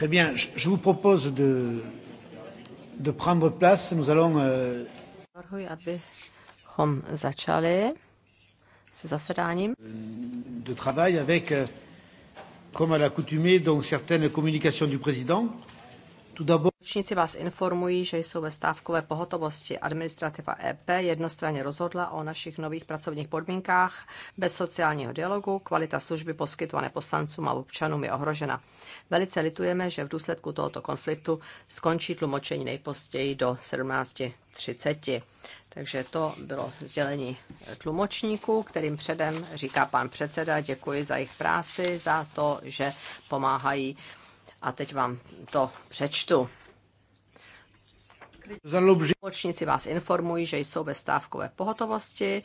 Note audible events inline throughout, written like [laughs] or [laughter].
Très bien, je vous propose de, de prendre place. Nous allons. Euh, Navrhuji, abychom začali se zasedáním. De travail avec, euh, comme à l'accoutumée, donc certaines communications du président. Tout d'abord. Tlumočníci vás informují, že jsou ve stávkové pohotovosti. Administrativa EP jednostranně rozhodla o našich nových pracovních podmínkách bez sociálního dialogu. Kvalita služby poskytované poslancům a občanům je ohrožena. Velice litujeme, že v důsledku tohoto konfliktu skončí tlumočení nejpozději do 17.30. Takže to bylo sdělení tlumočníků, kterým předem říká pan předseda, děkuji za jejich práci, za to, že pomáhají. A teď vám to přečtu. Počníci vás informují, že jsou ve stávkové pohotovosti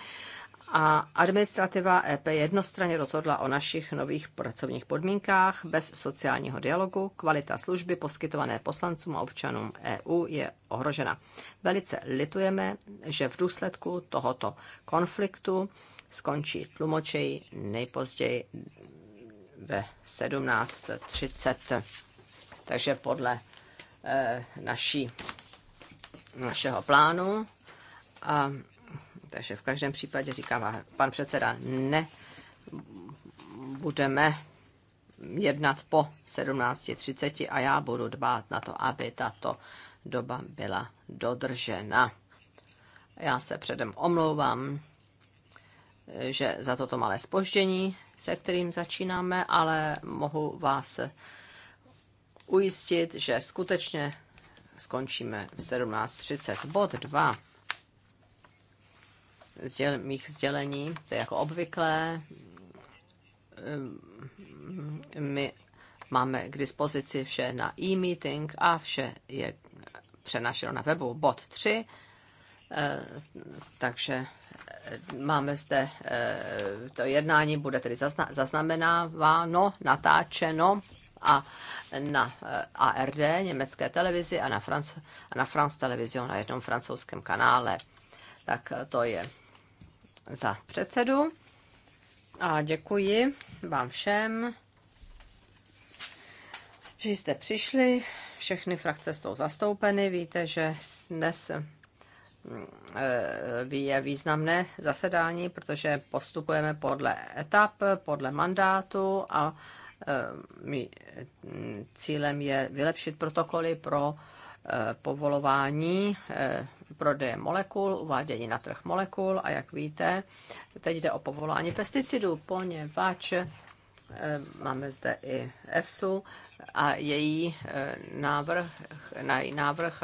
a administrativa EP jednostranně rozhodla o našich nových pracovních podmínkách bez sociálního dialogu. Kvalita služby poskytované poslancům a občanům EU je ohrožena. Velice litujeme, že v důsledku tohoto konfliktu skončí tlumočej nejpozději ve 17.30. Takže podle e, naší našeho plánu. A, takže v každém případě říká pan předseda, ne, budeme jednat po 17.30 a já budu dbát na to, aby tato doba byla dodržena. Já se předem omlouvám, že za toto malé spoždění, se kterým začínáme, ale mohu vás ujistit, že skutečně skončíme v 17.30. Bod 2 Zděl, mých sdělení, to je jako obvyklé. Ehm, my máme k dispozici vše na e-meeting a vše je přenašeno na webu. Bod 3, ehm, takže ehm, máme zde to jednání, bude tedy zaznamenáváno, natáčeno a na eh, ARD, německé televizi a na France, a na France Television, na jednom francouzském kanále. Tak eh, to je za předsedu. A děkuji vám všem, že jste přišli. Všechny frakce jsou zastoupeny. Víte, že dnes eh, je významné zasedání, protože postupujeme podle etap, podle mandátu a Eh, mm, cílem je vylepšit protokoly pro eh, povolování eh, prodeje molekul, uvádění na trh molekul a jak víte, teď jde o povolání pesticidů, poněvadž máme zde i EFSU a její návrh, na její návrh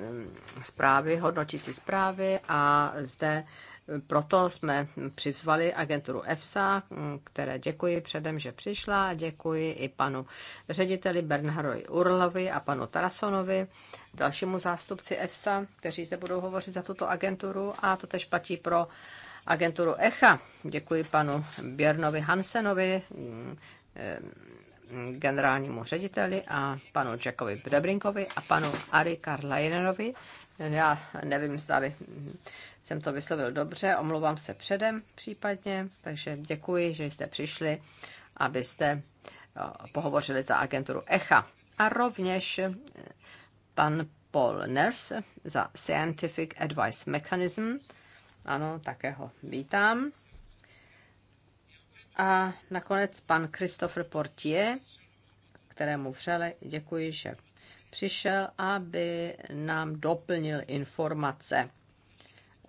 mm, zprávy, hodnotící zprávy a zde proto jsme přizvali agenturu EFSA, které děkuji předem, že přišla. Děkuji i panu řediteli Bernhardovi Urlovi a panu Tarasonovi, dalšímu zástupci EFSA, kteří se budou hovořit za tuto agenturu. A to tež platí pro agenturu ECHA. Děkuji panu Bjernovi Hansenovi, eh, generálnímu řediteli a panu Jackovi Brebrinkovi a panu Ari Karlajnerovi. Já nevím, zda jsem to vyslovil dobře, omlouvám se předem případně, takže děkuji, že jste přišli, abyste eh, pohovořili za agenturu ECHA. A rovněž eh, pan Paul Ners za Scientific Advice Mechanism. Ano, také ho vítám. A nakonec pan Christopher Portier, kterému vřele děkuji, že přišel, aby nám doplnil informace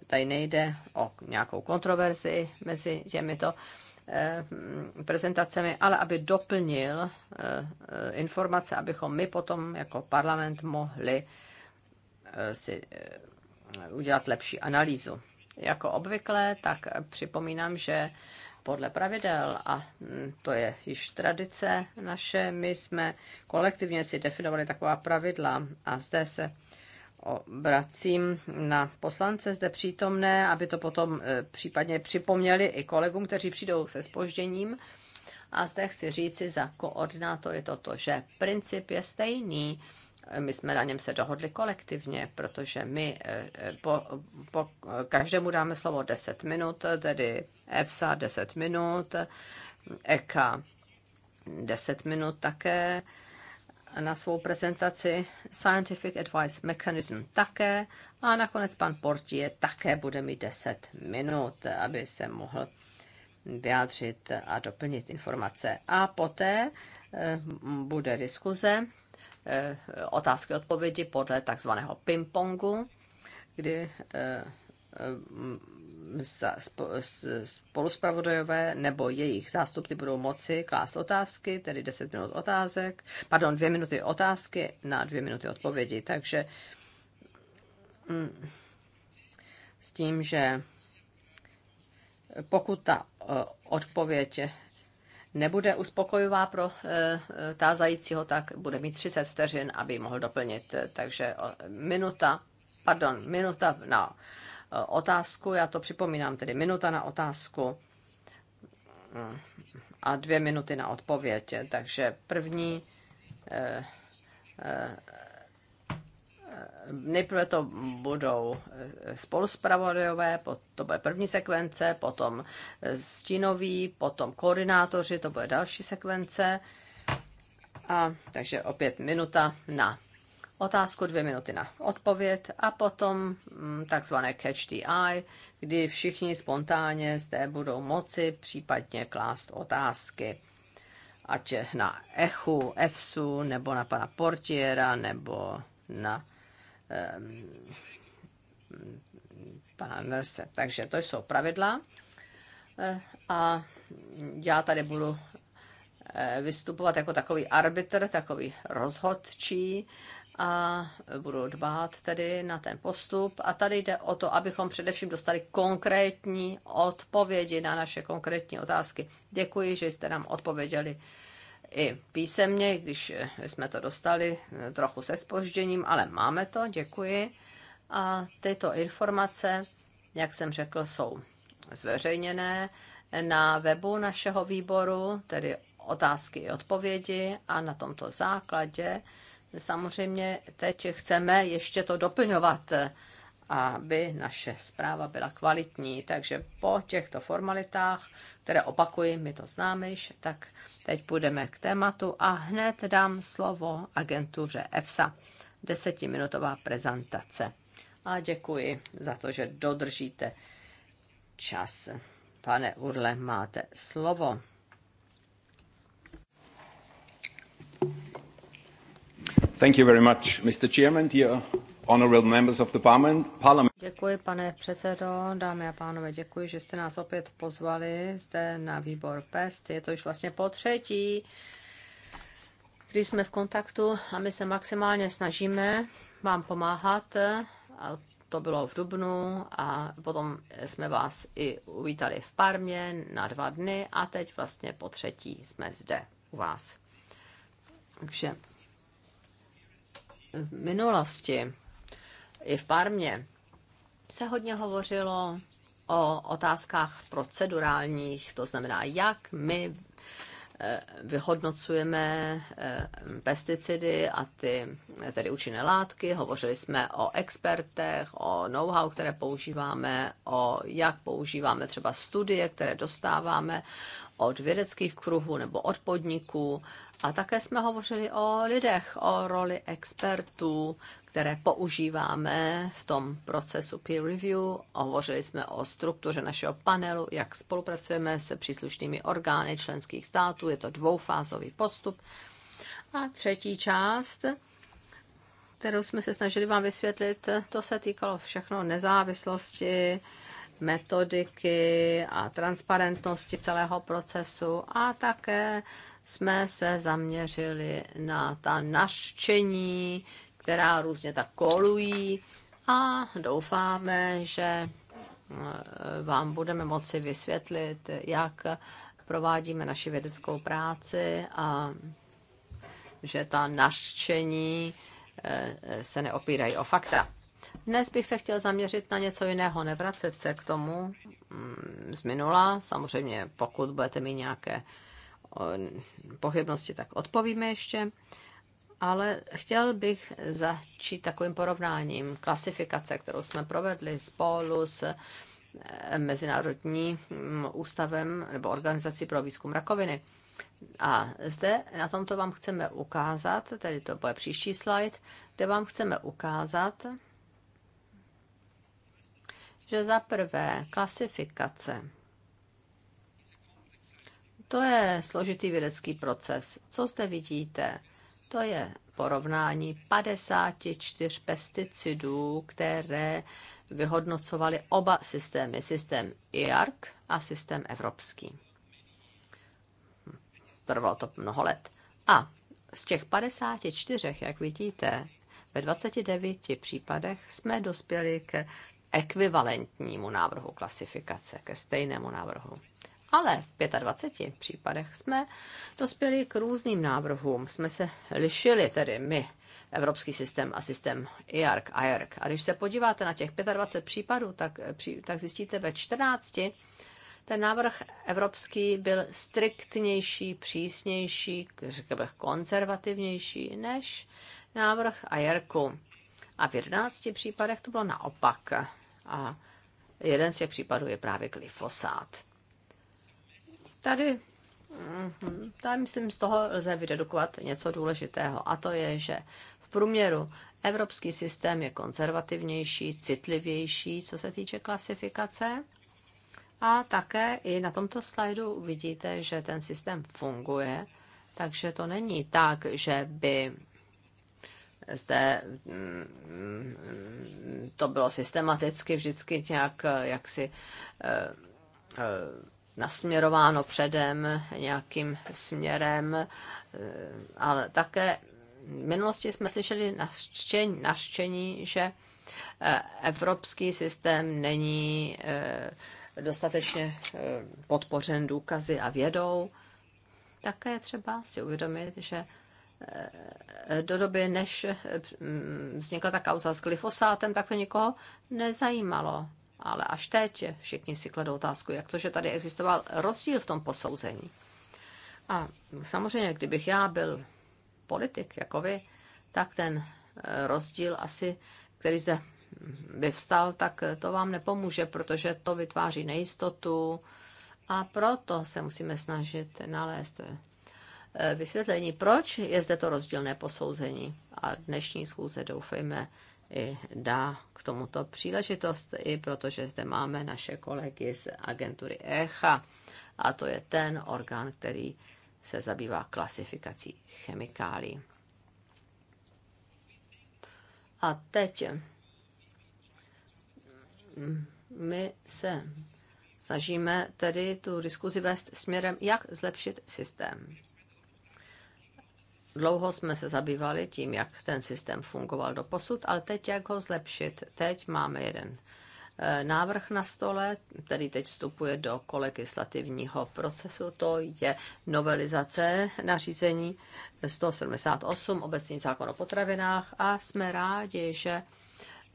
tady nejde o nějakou kontroverzi mezi těmito eh, prezentacemi, ale aby doplnil eh, eh, informace, abychom my potom jako parlament mohli si udělat lepší analýzu. Jako obvykle, tak připomínám, že podle pravidel, a hm, to je již tradice naše, my jsme kolektivně si definovali taková pravidla a zde se obracím na poslance zde přítomné, aby to potom e, případně připomněli i kolegům, kteří přijdou se spožděním. A zde chci říci za koordinátory toto, že princip je stejný. E, my jsme na něm se dohodli kolektivně, protože my e, po, po každému dáme slovo 10 minut, tedy EPSA 10 minut, EKA 10 minut také, na svou prezentaci Scientific Advice Mechanism také a nakonec pan Portier také bude mít 10 minut, aby se mohl vyjádřit a doplnit informace. A poté eh, bude diskuze, eh, otázky odpovědi podle takzvaného ping-pongu, kdy eh, spoluspravodajové nebo jejich zástupci budou moci klást otázky, tedy 10 minut otázek, pardon, 2 minuty otázky na 2 minuty odpovědi. Takže mm, s tím, že pokud ta e, odpověď nebude uspokojivá pro e, e, tázajícího, tak bude mít 30 vteřin, aby mohl doplnit. Takže minuta, pardon, minuta na no E, otázku, já to připomínám, tedy minuta na otázku a dvě minuty na odpověď. Takže první, e, e, nejprve to budou spoluspravodajové, to bude první sekvence, potom stínoví, potom koordinátoři, to bude další sekvence. A, takže opět minuta na otázku dvě minuty na odpověď a potom mm, takzvané catch the eye, kdy všichni spontánně zde budou moci případně klást otázky. Ať na Echu, EFSu, nebo na pana Portiera, nebo na um, pana Merse. Takže to jsou pravidla. E, a já tady budu e, vystupovat jako takový arbitr, takový rozhodčí a budu dbát tedy na ten postup. A tady jde o to, abychom především dostali konkrétní odpovědi na naše konkrétní otázky. Děkuji, že jste nám odpověděli i písemně, když jsme to dostali trochu se spožděním, ale máme to, děkuji. A tyto informace, jak jsem řekl, jsou zveřejněné na webu našeho výboru, tedy otázky i odpovědi a na tomto základě Samozřejmě teď chceme ještě to doplňovat, aby naše zpráva byla kvalitní. Takže po těchto formalitách, které opakuji, my to známe již, tak teď půjdeme k tématu a hned dám slovo agentuře EFSA. Desetiminutová prezentace. A děkuji za to, že dodržíte čas. Pane Urle, máte slovo. Thank you very much, Mr. Chairman, dear honorable members of the parliament. Děkuji, pane předsedo, dámy a pánové, děkuji, že jste nás opět pozvali zde na výbor PEST. Je to již vlastně po třetí, když jsme v kontaktu a my se maximálně snažíme vám pomáhat. A to bylo v Dubnu a potom jsme vás i uvítali v Parmě na dva dny a teď vlastně po třetí jsme zde u vás. Takže v minulosti i v Parmě se hodně hovořilo o otázkách procedurálních, to znamená, jak my eh, vyhodnocujeme eh, pesticidy a ty tedy účinné látky. Hovořili jsme o expertech, o know-how, které používáme, o jak používáme třeba studie, které dostáváme od vědeckých kruhů nebo od podniků. A také jsme hovořili o lidech, o roli expertů, které používáme v tom procesu peer review. Hovořili jsme o struktuře našeho panelu, jak spolupracujeme se příslušnými orgány členských států. Je to dvoufázový postup. A třetí část kterou jsme se snažili vám vysvětlit, to se týkalo všechno nezávislosti, metodiky a transparentnosti celého procesu a také jsme se zaměřili na ta naštění, která různě tak kolují a doufáme, že eh, vám budeme moci vysvětlit, jak provádíme naši vědeckou práci a že ta naštění eh, se neopírají o fakta. Dnes bych se chtěl zaměřit na něco jiného, nevracet se k tomu mm, z minula. Samozřejmě, pokud budete mít nějaké pochybnosti, tak odpovíme ještě. Ale chtěl bych začít takovým porovnáním klasifikace, kterou jsme provedli spolu s e, Mezinárodním mm, ústavem nebo organizací pro výzkum rakoviny. A zde na tomto vám chceme ukázat, tedy to bude příští slide, kde vám chceme ukázat, že za prvé klasifikace. To je složitý vědecký proces. Co zde vidíte? To je porovnání 54 pesticidů, které vyhodnocovaly oba systémy, systém IARC a systém evropský. Trvalo to mnoho let. A z těch 54, jak vidíte, ve 29 případech jsme dospěli k ekvivalentnímu návrhu klasifikace, ke stejnému návrhu. Ale v 25 případech jsme dospěli k různým návrhům. Jsme se lišili, tedy my, evropský systém a systém IARC, IARC. A když se podíváte na těch 25 případů, tak, tak zjistíte ve 14 ten návrh evropský byl striktnější, přísnější, řekl bych konzervativnější než návrh IARCu. A v 11 případech to bylo naopak. A jeden z těch případů je právě glyfosát. Tady, mhm, tady myslím, z toho lze vydedukovat něco důležitého. A to je, že v průměru evropský systém je konzervativnější, citlivější, co se týče klasifikace. A také i na tomto slajdu vidíte, že ten systém funguje, takže to není tak, že by zde mm, to bylo systematicky vždycky nějak jaksi eh, eh, nasměrováno předem nějakým směrem, eh, ale také v minulosti jsme slyšeli naštění, že evropský systém není dostatečně podpořen důkazy a vědou. Také třeba si uvědomit, že do doby, než mm, vznikla ta kauza s glyfosátem, tak to nikoho nezajímalo. Ale až teď všichni si kladou otázku, jak to, že tady existoval rozdíl v tom posouzení. A samozřejmě, kdybych já byl politik jako vy, tak ten eh, rozdíl asi, který zde vyvstal, tak to vám nepomůže, protože to vytváří nejistotu a proto se musíme snažit nalézt Eh, vysvětlení, proč je zde to rozdílné posouzení. A dnešní schůze, doufejme, i dá k tomuto příležitost, i protože zde máme naše kolegy z agentury ECHA, a to je ten orgán, který se zabývá klasifikací chemikálí. A teď mm, my se snažíme tedy tu diskuzi vést směrem, jak zlepšit systém Dlouho jsme se zabývali tím, jak ten systém fungoval do posud, ale teď jak ho zlepšit. Teď máme jeden eh, návrh na stole, který teď vstupuje do kolegislativního procesu, to je novelizace nařízení 178 obecní zákon o potravinách a jsme rádi, že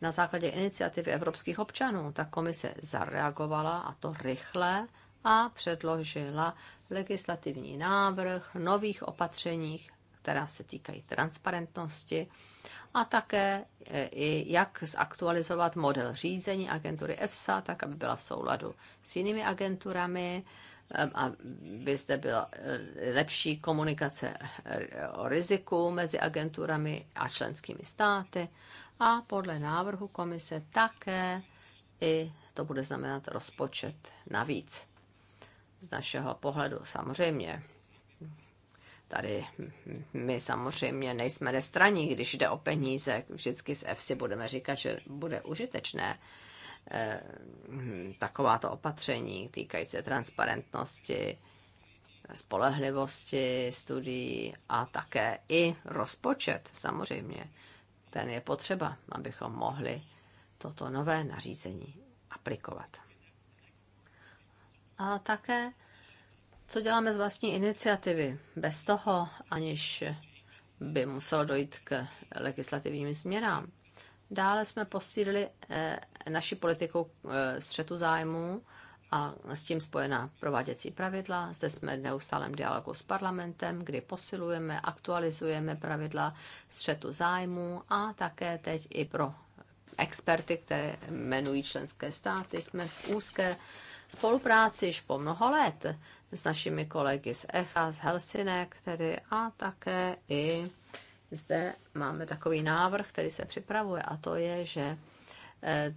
na základě iniciativy evropských občanů ta komise zareagovala a to rychle a předložila legislativní návrh nových opatřeních která se týkají transparentnosti a také e, i jak zaktualizovat model řízení agentury EFSA, tak aby byla v souladu s jinými agenturami, e, by zde byla e, lepší komunikace o riziku mezi agenturami a členskými státy a podle návrhu komise také i to bude znamenat rozpočet navíc. Z našeho pohledu samozřejmě tady my samozřejmě nejsme nestraní, když jde o peníze. Vždycky z EFSI budeme říkat, že bude užitečné eh, takováto opatření týkající se transparentnosti, spolehlivosti studií a také i rozpočet samozřejmě. Ten je potřeba, abychom mohli toto nové nařízení aplikovat. A také co děláme z vlastní iniciativy, bez toho, aniž by muselo dojít k legislativním změnám. Dále jsme posílili eh, naši politiku eh, střetu zájmů a s tím spojená prováděcí pravidla. Zde jsme v neustálém dialogu s parlamentem, kdy posilujeme, aktualizujeme pravidla střetu zájmů a také teď i pro experty, které jmenují členské státy, jsme v úzké spolupráci již po mnoho let s našimi kolegy z ECHA, z Helsinek tedy a také i zde máme takový návrh, který se připravuje a to je, že eh,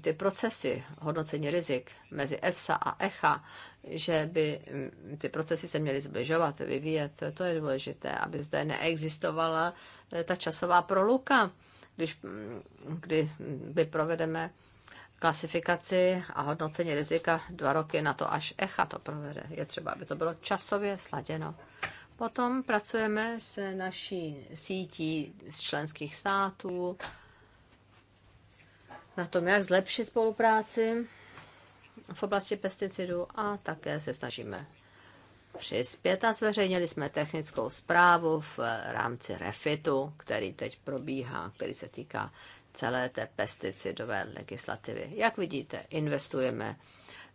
ty procesy hodnocení rizik mezi EFSA a ECHA, že by mm, ty procesy se měly zbližovat, vyvíjet, to je důležité, aby zde neexistovala eh, ta časová proluka, když, mm, kdy by mm, provedeme klasifikaci a hodnocení rizika dva roky na to, až ECHA to provede. Je třeba, aby to bylo časově sladěno. Potom pracujeme s naší sítí z členských států na tom, jak zlepšit spolupráci v oblasti pesticidů a také se snažíme přispět a zveřejnili jsme technickou zprávu v rámci refitu, který teď probíhá, který se týká celé té pesticidové legislativy. Jak vidíte, investujeme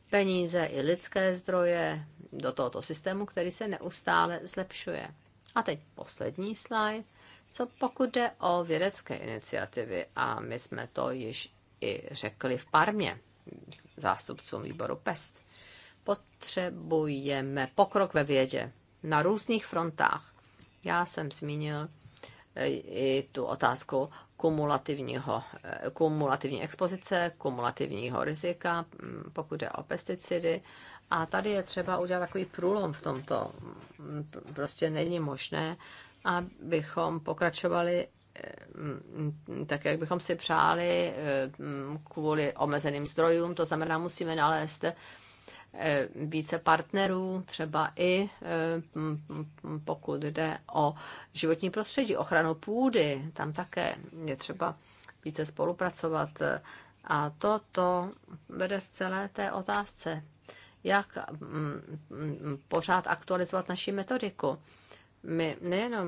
peníze i lidské zdroje do tohoto systému, který se neustále zlepšuje. A teď poslední slide. Co pokud jde o vědecké iniciativy, a my jsme to již i řekli v Parmě zástupcům výboru PEST, potřebujeme pokrok ve vědě na různých frontách. Já jsem zmínil i tu otázku kumulativního, kumulativní expozice, kumulativního rizika, mm, pokud je o pesticidy. A tady je třeba udělat takový průlom v tomto. Mm, prostě není možné, abychom pokračovali mm, tak, jak bychom si přáli e, kvůli omezeným zdrojům. To znamená, musíme nalézt Eh, více partnerů, třeba i eh, pokud jde o životní prostředí, ochranu půdy, tam také je třeba více spolupracovat. A toto vede z celé té otázce, jak pořád aktualizovat naši metodiku. My nejenom,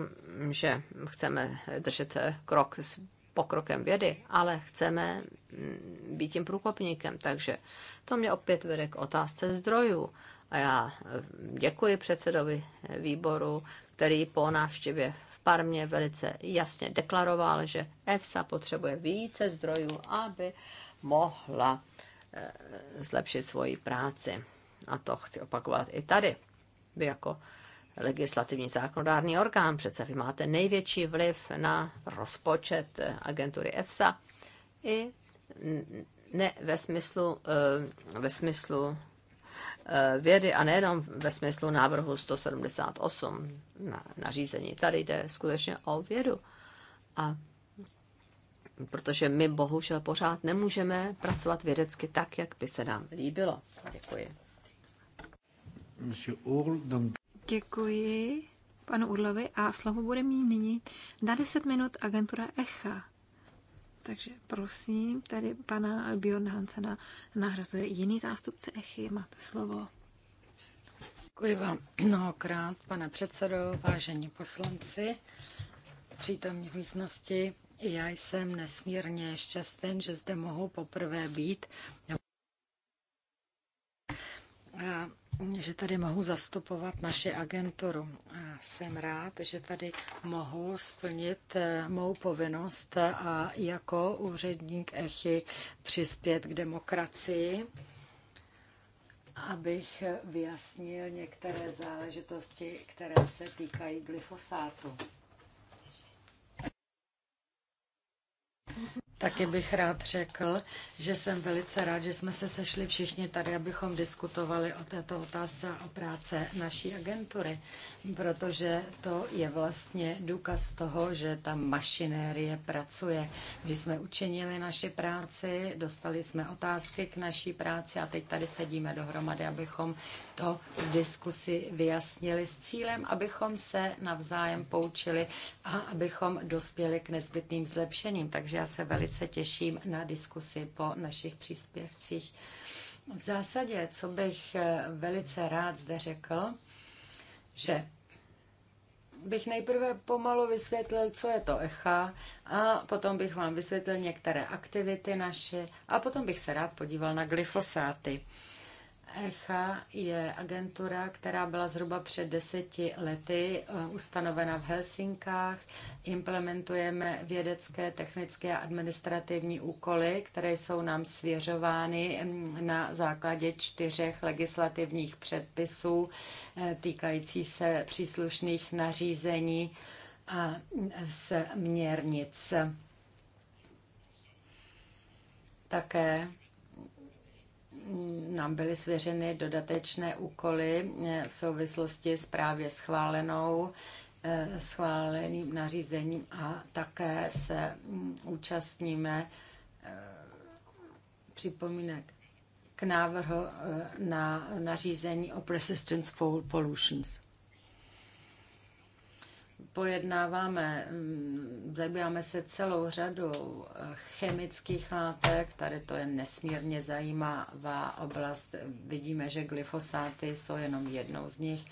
že chceme držet krok s pokrokem vědy, ale chceme mm, být tím průkopníkem. Takže to mě opět vede k otázce zdrojů. A já mm, děkuji předsedovi výboru, který po návštěvě v Parmě velice jasně deklaroval, že EFSA potřebuje více zdrojů, aby mohla eh, zlepšit svoji práci. A to chci opakovat i tady. Vy jako legislativní zákonodárný orgán. Přece vy máte největší vliv na rozpočet agentury EFSA i ne ve smyslu, eh, ve smyslu eh, vědy a nejenom ve smyslu návrhu 178 na nařízení. Tady jde skutečně o vědu. A protože my bohužel pořád nemůžeme pracovat vědecky tak, jak by se nám líbilo. Děkuji. Děkuji panu Urlovi a slovo bude mít nyní na 10 minut agentura ECHA. Takže prosím, tady pana Bjorn Hansena nahrazuje jiný zástupce ECHY. Máte slovo. Děkuji vám mnohokrát, pane předsedo, vážení poslanci, přítomní v místnosti. Já jsem nesmírně šťastný, že zde mohu poprvé být že tady mohu zastupovat naše agenturu. A jsem rád, že tady mohu splnit eh, mou povinnost a jako úředník ECHI přispět k demokracii, abych vyjasnil některé záležitosti, které se týkají glyfosátu. Taky bych rád řekl, že jsem velice rád, že jsme se sešli všichni tady, abychom diskutovali o této otázce a o práce naší agentury, protože to je vlastně důkaz toho, že ta mašinérie pracuje. My jsme učinili naši práci, dostali jsme otázky k naší práci a teď tady sedíme dohromady, abychom to v diskusi vyjasnili s cílem, abychom se navzájem poučili a abychom dospěli k nezbytným zlepšením. Takže já se velice těším na diskusi po našich příspěvcích. V zásadě, co bych eh, velice rád zde řekl, že bych nejprve pomalu vysvětlil, co je to ECHA a potom bych vám vysvětlil některé aktivity naše a potom bych se rád podíval na glyfosáty. ECHA je agentura, která byla zhruba před deseti lety eh, ustanovena v Helsinkách. Implementujeme vědecké, technické a administrativní úkoly, které jsou nám svěřovány mm, na základě čtyřech legislativních předpisů eh, týkající se příslušných nařízení a mm, směrnic. Také nám byly svěřeny dodatečné úkoly eh, v souvislosti s právě schválenou eh, schváleným nařízením a také se mm, účastníme eh, připomínek k návrhu na nařízení o persistence pollutions pojednáváme, mm, zabýváme se celou řadou eh, chemických látek, tady to je nesmírně zajímavá oblast. Vidíme, že glyfosáty jsou jenom jednou z nich,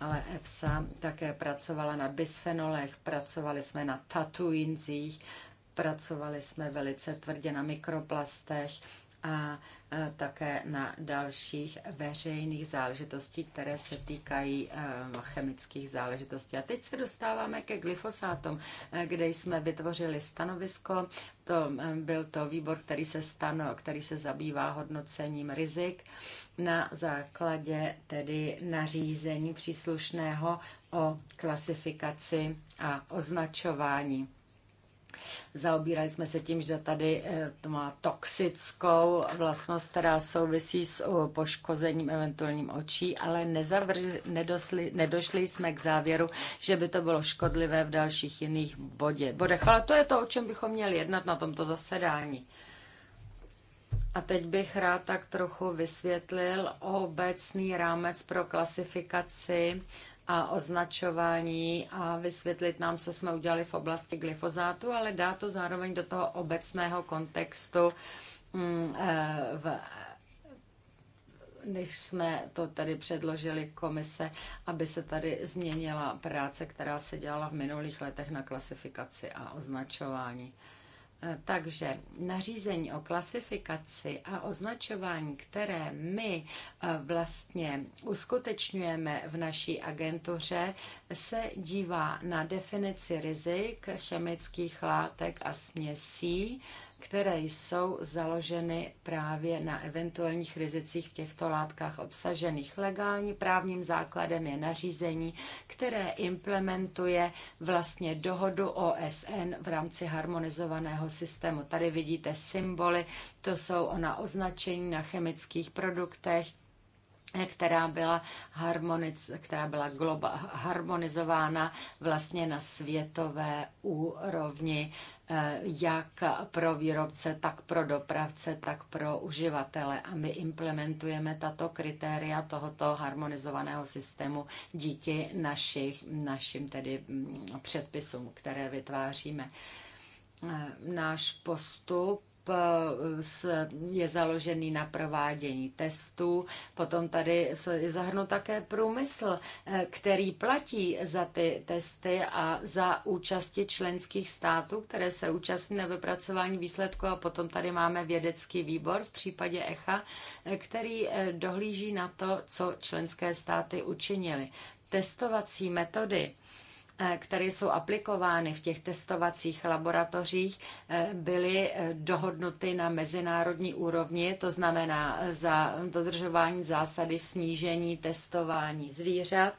ale EPSA také pracovala na bisfenolech, pracovali jsme na tatuincích, pracovali jsme velice tvrdě na mikroplastech a také na dalších veřejných záležitostí, které se týkají chemických záležitostí. A teď se dostáváme ke glyfosátům, kde jsme vytvořili stanovisko. To byl to výbor, který se, stano, který se zabývá hodnocením rizik na základě tedy nařízení příslušného o klasifikaci a označování. Zaobírali jsme se tím, že tady eh, to má toxickou vlastnost, která souvisí s eh, poškozením eventuálním očí, ale nezavrž, nedosli, nedošli jsme k závěru, že by to bylo škodlivé v dalších jiných bodě, bodech. Ale to je to, o čem bychom měli jednat na tomto zasedání. A teď bych rád tak trochu vysvětlil obecný rámec pro klasifikaci a označování a vysvětlit nám, co jsme udělali v oblasti glyfozátu, ale dá to zároveň do toho obecného kontextu mm, eh, v než jsme to tady předložili komise, aby se tady změnila práce, která se dělala v minulých letech na klasifikaci a označování. Takže nařízení o klasifikaci a označování, které my eh, vlastně uskutečňujeme v naší agentuře, se dívá na definici rizik chemických látek a směsí které jsou založeny právě na eventuálních rizicích v těchto látkách obsažených. Legální právním základem je nařízení, které implementuje vlastně dohodu OSN v rámci harmonizovaného systému. Tady vidíte symboly, to jsou ona označení na chemických produktech, která byla, harmoniz, která byla globa, harmonizována vlastně na světové úrovni, eh, jak pro výrobce, tak pro dopravce, tak pro uživatele. A my implementujeme tato kritéria tohoto harmonizovaného systému díky našich, našim tedy mm, předpisům, které vytváříme. Eh, náš postup eh, je založený na provádění testů. Potom tady je zahrnut také průmysl, eh, který platí za ty testy a za účasti členských států, které se účastní na vypracování výsledku. A potom tady máme vědecký výbor v případě ECHA, který dohlíží na to, co členské státy učinily. Testovací metody Eh, které jsou aplikovány v těch testovacích laboratořích, eh, byly eh, dohodnuty na mezinárodní úrovni, to znamená za dodržování zásady snížení testování zvířat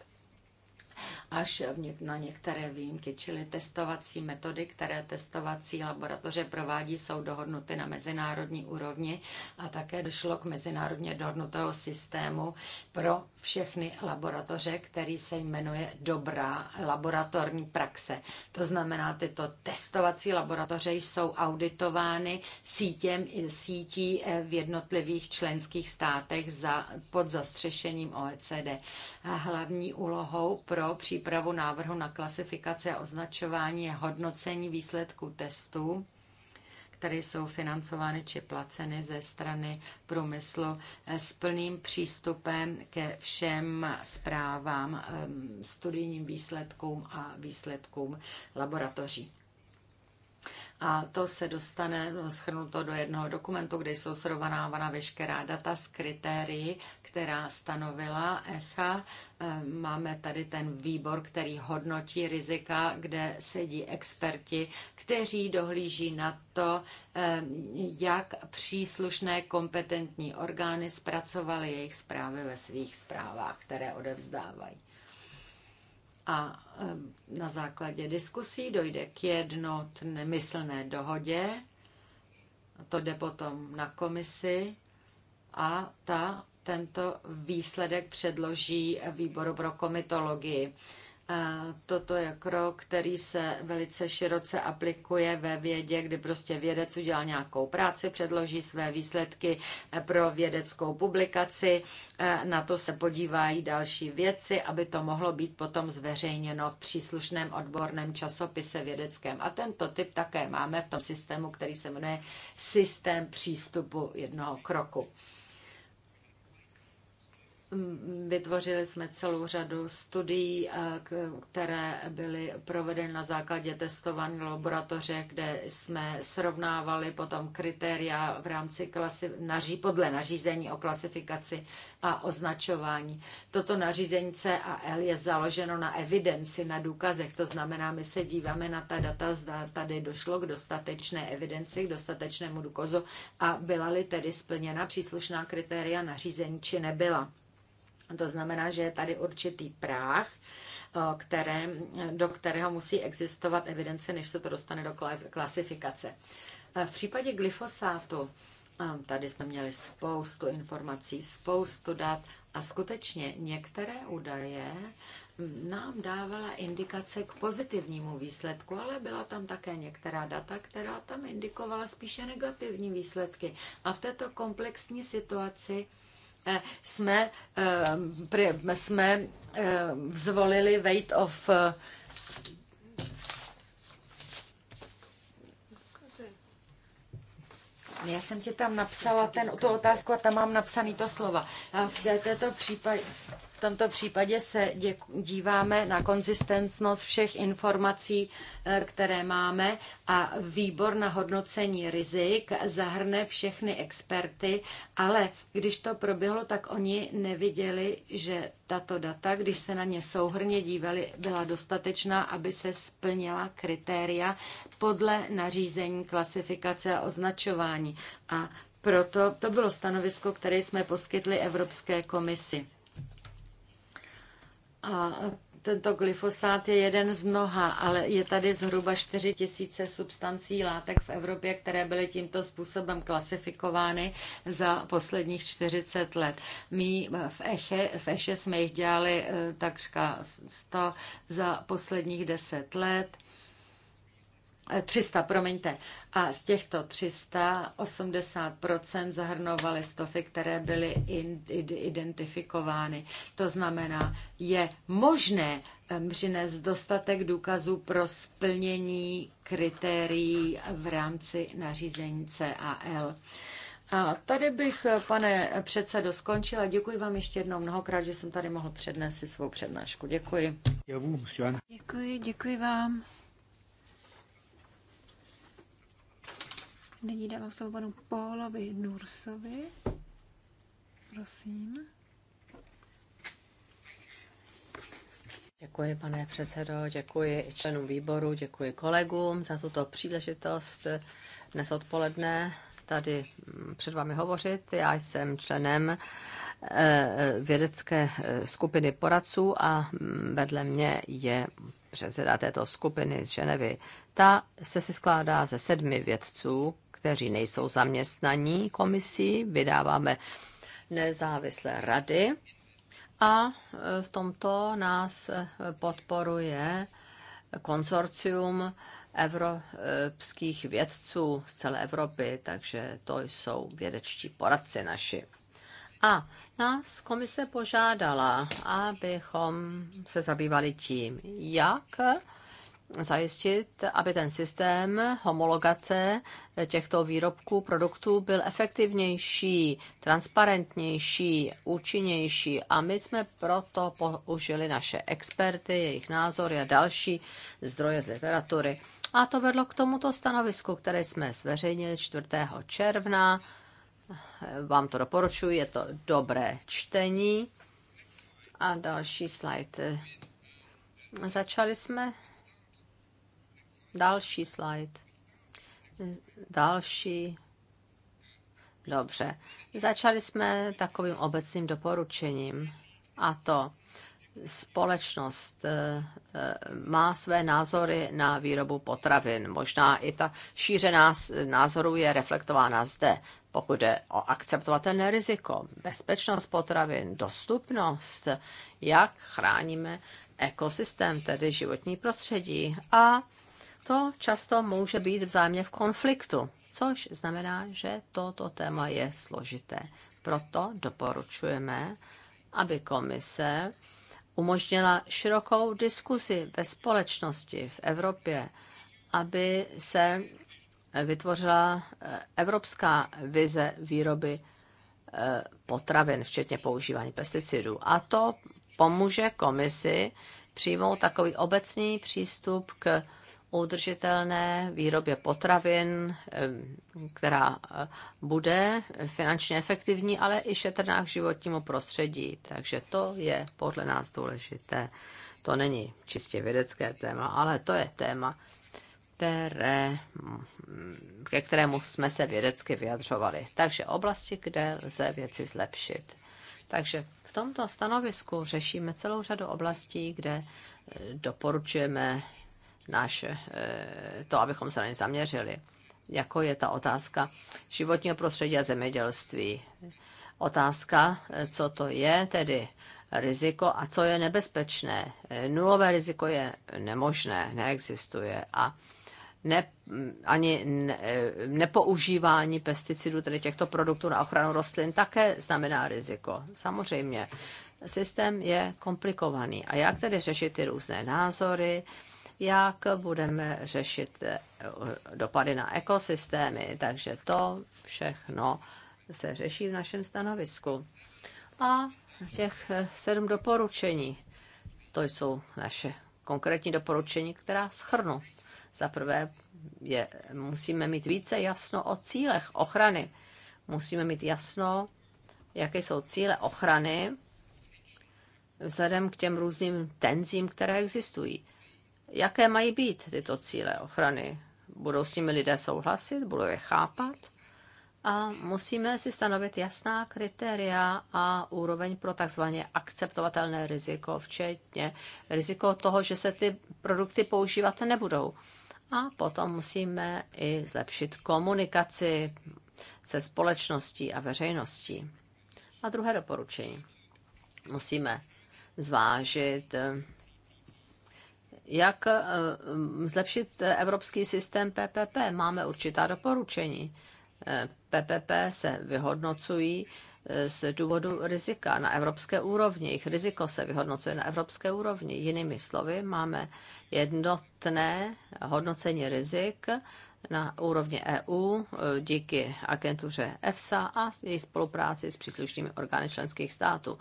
až na některé výjimky, čili testovací metody, které testovací laboratoře provádí, jsou dohodnuty na mezinárodní úrovni a také došlo k mezinárodně dohodnutého systému pro všechny laboratoře, který se jmenuje dobrá laboratorní praxe. To znamená, tyto testovací laboratoře jsou auditovány sítěm, sítí eh, v jednotlivých členských státech za, pod zastřešením OECD. A hlavní úlohou pro případ přípravu návrhu na klasifikaci a označování je hodnocení výsledků testů, které jsou financovány či placeny ze strany průmyslu eh, s plným přístupem ke všem zprávám, ehm, studijním výsledkům a výsledkům laboratoří. A to se dostane no, schrnuto do jednoho dokumentu, kde jsou srovnávána veškerá data s kritérii která stanovila ECHA. Eh, máme tady ten výbor, který hodnotí rizika, kde sedí experti, kteří dohlíží na to, eh, jak příslušné kompetentní orgány zpracovaly jejich zprávy ve svých zprávách, které odevzdávají. A eh, na základě diskusí dojde k jednotné dohodě. To jde potom na komisi a ta tento výsledek předloží výboru pro komitologii. Toto je krok, který se velice široce aplikuje ve vědě, kdy prostě vědec udělá nějakou práci, předloží své výsledky pro vědeckou publikaci, na to se podívají další věci, aby to mohlo být potom zveřejněno v příslušném odborném časopise vědeckém. A tento typ také máme v tom systému, který se jmenuje systém přístupu jednoho kroku. Vytvořili jsme celou řadu studií, eh, které byly provedeny na základě testování laboratoře, kde jsme srovnávali potom kritéria v rámci klasi- naří- podle nařízení o klasifikaci a označování. Toto nařízení CAL je založeno na evidenci, na důkazech, to znamená, my se díváme na ta data, zda tady došlo k dostatečné evidenci, k dostatečnému důkazu a byla-li tedy splněna příslušná kritéria nařízení či nebyla. To znamená, že je tady určitý práh, eh, které, do kterého musí existovat evidence, než se to dostane do klasifikace. Eh, v případě glyfosátu eh, Tady jsme měli spoustu informací, spoustu dat a skutečně některé údaje mm, nám dávala indikace k pozitivnímu výsledku, ale byla tam také některá data, která tam indikovala spíše negativní výsledky. A v této komplexní situaci Eh, jsme, eh, jsme eh, zvolili weight of Já jsem ti tam napsala ten, tu otázku a tam mám napsaný to slova. A v této případě, tomto případě se díváme na konzistentnost všech informací, eh, které máme a výbor na hodnocení rizik zahrne všechny experty, ale když to proběhlo, tak oni neviděli, že tato data, když se na ně souhrně dívali, byla dostatečná, aby se splnila kritéria podle nařízení klasifikace a označování. A proto to bylo stanovisko, které jsme poskytli Evropské komisi. A tento glyfosát je jeden z mnoha, ale je tady zhruba 4 tisíce substancí látek v Evropě, které byly tímto způsobem klasifikovány za posledních 40 let. My v Eše, v Eše jsme jich dělali eh, takřka 100 za posledních 10 let 300, eh, promiňte. A z těchto 380 zahrnovaly stofy, které byly identifikovány. To znamená, je možné eh, přinést dostatek důkazů pro splnění kritérií v rámci nařízení CAL. A tady bych, eh, pane předsedo, skončila. Děkuji vám ještě jednou mnohokrát, že jsem tady mohl přednést si svou přednášku. Děkuji. Děkuji, děkuji vám. Nyní dávám slovo panu Pólovi Nursovi. Prosím. Děkuji, pane předsedo, děkuji i členům výboru, děkuji kolegům za tuto příležitost dnes odpoledne tady mm, před vámi hovořit. Já jsem členem eh, vědecké eh, skupiny poradců a mm, vedle mě je předseda této skupiny z Ženevy. Ta se si skládá ze sedmi vědců, kteří nejsou zaměstnaní komisí, vydáváme nezávislé rady a v tomto nás podporuje konsorcium evropských vědců z celé Evropy, takže to jsou vědečtí poradci naši. A nás komise požádala, abychom se zabývali tím, jak zajistit, aby ten systém homologace těchto výrobků, produktů byl efektivnější, transparentnější, účinnější a my jsme proto použili naše experty, jejich názory a další zdroje z literatury. A to vedlo k tomuto stanovisku, které jsme zveřejnili 4. června. Vám to doporučuji, je to dobré čtení. A další slide. Začali jsme Další slide. Další. Dobře. Začali jsme takovým obecným doporučením a to společnost eh, eh, má své názory na výrobu potravin. Možná i ta šíře názorů je reflektována zde, pokud je o akceptovatelné riziko, bezpečnost potravin, dostupnost, jak chráníme ekosystém, tedy životní prostředí a to často může být vzájemně v konfliktu, což znamená, že toto téma je složité. Proto doporučujeme, aby komise umožnila širokou diskusi ve společnosti v Evropě, aby se vytvořila eh, evropská vize výroby eh, potravin, včetně používání pesticidů. A to pomůže komisi přijmout takový obecný přístup k udržitelné výrobě potravin, která eh, bude finančně efektivní, ale i šetrná k životnímu prostředí. Takže to je podle nás důležité. To není čistě vědecké téma, ale to je téma, které, mm, ke kterému jsme se vědecky vyjadřovali. Takže oblasti, kde lze věci zlepšit. Takže v tomto stanovisku řešíme celou řadu oblastí, kde eh, doporučujeme náš, eh, to, abychom se na ně zaměřili, jako je ta otázka životního prostředí a zemědělství. Otázka, eh, co to je tedy riziko a co je nebezpečné. Eh, nulové riziko je nemožné, neexistuje a ne, mm, ani ne, nepoužívání pesticidů, tedy těchto produktů na ochranu rostlin, také znamená riziko. Samozřejmě, systém je komplikovaný. A jak tedy řešit ty různé názory, jak budeme řešit eh, dopady na ekosystémy. Takže to všechno se řeší v našem stanovisku. A těch eh, sedm doporučení, to jsou naše konkrétní doporučení, která schrnu. Za prvé je, musíme mít více jasno o cílech ochrany. Musíme mít jasno, jaké jsou cíle ochrany vzhledem k těm různým tenzím, které existují. Jaké mají být tyto cíle ochrany? Budou s nimi lidé souhlasit? Budou je chápat? A musíme si stanovit jasná kritéria a úroveň pro takzvaně akceptovatelné riziko, včetně riziko toho, že se ty produkty používat nebudou. A potom musíme i zlepšit komunikaci se společností a veřejností. A druhé doporučení. Musíme zvážit jak eh, mm, zlepšit eh, evropský systém PPP. Máme určitá doporučení. PPP eh, se vyhodnocují z důvodu rizika na evropské úrovni. Jejich riziko se vyhodnocuje na evropské úrovni. Jinými slovy, máme jednotné hodnocení rizik na úrovni EU díky agentuře EFSA a její spolupráci s příslušnými orgány členských států.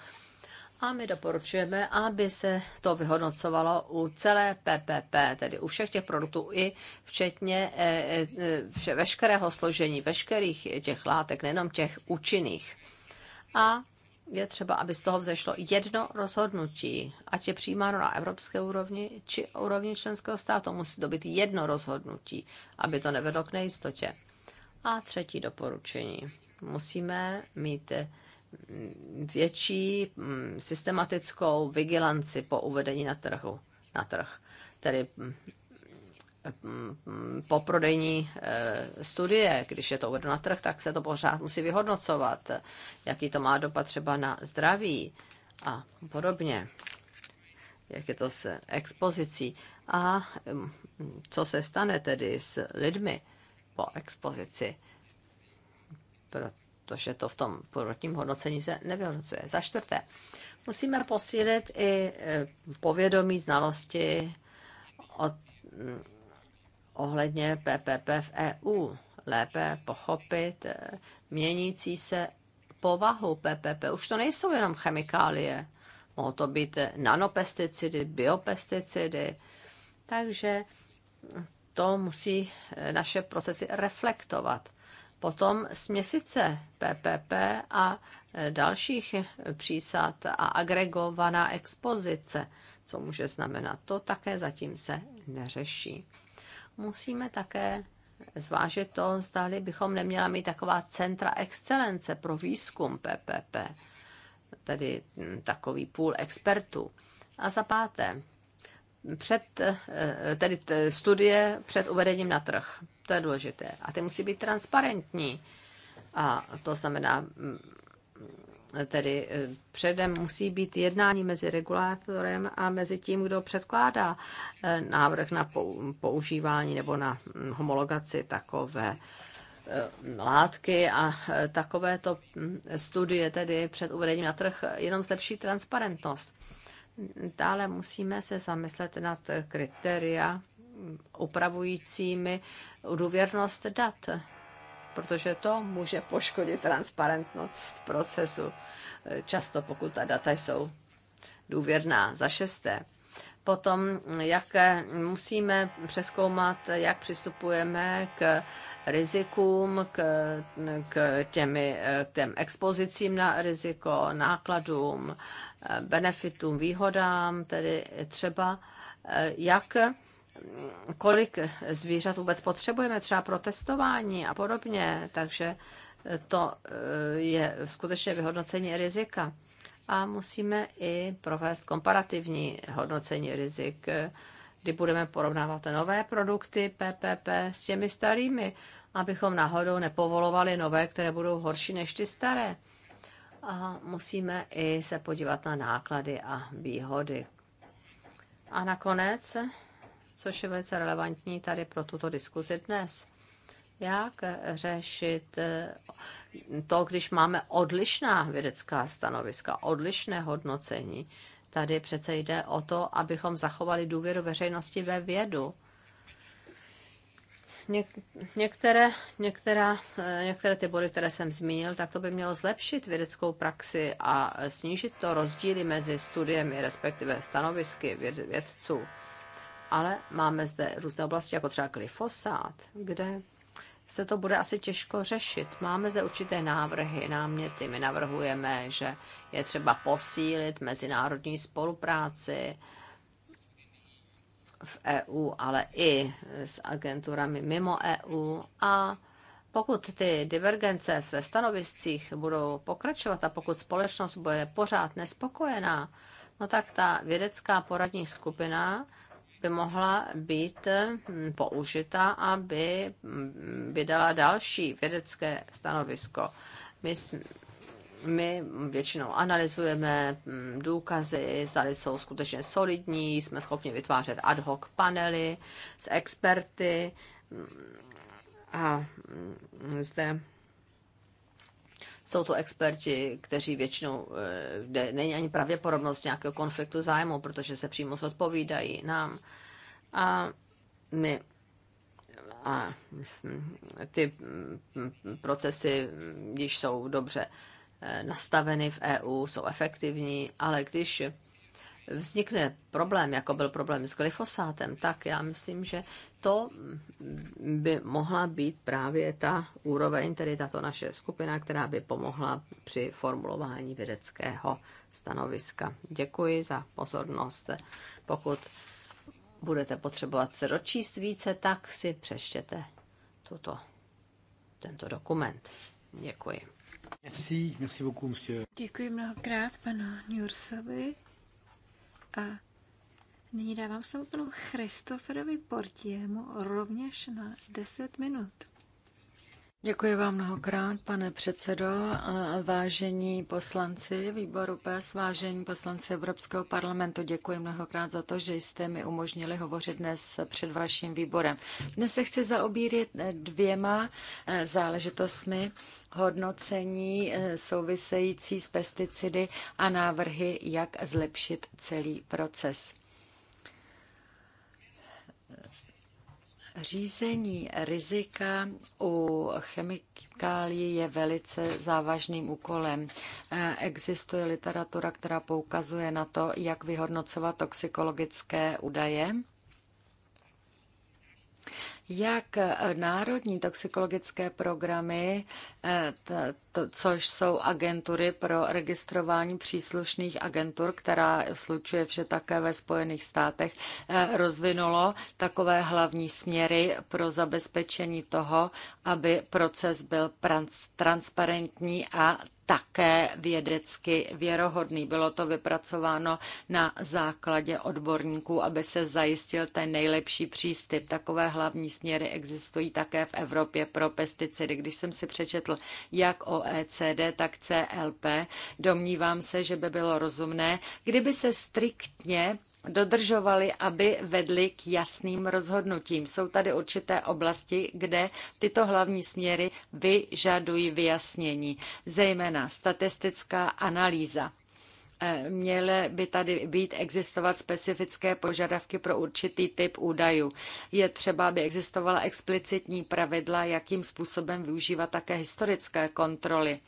A my doporučujeme, aby se to vyhodnocovalo u celé PPP, tedy u všech těch produktů, i včetně eh, eh, vše, veškerého složení, veškerých těch látek, nejenom těch účinných. A je třeba, aby z toho vzešlo jedno rozhodnutí, ať je přijímáno na evropské úrovni či úrovni členského státu. Musí to být jedno rozhodnutí, aby to nevedlo k nejistotě. A třetí doporučení. Musíme mít eh, větší mm, systematickou vigilanci po uvedení na, trhu, na trh. Tedy mm, mm, po prodejní e, studie, když je to uvedeno na trh, tak se to pořád musí vyhodnocovat, jaký to má dopad třeba na zdraví a podobně, jak je to s expozicí a co se stane tedy s lidmi po expozici. Proto protože to v tom porotním hodnocení se nevyhodnocuje. Za čtvrté, musíme posílit i e, povědomí, znalosti o, mm, ohledně PPP v EU, lépe pochopit e, měnící se povahu PPP. Už to nejsou jenom chemikálie, mohou to být nanopesticidy, biopesticidy, takže to musí e, naše procesy reflektovat potom směsice PPP a e, dalších přísad a agregovaná expozice, co může znamenat. To také zatím se neřeší. Musíme také zvážit to, zdali bychom neměla mít taková centra excelence pro výzkum PPP, tedy takový půl expertů. A za páté, před, e, e, tedy studie před uvedením na trh. To je důležité. A ty musí být transparentní. A to znamená, mm, tedy e, předem musí být jednání mezi regulátorem a mezi tím, kdo předkládá e, návrh na používání nebo na mm, homologaci takové e, látky a takovéto mm, studie tedy před uvedením na trh jenom zlepší transparentnost. Dále musíme se zamyslet nad kritéria upravujícími důvěrnost dat, protože to může poškodit transparentnost procesu, eh, často pokud ta data jsou důvěrná. Za šesté, potom, jak eh, musíme přeskoumat, jak přistupujeme k rizikům, k, k, těmi, eh, k těm expozicím na riziko, nákladům, benefitům, výhodám, tedy třeba jak kolik zvířat vůbec potřebujeme třeba pro testování a podobně, takže to eh, je skutečně vyhodnocení rizika. A musíme i provést komparativní hodnocení rizik, kdy budeme porovnávat nové produkty PPP s těmi starými, abychom náhodou nepovolovali nové, které budou horší než ty staré. A musíme i se podívat na náklady a výhody. A nakonec což je velice relevantní tady pro tuto diskuzi dnes. Jak řešit eh, to, když máme odlišná vědecká stanoviska, odlišné hodnocení? Tady přece jde o to, abychom zachovali důvěru veřejnosti ve vědu. Něk- některé, některá, eh, některé ty body, které jsem zmínil, tak to by mělo zlepšit vědeckou praxi a snížit to rozdíly mezi studiemi, respektive stanovisky vědců ale máme zde různé oblasti, jako třeba glyfosát, kde se to bude asi těžko řešit. Máme zde určité návrhy, náměty. My navrhujeme, že je třeba posílit mezinárodní spolupráci v EU, ale i s agenturami mimo EU a pokud ty divergence ve stanoviscích budou pokračovat a pokud společnost bude pořád nespokojená, no tak ta vědecká poradní skupina by mohla být hm, použita, aby hm, vydala další vědecké stanovisko. My, my většinou analyzujeme hm, důkazy, zda jsou skutečně solidní, jsme schopni vytvářet ad hoc panely s experty a zde jsou to experti, kteří většinou, eh, kde není ani pravděpodobnost nějakého konfliktu zájmu, protože se přímo zodpovídají nám. A my a ty procesy, když jsou dobře eh, nastaveny v EU, jsou efektivní, ale když vznikne problém, jako byl problém s glyfosátem, tak já myslím, že to by mohla být právě ta úroveň, tedy tato naše skupina, která by pomohla při formulování vědeckého stanoviska. Děkuji za pozornost. Pokud budete potřebovat se dočíst více, tak si přeštěte tuto, tento dokument. Děkuji. Merci, merci beaucoup, monsieur. Děkuji mnohokrát panu a nyní dávám slovo panu Christopherovi Portiemu rovněž na 10 minut. Děkuji vám mnohokrát, pane předsedo, vážení poslanci výboru PES, vážení poslanci Evropského parlamentu, děkuji mnohokrát za to, že jste mi umožnili hovořit dnes před vaším výborem. Dnes se chci zaobírat dvěma eh, záležitostmi hodnocení eh, související s pesticidy a návrhy, jak zlepšit celý proces. Řízení rizika u chemikálií je velice závažným úkolem. E, existuje literatura, která poukazuje na to, jak vyhodnocovat toxikologické údaje jak eh, národní toxikologické programy, eh, to, což jsou agentury pro registrování příslušných agentur, která slučuje vše také ve Spojených státech, eh, rozvinulo takové hlavní směry pro zabezpečení toho, aby proces byl transparentní a také vědecky věrohodný. Bylo to vypracováno na základě odborníků, aby se zajistil ten nejlepší přístup. Takové hlavní směry existují také v Evropě pro pesticidy. Když jsem si přečetl jak OECD, tak CLP, domnívám se, že by bylo rozumné, kdyby se striktně dodržovali, aby vedli k jasným rozhodnutím. Jsou tady určité oblasti, kde tyto hlavní směry vyžadují vyjasnění, zejména statistická analýza eh, měly by tady být existovat specifické požadavky pro určitý typ údajů. Je třeba, aby existovala explicitní pravidla, jakým způsobem využívat také historické kontroly.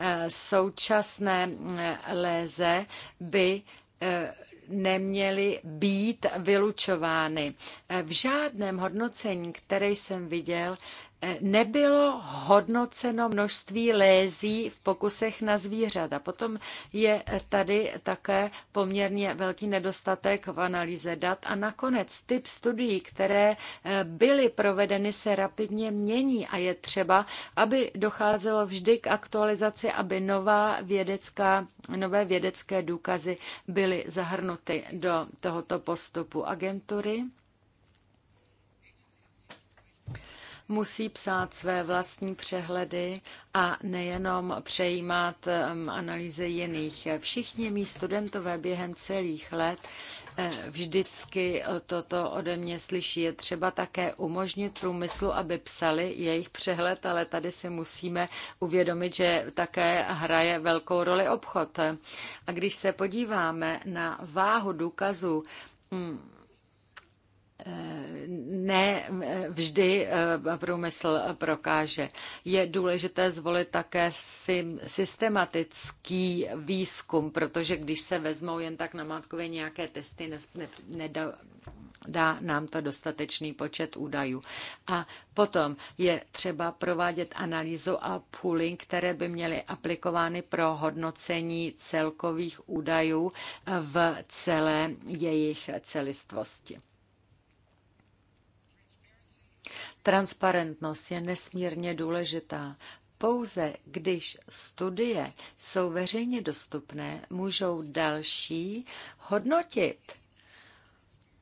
Eh, současné mm, léze by eh, neměly být vylučovány. V žádném hodnocení, které jsem viděl, E, nebylo hodnoceno množství lézí v pokusech na zvířata. Potom je tady také poměrně velký nedostatek v analýze dat a nakonec typ studií, které e, byly provedeny, se rapidně mění a je třeba, aby docházelo vždy k aktualizaci, aby nová vědecká, nové vědecké důkazy byly zahrnuty do tohoto postupu agentury. musí psát své vlastní přehledy a nejenom přejímat um, analýzy jiných. Všichni mý studentové během celých let eh, vždycky toto ode mě slyší. Je třeba také umožnit průmyslu, aby psali jejich přehled, ale tady si musíme uvědomit, že také hraje velkou roli obchod. A když se podíváme na váhu důkazů, mm, Eh, ne eh, vždy eh, průmysl prokáže. Je důležité zvolit také systematický výzkum, protože když se vezmou jen tak namátkově nějaké testy, nedá nám to dostatečný počet údajů. A potom je třeba provádět analýzu a pooling, které by měly aplikovány pro hodnocení celkových údajů v celé jejich celistvosti. Transparentnost je nesmírně důležitá. Pouze když studie jsou veřejně dostupné, můžou další hodnotit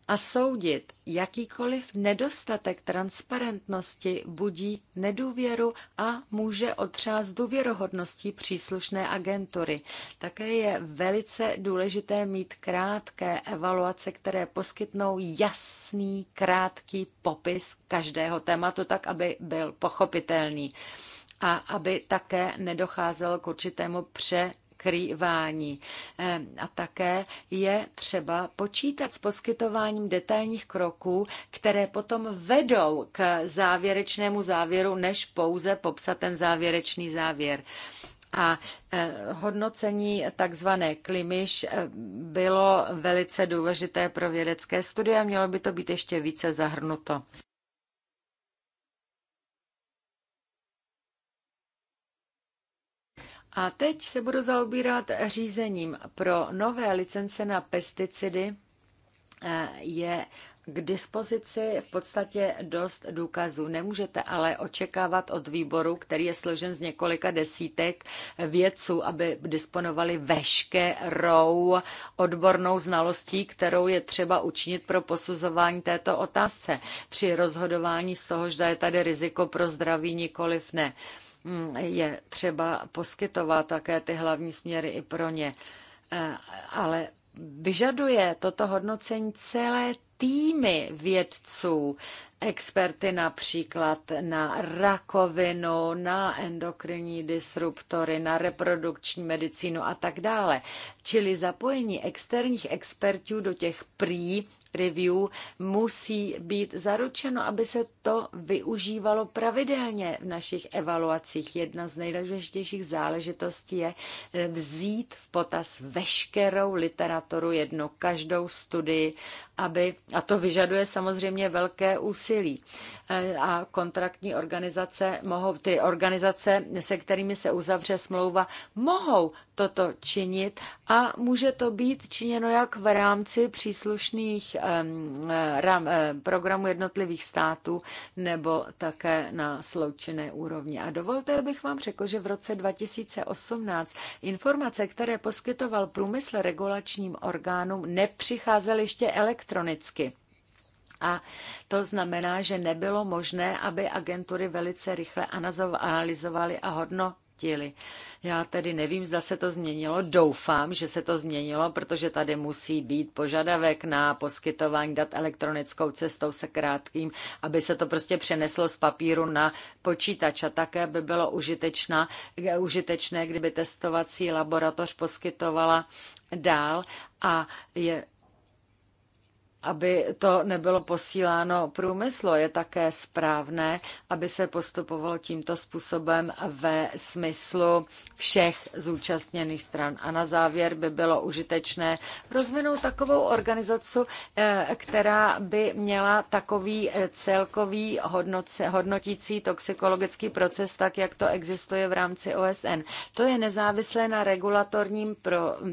a soudit jakýkoliv nedostatek transparentnosti budí nedůvěru a může otřást důvěrohodností příslušné agentury. Také je velice důležité mít krátké evaluace, které poskytnou jasný, krátký popis každého tématu, tak aby byl pochopitelný a aby také nedocházelo k určitému pře překrývání. Eh, a také je třeba počítat s poskytováním detailních kroků, které potom vedou k závěrečnému závěru, než pouze popsat ten závěrečný závěr. A eh, hodnocení takzvané klimiš eh, bylo velice důležité pro vědecké studie a mělo by to být ještě více zahrnuto. A teď se budu zaobírat řízením. Pro nové licence na pesticidy eh, je k dispozici v podstatě dost důkazů. Nemůžete ale očekávat od výboru, který je složen z několika desítek vědců, aby disponovali veškerou odbornou znalostí, kterou je třeba učinit pro posuzování této otázce při rozhodování z toho, že je tady riziko pro zdraví, nikoliv ne je třeba poskytovat také ty hlavní směry i pro ně. Eh, ale vyžaduje toto hodnocení celé týmy vědců, experty například na rakovinu, na endokrinní disruptory, na reprodukční medicínu a tak dále. Čili zapojení externích expertů do těch prý review musí být zaručeno, aby se to využívalo pravidelně v našich evaluacích. Jedna z nejdůležitějších záležitostí je eh, vzít v potaz veškerou literaturu, jednu každou studii aby, a to vyžaduje samozřejmě velké úsilí. E, a kontraktní organizace mohou, ty organizace, se kterými se uzavře smlouva, mohou toto činit a může to být činěno jak v rámci příslušných ram, e, e, programů jednotlivých států nebo také na sloučené úrovni. A dovolte, abych vám řekl, že v roce 2018 informace, které poskytoval průmysl regulačním orgánům, nepřicházely ještě elektronicky elektronicky. A to znamená, že nebylo možné, aby agentury velice rychle analyzovaly a hodnotily. Já tedy nevím, zda se to změnilo. Doufám, že se to změnilo, protože tady musí být požadavek na poskytování dat elektronickou cestou se krátkým, aby se to prostě přeneslo z papíru na počítač. A také by bylo užitečná, užitečné, kdyby testovací laboratoř poskytovala dál a je aby to nebylo posíláno průmyslu. Je také správné, aby se postupovalo tímto způsobem ve smyslu všech zúčastněných stran. A na závěr by bylo užitečné rozvinout takovou organizaci, eh, která by měla takový eh, celkový hodnoce, hodnotící toxikologický proces, tak jak to existuje v rámci OSN. To je nezávislé na regulatorním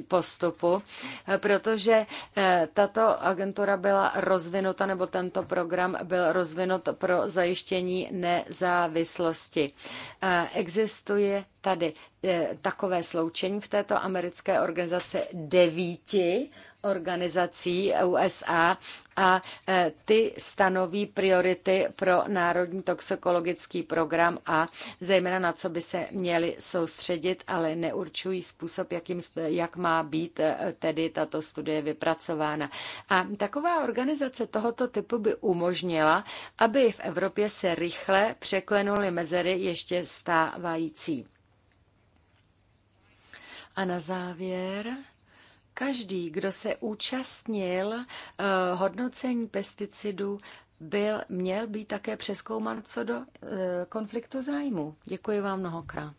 postupu, eh, protože tato agentura byla rozvinuta, nebo tento program byl rozvinut pro zajištění nezávislosti. Eh, existuje tady eh, takové sloučení v této americké organizaci devíti organizací USA a e, ty stanoví priority pro Národní toxikologický program a zejména na co by se měli soustředit, ale neurčují způsob, jakým, jak má být e, tedy tato studie vypracována. A taková organizace tohoto typu by umožnila, aby v Evropě se rychle překlenuly mezery ještě stávající. A na závěr. Každý, kdo se účastnil eh, hodnocení pesticidů, byl, měl být také přeskouman co do eh, konfliktu zájmu. Děkuji vám mnohokrát.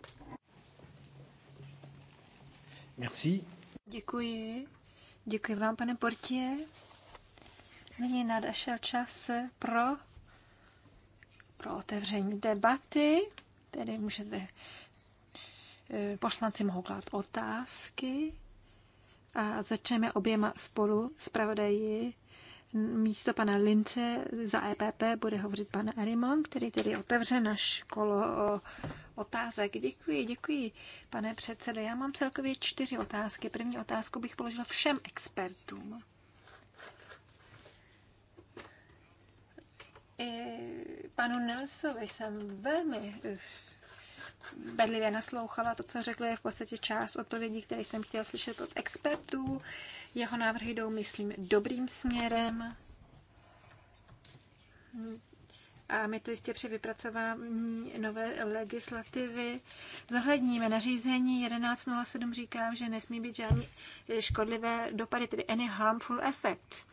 Merci. Děkuji. Děkuji vám, pane Portie. Nyní nadešel čas pro, pro otevření debaty, tedy můžete, eh, poslanci mohou klát otázky a začneme oběma spolu pravodají. Místo pana Lince za EPP bude hovořit pan Arimon, který tedy otevře naš kolo o otázek. Děkuji, děkuji, pane předsedo. Já mám celkově čtyři otázky. První otázku bych položil všem expertům. I panu Nelsovi jsem velmi bedlivě naslouchala. To, co řekl, je v podstatě část odpovědí, které jsem chtěla slyšet od expertů. Jeho návrhy jdou, myslím, dobrým směrem. A my to jistě při vypracování nové legislativy zohledníme. Nařízení 1107 říká, že nesmí být žádný škodlivé dopady, tedy any harmful effects.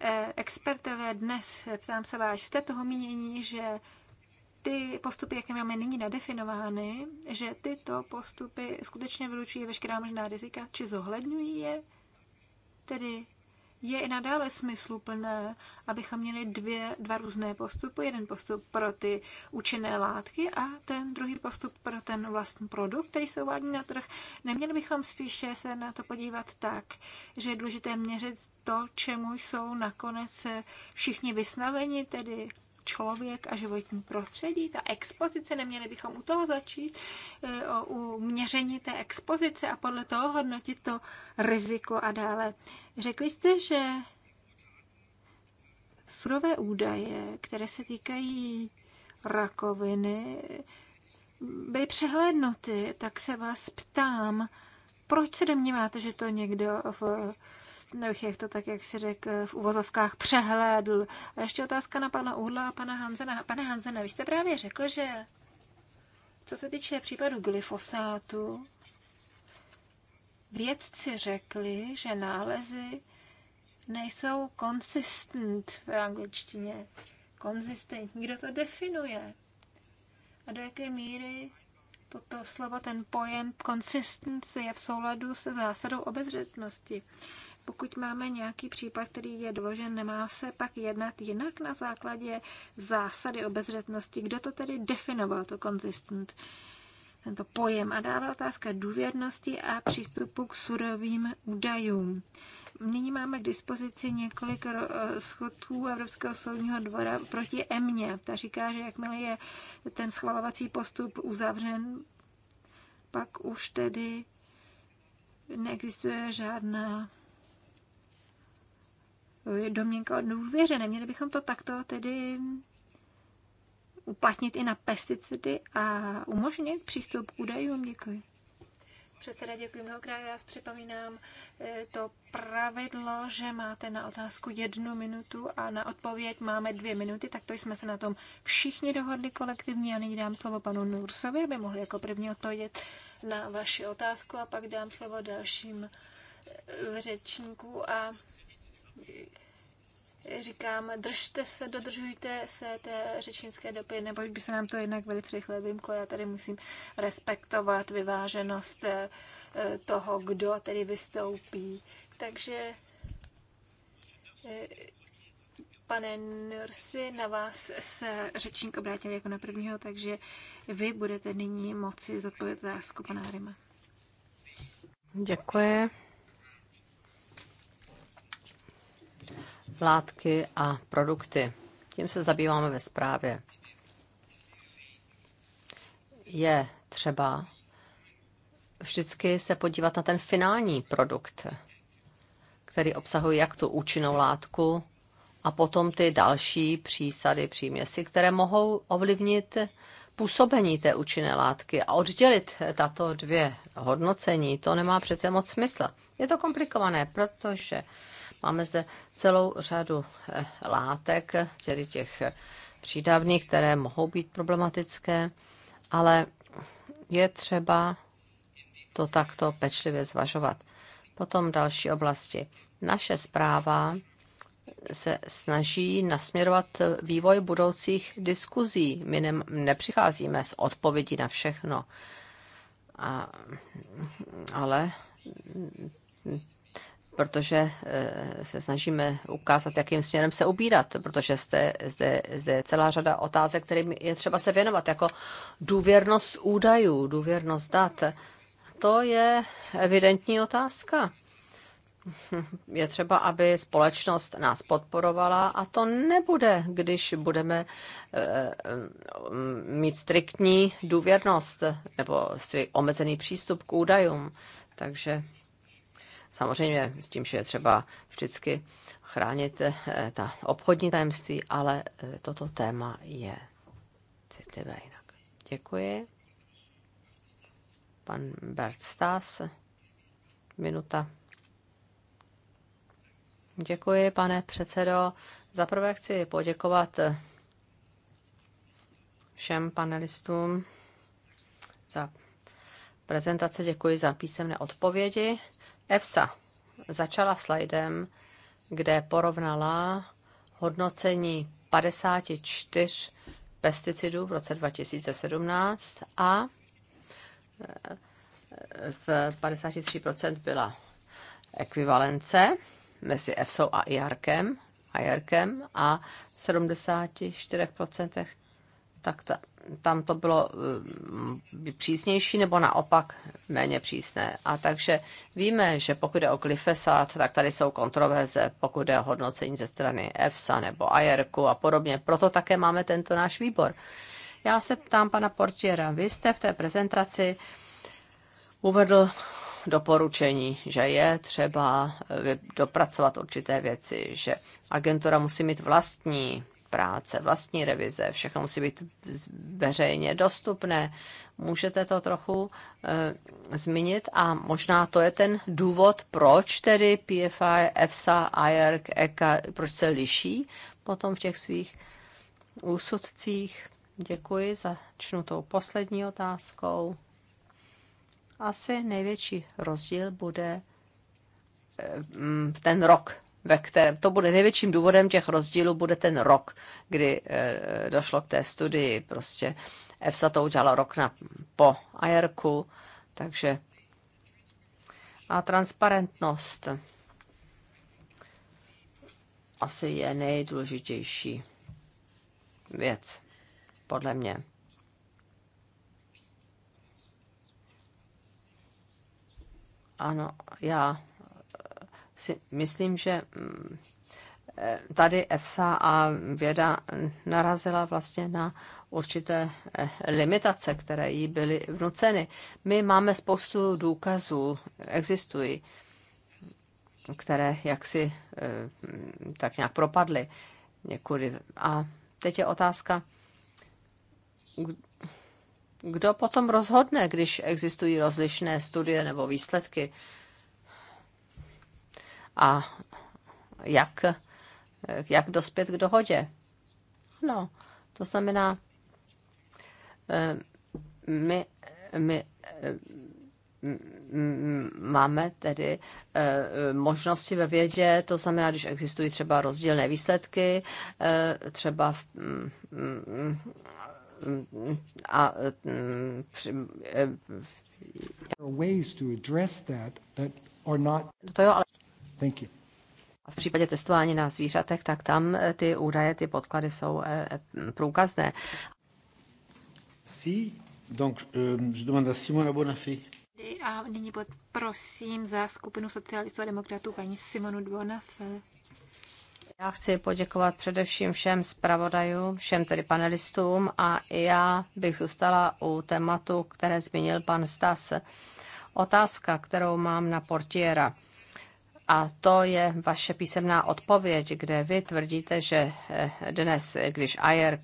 Eh, expertové dnes, eh, ptám se vás, jste toho mínění, že ty postupy, jaké máme nyní nadefinovány, že tyto postupy skutečně vylučují veškerá možná rizika, či zohledňují je, tedy je i nadále smysluplné, abychom měli dvě, dva různé postupy. Jeden postup pro ty účinné látky a ten druhý postup pro ten vlastní produkt, který se uvádí na trh. Neměli bychom spíše se na to podívat tak, že je důležité měřit to, čemu jsou nakonec všichni vysnaveni, tedy člověk a životní prostředí, ta expozice, neměli bychom u toho začít, e, u měření té expozice a podle toho hodnotit to riziko a dále. Řekli jste, že surové údaje, které se týkají rakoviny, byly přehlédnuty, tak se vás ptám, proč se domníváte, že to někdo v nebych jak to tak, jak si řekl, eh, v uvozovkách přehlédl. A ještě otázka na pana Uhla a pana Hanzena. Pane Hanzena, vy jste právě řekl, že co se týče případu glyfosátu, vědci řekli, že nálezy nejsou consistent v angličtině. konzistent. Kdo to definuje? A do jaké míry toto slovo, ten pojem consistency je v souladu se zásadou obezřetnosti? pokud máme nějaký případ, který je doložen, nemá se pak jednat jinak na základě zásady obezřetnosti. Kdo to tedy definoval, to konzistent? tento pojem. A dále otázka důvěrnosti a přístupu k surovým údajům. Nyní máme k dispozici několik schodů Evropského soudního dvora proti EMně. Ta říká, že jakmile je ten schvalovací postup uzavřen, pak už tedy neexistuje žádná Eh, domněnka o důvěře. Neměli bychom to takto tedy uplatnit i na pesticidy a umožnit přístup k údajům? Děkuji. Předseda, děkuji mnohokrát. Já připomínám eh, to pravidlo, že máte na otázku jednu minutu a na odpověď máme dvě minuty, tak to jsme se na tom všichni dohodli kolektivně a nyní dám slovo panu Nursovi, aby mohl jako první odpovědět na vaši otázku a pak dám slovo dalším eh, řečníků a říkám, držte se, dodržujte se té řečnické doby, nebo by se nám to jednak velice rychle vymklo. Já tady musím respektovat vyváženost eh, eh, toho, kdo tedy vystoupí. Takže eh, pane Nursi, na vás se řečník obrátil jako na prvního, takže vy budete nyní moci zodpovědět otázku pana Rima. Děkuji. látky a produkty. Tím se zabýváme ve zprávě. Je třeba vždycky se podívat na ten finální produkt, který obsahuje jak tu účinnou látku a potom ty další přísady, příměsi, které mohou ovlivnit působení té účinné látky a oddělit tato dvě hodnocení, to nemá přece moc smysl. Je to komplikované, protože Máme zde celou řadu eh, látek, tedy těch eh, přídavných, které mohou být problematické, ale je třeba to takto pečlivě zvažovat. Potom další oblasti. Naše zpráva se snaží nasměrovat vývoj budoucích diskuzí. My ne- nepřicházíme s odpovědí na všechno, A, ale protože eh, se snažíme ukázat, jakým směrem se ubírat, protože zde, zde, zde je celá řada otázek, kterým je třeba se věnovat, jako důvěrnost údajů, důvěrnost dat. To je evidentní otázka. Je třeba, aby společnost nás podporovala a to nebude, když budeme eh, mít striktní důvěrnost nebo omezený přístup k údajům. Takže Samozřejmě s tím, že je třeba vždycky chránit eh, ta obchodní tajemství, ale eh, toto téma je citlivé jinak. Děkuji. Pan Bert Stas, minuta. Děkuji, pane předsedo. Za prvé chci poděkovat eh, všem panelistům za prezentace. Děkuji za písemné odpovědi. EFSA začala slajdem, kde porovnala hodnocení 54 pesticidů v roce 2017 a e, v 53% byla ekvivalence mezi EFSO a IARKem, IARKEM a v 74% tak ta, tam to bylo eh, přísnější nebo naopak méně přísné. A takže víme, že pokud je o glyfesát, tak tady jsou kontroverze, pokud je o hodnocení ze strany EFSA nebo IRKu a podobně. Proto také máme tento náš výbor. Já se ptám pana Portiera, vy jste v té prezentaci uvedl doporučení, že je třeba eh, dopracovat určité věci, že agentura musí mít vlastní práce, vlastní revize, všechno musí být veřejně dostupné. Můžete to trochu e, zmínit a možná to je ten důvod, proč tedy PFI, EFSA, IRC, ECA, proč se liší potom v těch svých úsudcích. Děkuji, začnu tou poslední otázkou. Asi největší rozdíl bude v eh, mm, ten rok ve kterém to bude největším důvodem těch rozdílů, bude ten rok, kdy eh, došlo k té studii. Prostě EFSA to udělala rok na, po IRku, takže a transparentnost asi je nejdůležitější věc, podle mě. Ano, já si myslím, že mm, eh, tady EFSA a věda narazila vlastně na určité eh, limitace, které jí byly vnuceny. My máme spoustu důkazů, existují, které jaksi eh, tak nějak propadly někudy. A teď je otázka, kdo potom rozhodne, když existují rozlišné studie nebo výsledky a jak, jak dospět k dohodě. No, to znamená, eh, my, my eh, máme tedy eh, možnosti ve vědě, to znamená, když existují třeba rozdílné výsledky, třeba v, mm, mm, a mm, při, no to jo, ale Thank you. A v případě testování na zvířatech, tak tam eh, ty údaje, ty podklady jsou eh, eh, průkazné. Si, donc, euh, je demande à Simona Bonafé. A nyní prosím za skupinu socialistů a demokratů paní Simonu Bonafé. Já chci poděkovat především všem zpravodajům, všem tedy panelistům a já bych zůstala u tématu, které zmínil pan Stas. Otázka, kterou mám na portiera a to je vaše písemná odpověď, kde vy tvrdíte, že eh, dnes, když IERC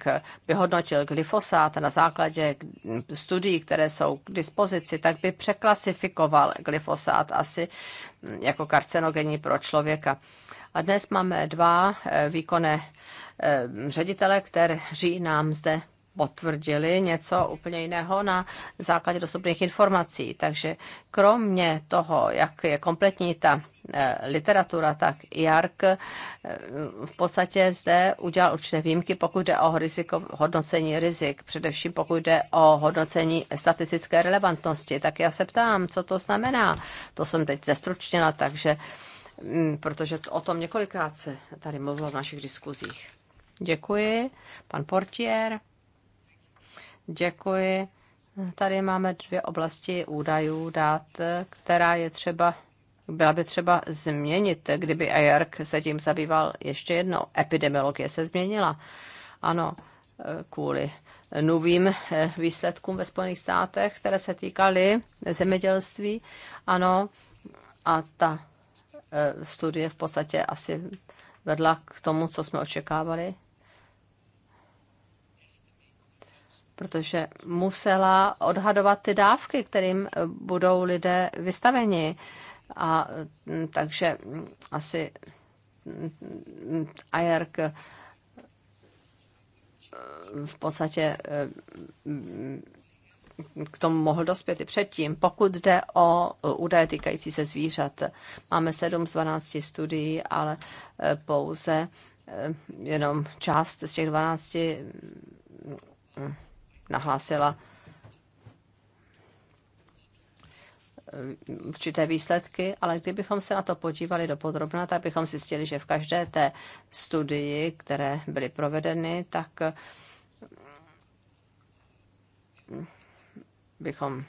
vyhodnotil glyfosát na základě studií, které jsou k dispozici, tak by překlasifikoval glyfosát asi hm, jako karcinogenní pro člověka. A dnes máme dva eh, výkonné eh, ředitele, kteří nám zde potvrdili něco úplně jiného na základě dostupných informací. Takže kromě toho, jak je kompletní ta eh, literatura, tak jark eh, v podstatě zde udělal určité výjimky, pokud jde o riziko, hodnocení rizik, především pokud jde o hodnocení statistické relevantnosti. Tak já se ptám, co to znamená. To jsem teď zestručněna, takže mm, protože o tom několikrát se tady mluvilo v našich diskuzích. Děkuji. Pan Portier. Děkuji. Tady máme dvě oblasti údajů dát, která je třeba, byla by třeba změnit, kdyby IARC se tím zabýval ještě jednou. Epidemiologie se změnila. Ano, kvůli novým eh, výsledkům ve Spojených státech, které se týkaly zemědělství. Ano, a ta eh, studie v podstatě asi vedla k tomu, co jsme očekávali. protože musela odhadovat ty dávky, kterým eh, budou lidé vystaveni. A mm, takže mm, asi mm, Ajerk eh, v podstatě eh, k tomu mohl dospět i předtím. Pokud jde o údaje týkající se zvířat, máme 7 z 12 studií, ale pouze jenom část z těch 12 nahlásila eh, určité výsledky, ale kdybychom se na to podívali do podrobna, tak bychom zjistili, že v každé té studii, které byly provedeny, tak eh, bychom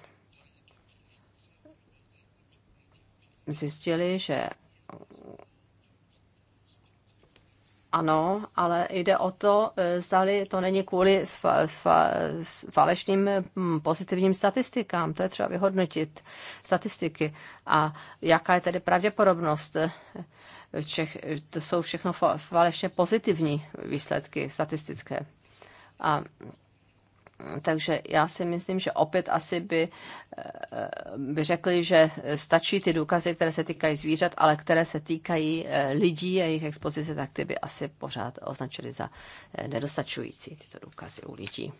zjistili, že ano, ale jde o to, e, zdali to není kvůli s, s, s falešným pozitivním statistikám. To je třeba vyhodnotit statistiky. A jaká je tedy pravděpodobnost? Čech, e, to jsou všechno falešně pozitivní výsledky statistické. A takže já si myslím, že opět asi by, eh, by řekli, že stačí ty důkazy, které se týkají zvířat, ale které se týkají eh, lidí a jejich expozice, tak ty by asi pořád označili za eh, nedostačující tyto důkazy u lidí.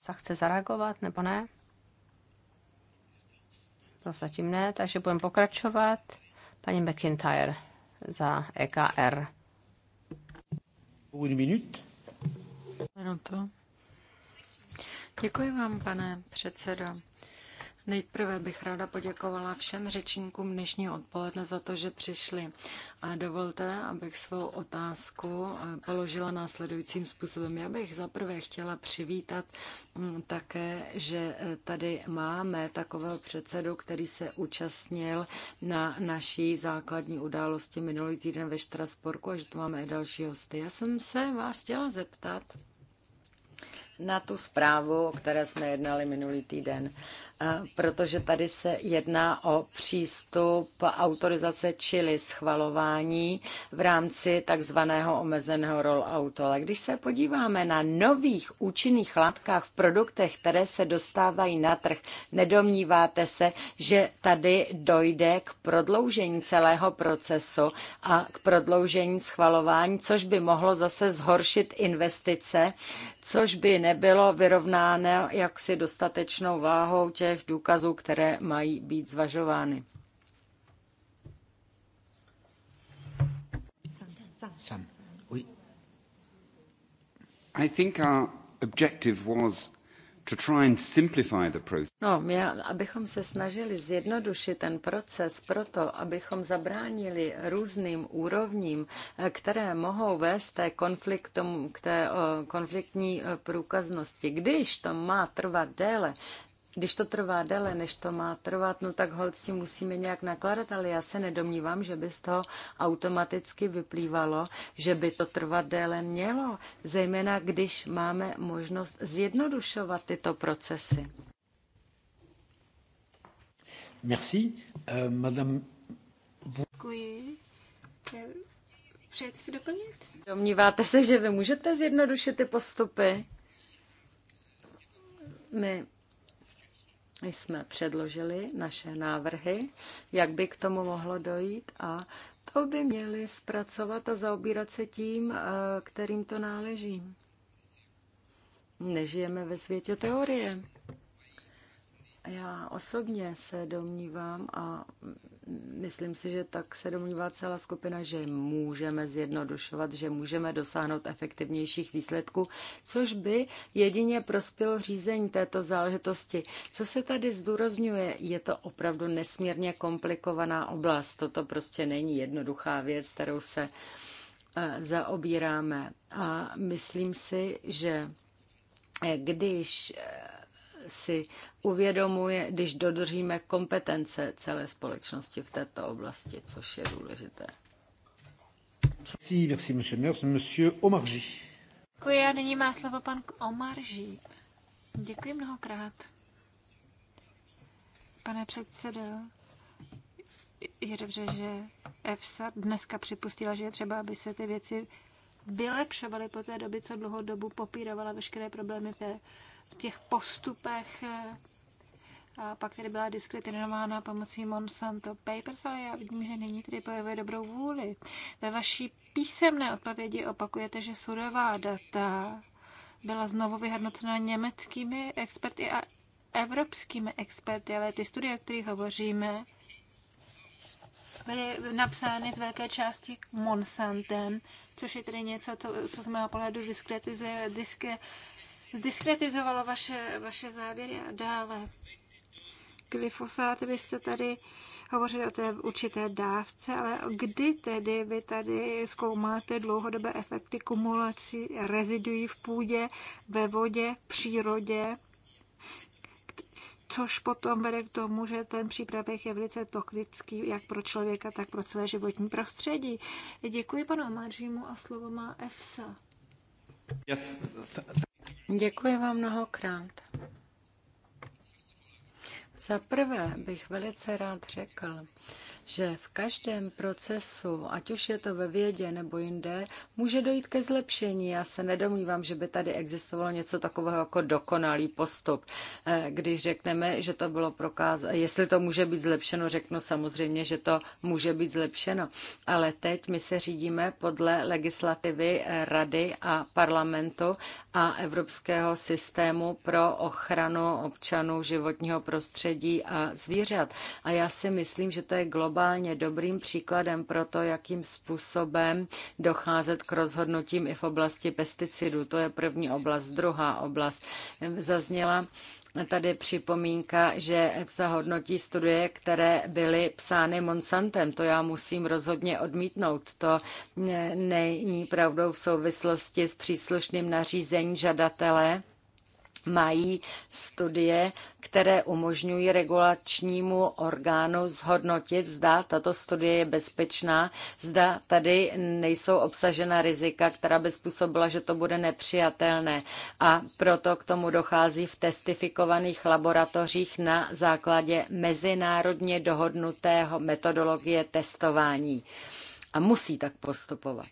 Sa chce zareagovat nebo ne? Prozatím ne, takže budeme pokračovat. Paní McIntyre za EKR. Une minute. Minutu. Děkuji vám, pane předsedo. Nejprve bych ráda poděkovala všem řečníkům dnešní odpoledne za to, že přišli. A dovolte, abych svou otázku eh, položila následujícím způsobem. Já bych zaprvé chtěla přivítat mm, také, že eh, tady máme takového předsedu, který se účastnil na naší základní události minulý týden ve štrasporku a že tu máme i další hosty. Já jsem se vás chtěla zeptat, na tu zprávu, o které jsme jednali minulý týden. Eh, protože tady se jedná o přístup autorizace, čili schvalování v rámci takzvaného omezeného rolloutu. Ale když se podíváme na nových účinných látkách v produktech, které se dostávají na trh, nedomníváte se, že tady dojde k prodloužení celého procesu a k prodloužení schvalování, což by mohlo zase zhoršit investice, což by nebylo vyrovnáno jaksi dostatečnou váhou těch všech důkazů, které mají být zvažovány. Sam. I think our objective was to try and simplify the process. No, my, abychom se snažili zjednodušit ten proces proto, abychom zabránili různým úrovním, eh, které mohou vést té k té konfliktní eh, průkaznosti. Když to má trvat déle, když to trvá déle, než to má trvat, no tak hold s tím musíme nějak nakládat, ale já se nedomnívám, že by z toho automaticky vyplývalo, že by to trvat déle mělo, zejména když máme možnost zjednodušovat tyto procesy. Merci. Uh, madame... Děkuji. Přejete si doplnit? Domníváte se, že vy můžete zjednodušit ty postupy? My jsme předložili naše návrhy, jak by k tomu mohlo dojít a to by měli zpracovat a zaobírat se tím, eh, kterým to náleží. Nežijeme ve světě teorie. Já osobně se domnívám a Myslím si, že tak se domnívá celá skupina, že můžeme zjednodušovat, že můžeme dosáhnout efektivnějších výsledků, což by jedině prospělo řízení této záležitosti. Co se tady zdůrazňuje, je to opravdu nesmírně komplikovaná oblast. Toto prostě není jednoduchá věc, kterou se eh, zaobíráme. A myslím si, že eh, když eh, si uvědomuje, když dodržíme kompetence celé společnosti v této oblasti, což je důležité. Merci, merci, monsieur Meurs. Monsieur Omarji. Děkuji a nyní má slovo pan Omarji. Děkuji mnohokrát. Pane předsedo, je dobře, že EFSA dneska připustila, že je třeba, aby se ty věci vylepšovaly po té době, co dlouhou dobu popírovala veškeré problémy v té v těch postupech eh, a pak tedy byla diskriminována pomocí Monsanto Papers, ale já vidím, že nyní tedy pojevuje dobrou vůli. Ve vaší písemné odpovědi opakujete, že surová data byla znovu vyhodnocena německými experty a evropskými experty, ale ty studie, o kterých hovoříme, byly napsány z velké části Monsantem, což je tedy něco, co, co z mého pohledu diskretizuje diskre, zdiskretizovalo vaše, vaše závěry a dále. Glyfosát, vy jste tady hovořili o té určité dávce, ale kdy tedy vy tady zkoumáte dlouhodobé efekty kumulací rezidují v půdě, ve vodě, v přírodě, což potom vede k tomu, že ten přípravek je velice toxický jak pro člověka, tak pro celé životní prostředí. Děkuji panu Maržímu a slovo má EFSA. Děkuji vám mnohokrát. Za prvé bych velice rád řekl, že v každém procesu, ať už je to ve vědě nebo jinde, může dojít ke zlepšení. Já se nedomnívám, že by tady existovalo něco takového jako dokonalý postup. Eh, Když řekneme, že to bylo prokázáno, jestli to může být zlepšeno, řeknu samozřejmě, že to může být zlepšeno. Ale teď my se řídíme podle legislativy eh, Rady a parlamentu a Evropského systému pro ochranu občanů životního prostředí a zvířat. A já si myslím, že to je globální globálně dobrým příkladem pro to, jakým způsobem docházet k rozhodnutím i v oblasti pesticidů. To je první oblast. Druhá oblast zazněla tady připomínka, že se hodnotí studie, které byly psány Monsantem. To já musím rozhodně odmítnout. To není pravdou v souvislosti s příslušným nařízením žadatele mají studie, které umožňují regulačnímu orgánu zhodnotit, zda tato studie je bezpečná, zda tady nejsou obsažena rizika, která by způsobila, že to bude nepřijatelné. A proto k tomu dochází v testifikovaných laboratořích na základě mezinárodně dohodnutého metodologie testování. A musí tak postupovat.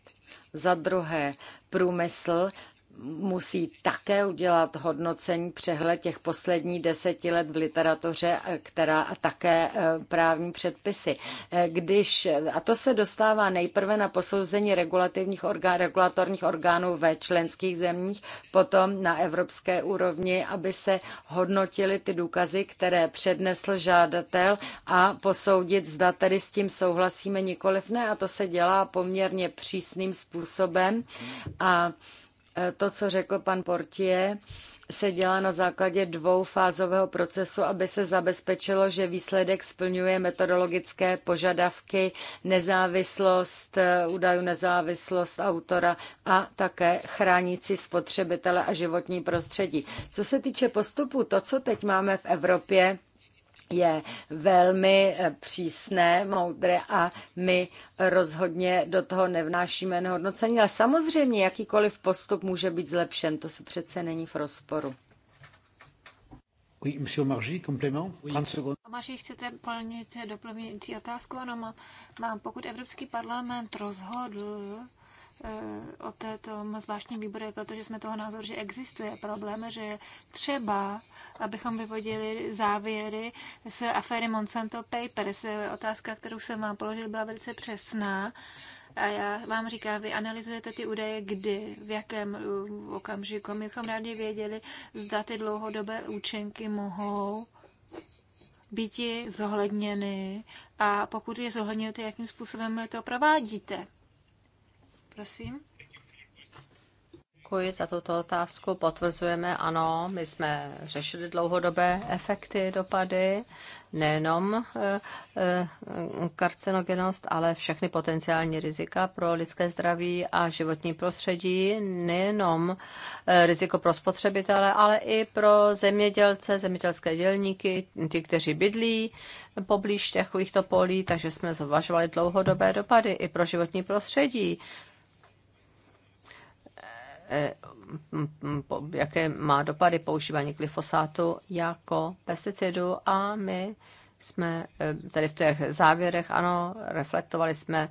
Za druhé, průmysl musí také udělat hodnocení přehled těch posledních deseti let v literatuře, která a také e, právní předpisy. E, když, a to se dostává nejprve na posouzení regulativních orgán, regulatorních orgánů ve členských zemích, potom na evropské úrovni, aby se hodnotily ty důkazy, které přednesl žádatel a posoudit, zda tedy s tím souhlasíme nikoliv ne. A to se dělá poměrně přísným způsobem. A Eh, to, co řekl pan Portier, se dělá na základě dvoufázového procesu, aby se zabezpečilo, že výsledek splňuje metodologické požadavky, nezávislost eh, údajů, nezávislost autora a také chránící spotřebitele a životní prostředí. Co se týče postupu, to, co teď máme v Evropě, je velmi eh, přísné, moudré a my rozhodně do toho nevnášíme nehodnocení. Ale samozřejmě jakýkoliv postup může být zlepšen, to se přece není v rozporu. Oui, monsieur Margy, complément, 30 secondes. Margy, chcete plnit doplňující otázku? Ano, mám, mám. Pokud Evropský parlament rozhodl, o této zvláštní výbory, protože jsme toho názoru, že existuje problém, že třeba, abychom vyvodili závěry z aféry Monsanto Papers. Otázka, kterou jsem vám položil, byla velice přesná. A já vám říkám, vy analyzujete ty údaje kdy, v jakém okamžiku. My bychom rádi věděli, zda ty dlouhodobé účinky mohou být zohledněny a pokud je zohledněte, jakým způsobem to provádíte. Prosím. Děkuji za tuto otázku. Potvrzujeme, ano, my jsme řešili dlouhodobé efekty, dopady, nejenom eh, eh, karcinogenost, ale všechny potenciální rizika pro lidské zdraví a životní prostředí, nejenom eh, riziko pro spotřebitele, ale i pro zemědělce, zemědělské dělníky, ty, kteří bydlí poblíž těchto polí, takže jsme zvažovali dlouhodobé dopady i pro životní prostředí Eh, jaké má dopady používání glyfosátu jako pesticidu a my jsme eh, tady v těch závěrech, ano, reflektovali jsme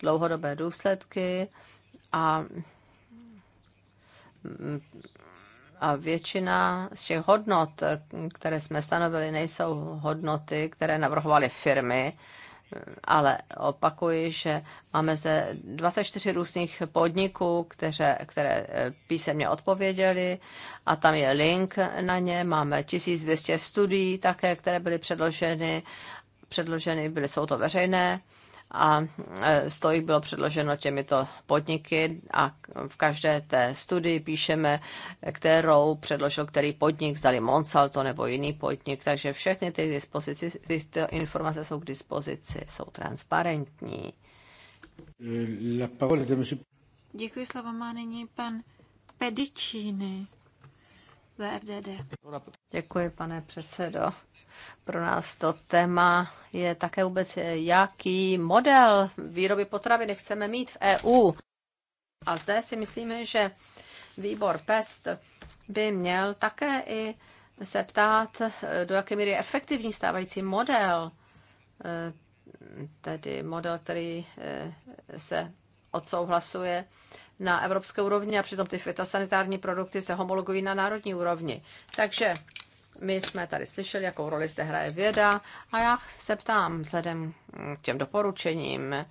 dlouhodobé důsledky a, mm, a většina z těch hodnot, eh, které jsme stanovili, nejsou hodnoty, které navrhovaly firmy, ale opakuji, že máme zde 24 různých podniků, které, které eh, písemně odpověděli a tam je link na ně. Máme 1200 studií také, které byly předloženy. Předloženy byly, jsou to veřejné a e, toho bylo předloženo těmito podniky a v každé té studii píšeme, kterou předložil který podnik, zdali Monsalto nebo jiný podnik, takže všechny ty, dispozici, ty informace jsou k dispozici, jsou transparentní. Děkuji, slovo má nyní pan Pedicini za Děkuji, pane předsedo. Pro nás to téma je také vůbec, eh, jaký model výroby potraviny chceme mít v EU. A zde si myslíme, že výbor PEST by měl také i se ptát, eh, do jaké míry je efektivní stávající model, eh, tedy model, který se odsouhlasuje na evropské úrovni a přitom ty fitosanitární produkty se homologují na národní úrovni. Takže my jsme tady slyšeli, jakou roli zde hraje věda a já se ptám vzhledem k těm doporučením, eh,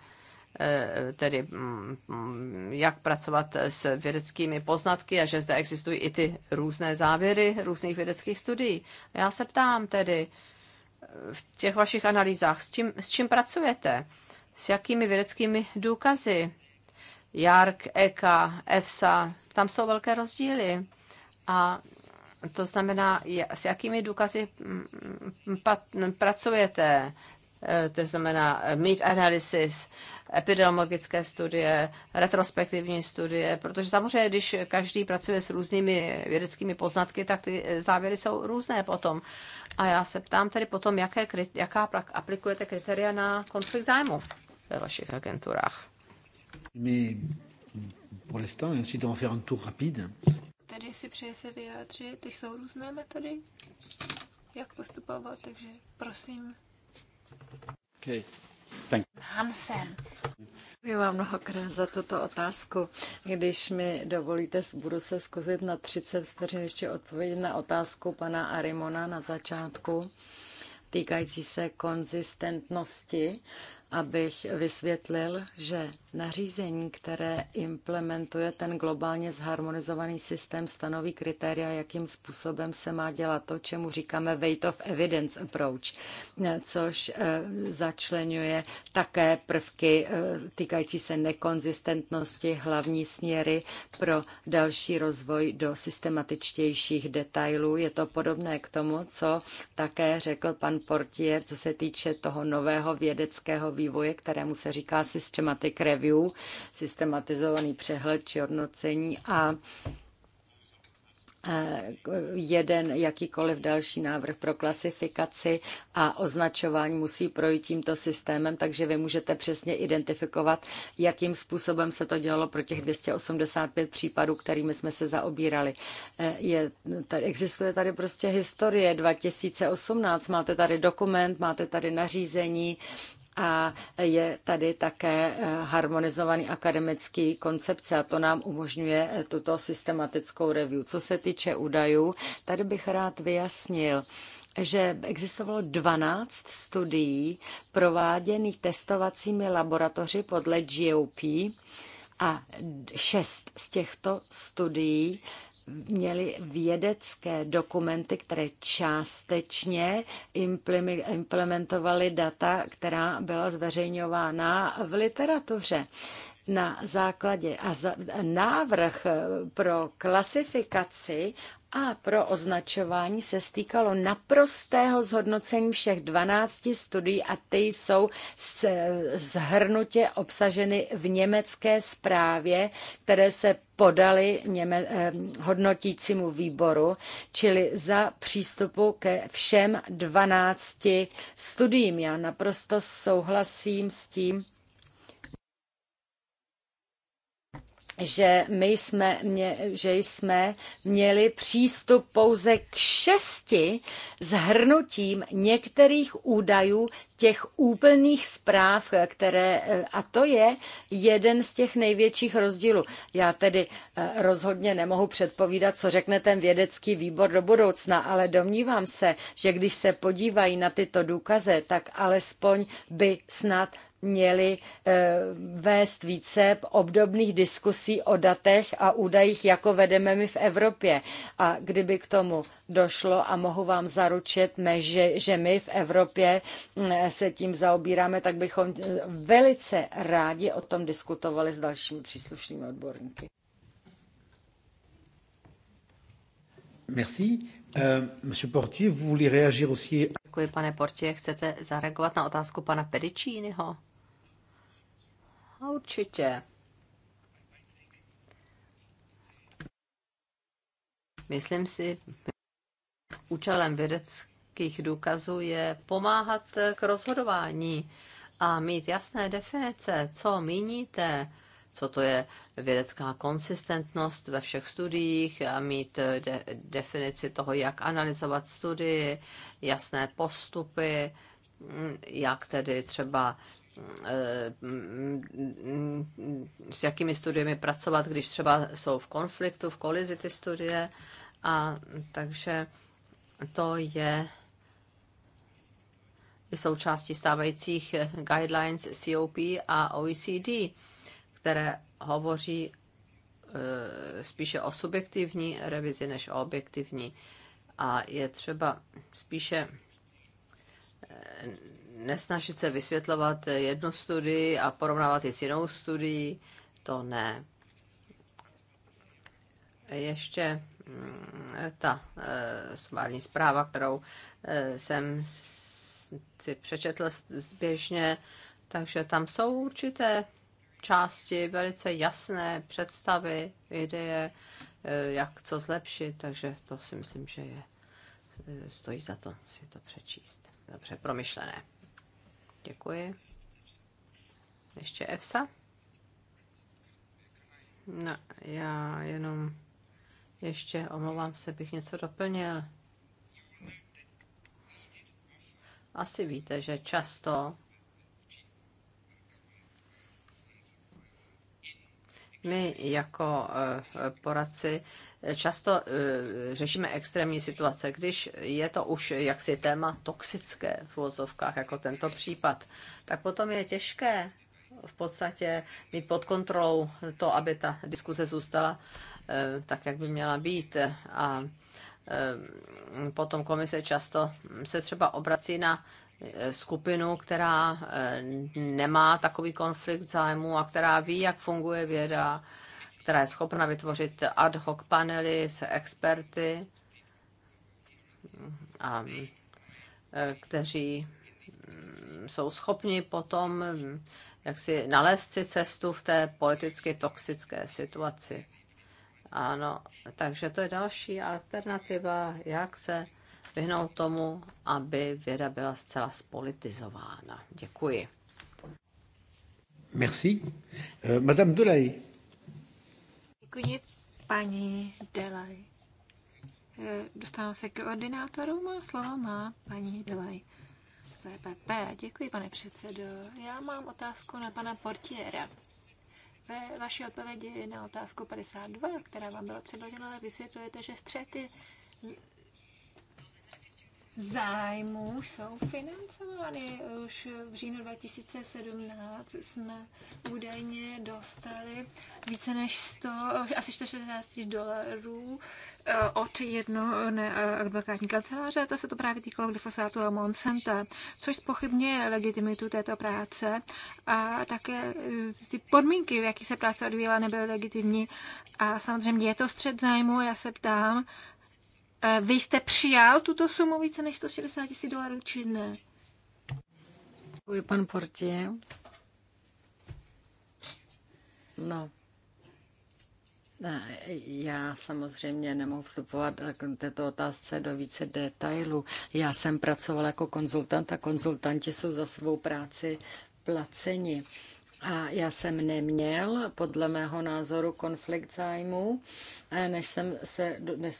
tedy mm, mm, jak pracovat s vědeckými poznatky a že zde existují i ty různé závěry různých vědeckých studií. Já se ptám tedy v těch vašich analýzách, s čím, s čím pracujete, s jakými vědeckými důkazy, JARC, EKA, e EFSA, tam jsou velké rozdíly. A to znamená, s jakými důkazy mm, pracujete, eh, to znamená eh, meat analysis, epidemiologické studie, retrospektivní studie, protože samozřejmě, když každý pracuje s různými vědeckými poznatky, tak ty eh, závěry jsou různé potom. A já se ptám tedy potom, jaké, jaká aplikujete kritéria na konflikt zájmu ve vašich agenturách. My pour l'instant, ensuite on va faire un tour rapide tedy si přeje se vyjádřit. Jsou různé metody, jak postupovat, takže prosím. Okay. Thank you. Hansen. Děkuji vám mnohokrát za tuto otázku. Když mi dovolíte, budu se zkusit na 30 vteřin ještě odpovědět na otázku pana Arimona na začátku týkající se konzistentnosti, abych vysvětlil, že Nařízení, které implementuje ten globálně zharmonizovaný systém, stanoví kritéria, jakým způsobem se má dělat to, čemu říkáme weight of evidence approach, což eh, začlenuje také prvky eh, týkající se nekonzistentnosti, hlavní směry pro další rozvoj do systematičtějších detailů. Je to podobné k tomu, co také řekl pan Portier, co se týče toho nového vědeckého vývoje, kterému se říká systematic review review, systematizovaný přehled či hodnocení a e, jeden jakýkoliv další návrh pro klasifikaci a označování musí projít tímto systémem, takže vy můžete přesně identifikovat, jakým způsobem se to dělalo pro těch 285 případů, kterými jsme se zaobírali. E, je, tady, existuje tady prostě historie 2018, máte tady dokument, máte tady nařízení, a je tady také eh, harmonizovaný akademický koncepce a to nám umožňuje eh, tuto systematickou review. Co se týče údajů, tady bych rád vyjasnil, že existovalo 12 studií prováděných testovacími laboratoři podle GOP a šest z těchto studií měli vědecké dokumenty, které částečně implementovaly data, která byla zveřejňována v literatuře na základě a za, návrh pro klasifikaci a pro označování se stýkalo naprostého zhodnocení všech 12 studií a ty jsou zhrnutě obsaženy v německé zprávě, které se podali něme, eh, hodnotícímu výboru, čili za přístupu ke všem 12 studiím. Já naprosto souhlasím s tím, že my jsme, mě, že jsme měli přístup pouze k šesti zhrnutím některých údajů těch úplných zpráv, které, a to je jeden z těch největších rozdílů. Já tedy eh, rozhodně nemohu předpovídat, co řekne ten vědecký výbor do budoucna, ale domnívám se, že když se podívají na tyto důkazy, tak alespoň by snad měli eh, vést více obdobných diskusí o datech a údajích, jako vedeme my v Evropě. A kdyby k tomu došlo a mohu vám zaručit, že, že my v Evropě mm, se tím zaobíráme, tak bychom eh, velice rádi o tom diskutovali s dalšími příslušnými odborníky. Merci. Euh, monsieur Portier, vous voulez réagir aussi Děkuji, pane Portě. Chcete zareagovat na otázku pana Pedičínyho? Určitě. Myslím si, účelem vědeckých důkazů je pomáhat k rozhodování a mít jasné definice, co míníte co to je vědecká konsistentnost ve všech studiích a mít eh, de- definici toho, jak analyzovat studii, jasné postupy, mm, jak tedy třeba eh, mm, s jakými studiemi pracovat, když třeba jsou v konfliktu, v kolizi ty studie. A takže to je součástí stávajících eh, guidelines COP a OECD které hovoří e, spíše o subjektivní revizi než o objektivní. A je třeba spíše e, nesnažit se vysvětlovat jednu studii a porovnávat ji s jinou studií, to ne. Ještě mm, ta e, sumární zpráva, kterou jsem si přečetl zběžně, takže tam jsou určité části velice jasné představy, ideje, eh, jak co zlepšit, takže to si myslím, že je, eh, stojí za to si to přečíst. Dobře, promyšlené. Děkuji. Ještě EFSA? No, já jenom ještě, omlouvám se, bych něco doplnil. Asi víte, že často My jako eh, poradci eh, často eh, řešíme extrémní situace, když je to už jaksi téma toxické v vozovkách, jako tento případ, tak potom je těžké v podstatě mít pod kontrolou to, aby ta diskuze zůstala tak, jak by měla být. A potom komise často se třeba obrací na Eh, skupinu, která eh, nemá takový konflikt zájmu a která ví, jak funguje věda, která je schopna vytvořit ad hoc panely s experty, a eh, kteří mm, jsou schopni potom mm, jak si nalézt si cestu v té politicky toxické situaci. Ano, takže to je další alternativa, jak se vyhnout tomu, aby věda byla zcela spolitizována. Děkuji. Merci. Euh, Madame Delay. Děkuji, paní Delay. Eh, Dostávám se k ordinátorům a slovo má paní Delay. ZPP. E Děkuji, pane předsedo. Já mám otázku na pana Portiera. Ve vaší odpovědi na otázku 52, která vám byla předložena, vysvětlujete, že střety zájmů jsou financovány. Už v říjnu 2017 jsme údajně dostali více než 100, asi 160 dolarů eh, od jedno ne, eh, advokátní kanceláře, to se to právě týkalo glyfosátu a Monsanta, což spochybňuje legitimitu této práce a také eh, ty podmínky, v jaký se práce odvíjela, nebyly legitimní. A samozřejmě je to střed zájmu, já se ptám, Eh, vy jste přijal tuto sumu více než 160 tisíc dolarů, či ne? Děkuji, pan Portě. No. Já samozřejmě nemohu vstupovat k této otázce do více detailů. Já jsem pracoval jako konzultant a konzultanti jsou za svou práci placeni. A já jsem neměl, podle mého názoru, konflikt zájmů, eh, než jsem se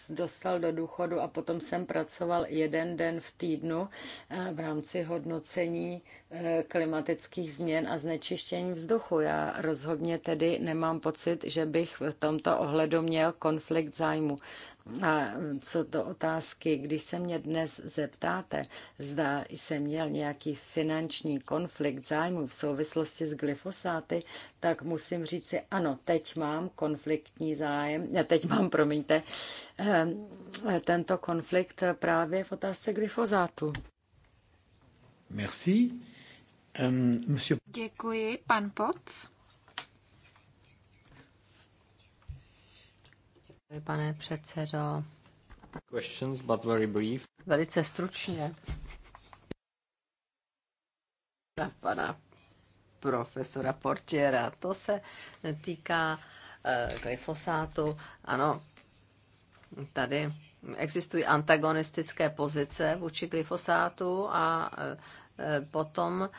dostal do důchodu a potom jsem pracoval jeden den v týdnu eh, v rámci hodnocení eh, klimatických změn a znečištění vzduchu. Já rozhodně tedy nemám pocit, že bych v tomto ohledu měl konflikt zájmu. A co do otázky, když se mě dnes zeptáte, zda jsem měl nějaký finanční konflikt zájmu v souvislosti s glyfosáty, tak musím říci, ano, teď mám konfliktní zájem, ne, teď mám, promiňte, ehm, tento konflikt právě v otázce glyfosátu. Merci. Um, monsieur... Děkuji, pan Poc. Děkuji, pane předsedo. Questions, but very brief. Velice stručně. Na pana profesora Portiera. To se týká eh, glyfosátu. Ano, tady existují antagonistické pozice vůči glyfosátu a eh, eh, potom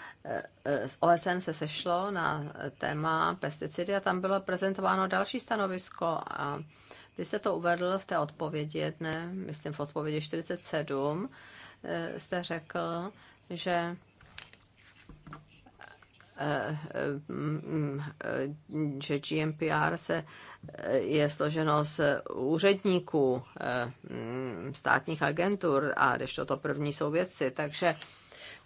OSN se sešlo na téma pesticidy a tam bylo prezentováno další stanovisko a vy jste to uvedl v té odpovědi jedné, myslím v odpovědi 47, eh, jste řekl, že eh, hm, hm, že GMPR se eh, je složeno z úředníků hm, státních agentur a když to první jsou věci, takže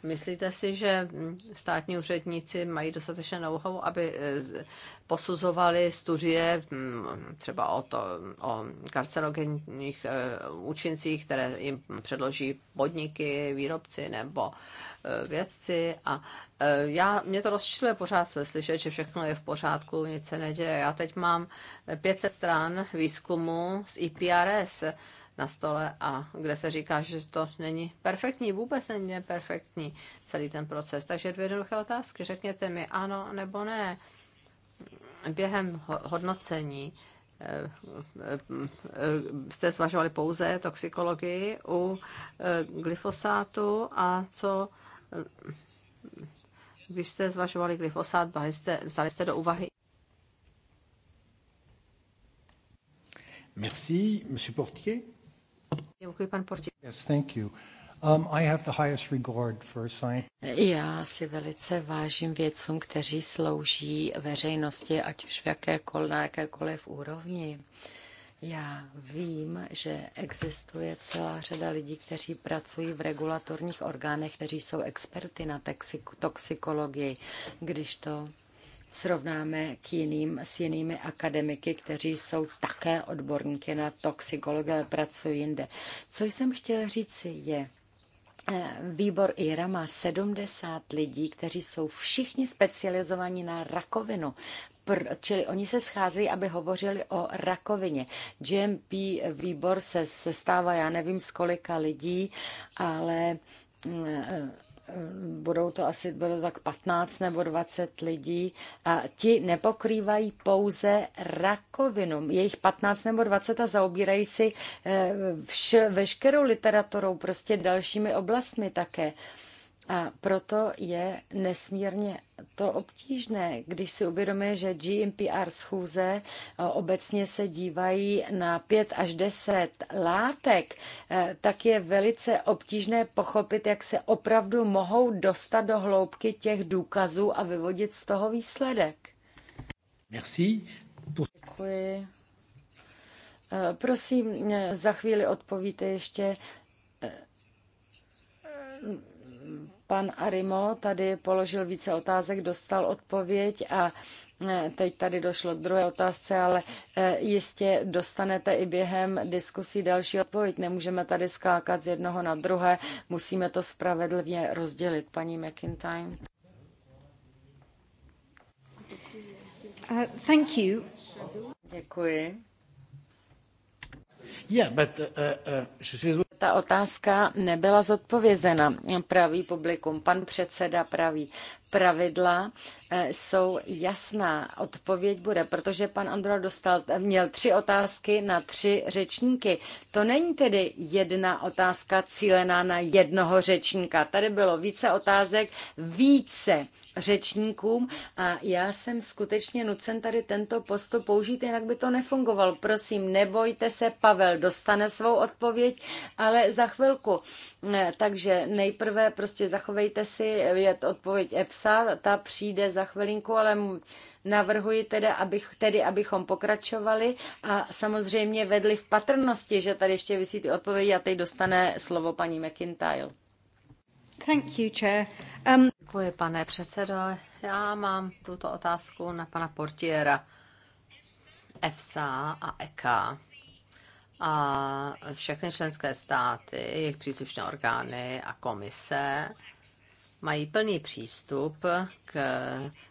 Myslíte si, že hm, státní úředníci mají dostatečné know aby eh, posuzovali studie hm, třeba o, to, o karcerogenních eh, účincích, které jim předloží podniky, výrobci nebo eh, vědci a já, mě to rozčiluje pořád slyšet, že všechno je v pořádku, nic se neděje. Já teď mám 500 stran výzkumu z IPRS, e na stole a kde se říká, že to není perfektní, vůbec není perfektní celý ten proces. Takže dvě jednoduché otázky. Řekněte mi ano nebo ne. Během hodnocení eh, eh, jste zvažovali pouze toxikologii u eh, glyfosátu a co když jste zvažovali glyfosát, vzali jste, vzali jste do úvahy Merci, Monsieur Portier. Děkuji, pan Porti. Yes, thank you. Um, I have the highest regard for science. Já si velice vážím vědcům, kteří slouží veřejnosti, ať už v jakékoliv, na jakékoliv úrovni. Já vím, že existuje celá řada lidí, kteří pracují v regulatorních orgánech, kteří jsou experty na toxikologii. Když to srovnáme k jiným, s jinými akademiky, kteří jsou také odborníky na toxikologie, ale pracují jinde. Co jsem chtěla říci je, eh, Výbor IRA má 70 lidí, kteří jsou všichni specializovaní na rakovinu. Pr- čili oni se scházejí, aby hovořili o rakovině. GMP výbor se sestává, já nevím, z kolika lidí, ale mm, eh, budou to asi bylo tak 15 nebo 20 lidí a ti nepokrývají pouze rakovinu. Je jich 15 nebo 20 a zaobírají si eh, vš, veškerou literaturou, prostě dalšími oblastmi také. A proto je nesmírně to obtížné, když si uvědomíme, že GMPR schůze eh, obecně se dívají na 5 až 10 látek, eh, tak je velice obtížné pochopit, jak se opravdu mohou dostat do hloubky těch důkazů a vyvodit z toho výsledek. Merci. Děkuji. Eh, prosím, za chvíli odpovíte ještě Pan Arimo tady položil více otázek, dostal odpověď a eh, Teď tady došlo k druhé otázce, ale eh, jistě dostanete i během diskusí další odpověď. Nemůžeme tady skákat z jednoho na druhé, musíme to spravedlivě rozdělit. Paní McIntyre. Uh, thank you. Děkuji. Yeah, but, uh, uh, uh ta otázka nebyla zodpovězena. Pravý publikum, pan předseda praví, pravidla eh, jsou jasná. Odpověď bude, protože pan Andro dostal, měl tři otázky na tři řečníky. To není tedy jedna otázka cílená na jednoho řečníka. Tady bylo více otázek, více řečníkům a já jsem skutečně nucen tady tento postup použít, jinak by to nefungovalo. Prosím, nebojte se, Pavel dostane svou odpověď, ale za chvilku. Takže nejprve prostě zachovejte si, je to odpověď EPSA, ta přijde za chvilinku, ale navrhuji tedy, abych, tedy, abychom pokračovali a samozřejmě vedli v patrnosti, že tady ještě vysí ty odpovědi a teď dostane slovo paní McIntyre. Thank you, Chair. Um... Děkuji, pane předsedo. Já mám tuto otázku na pana Portiera. EFSA a EKA e a všechny členské státy, jejich příslušné orgány a komise mají plný přístup k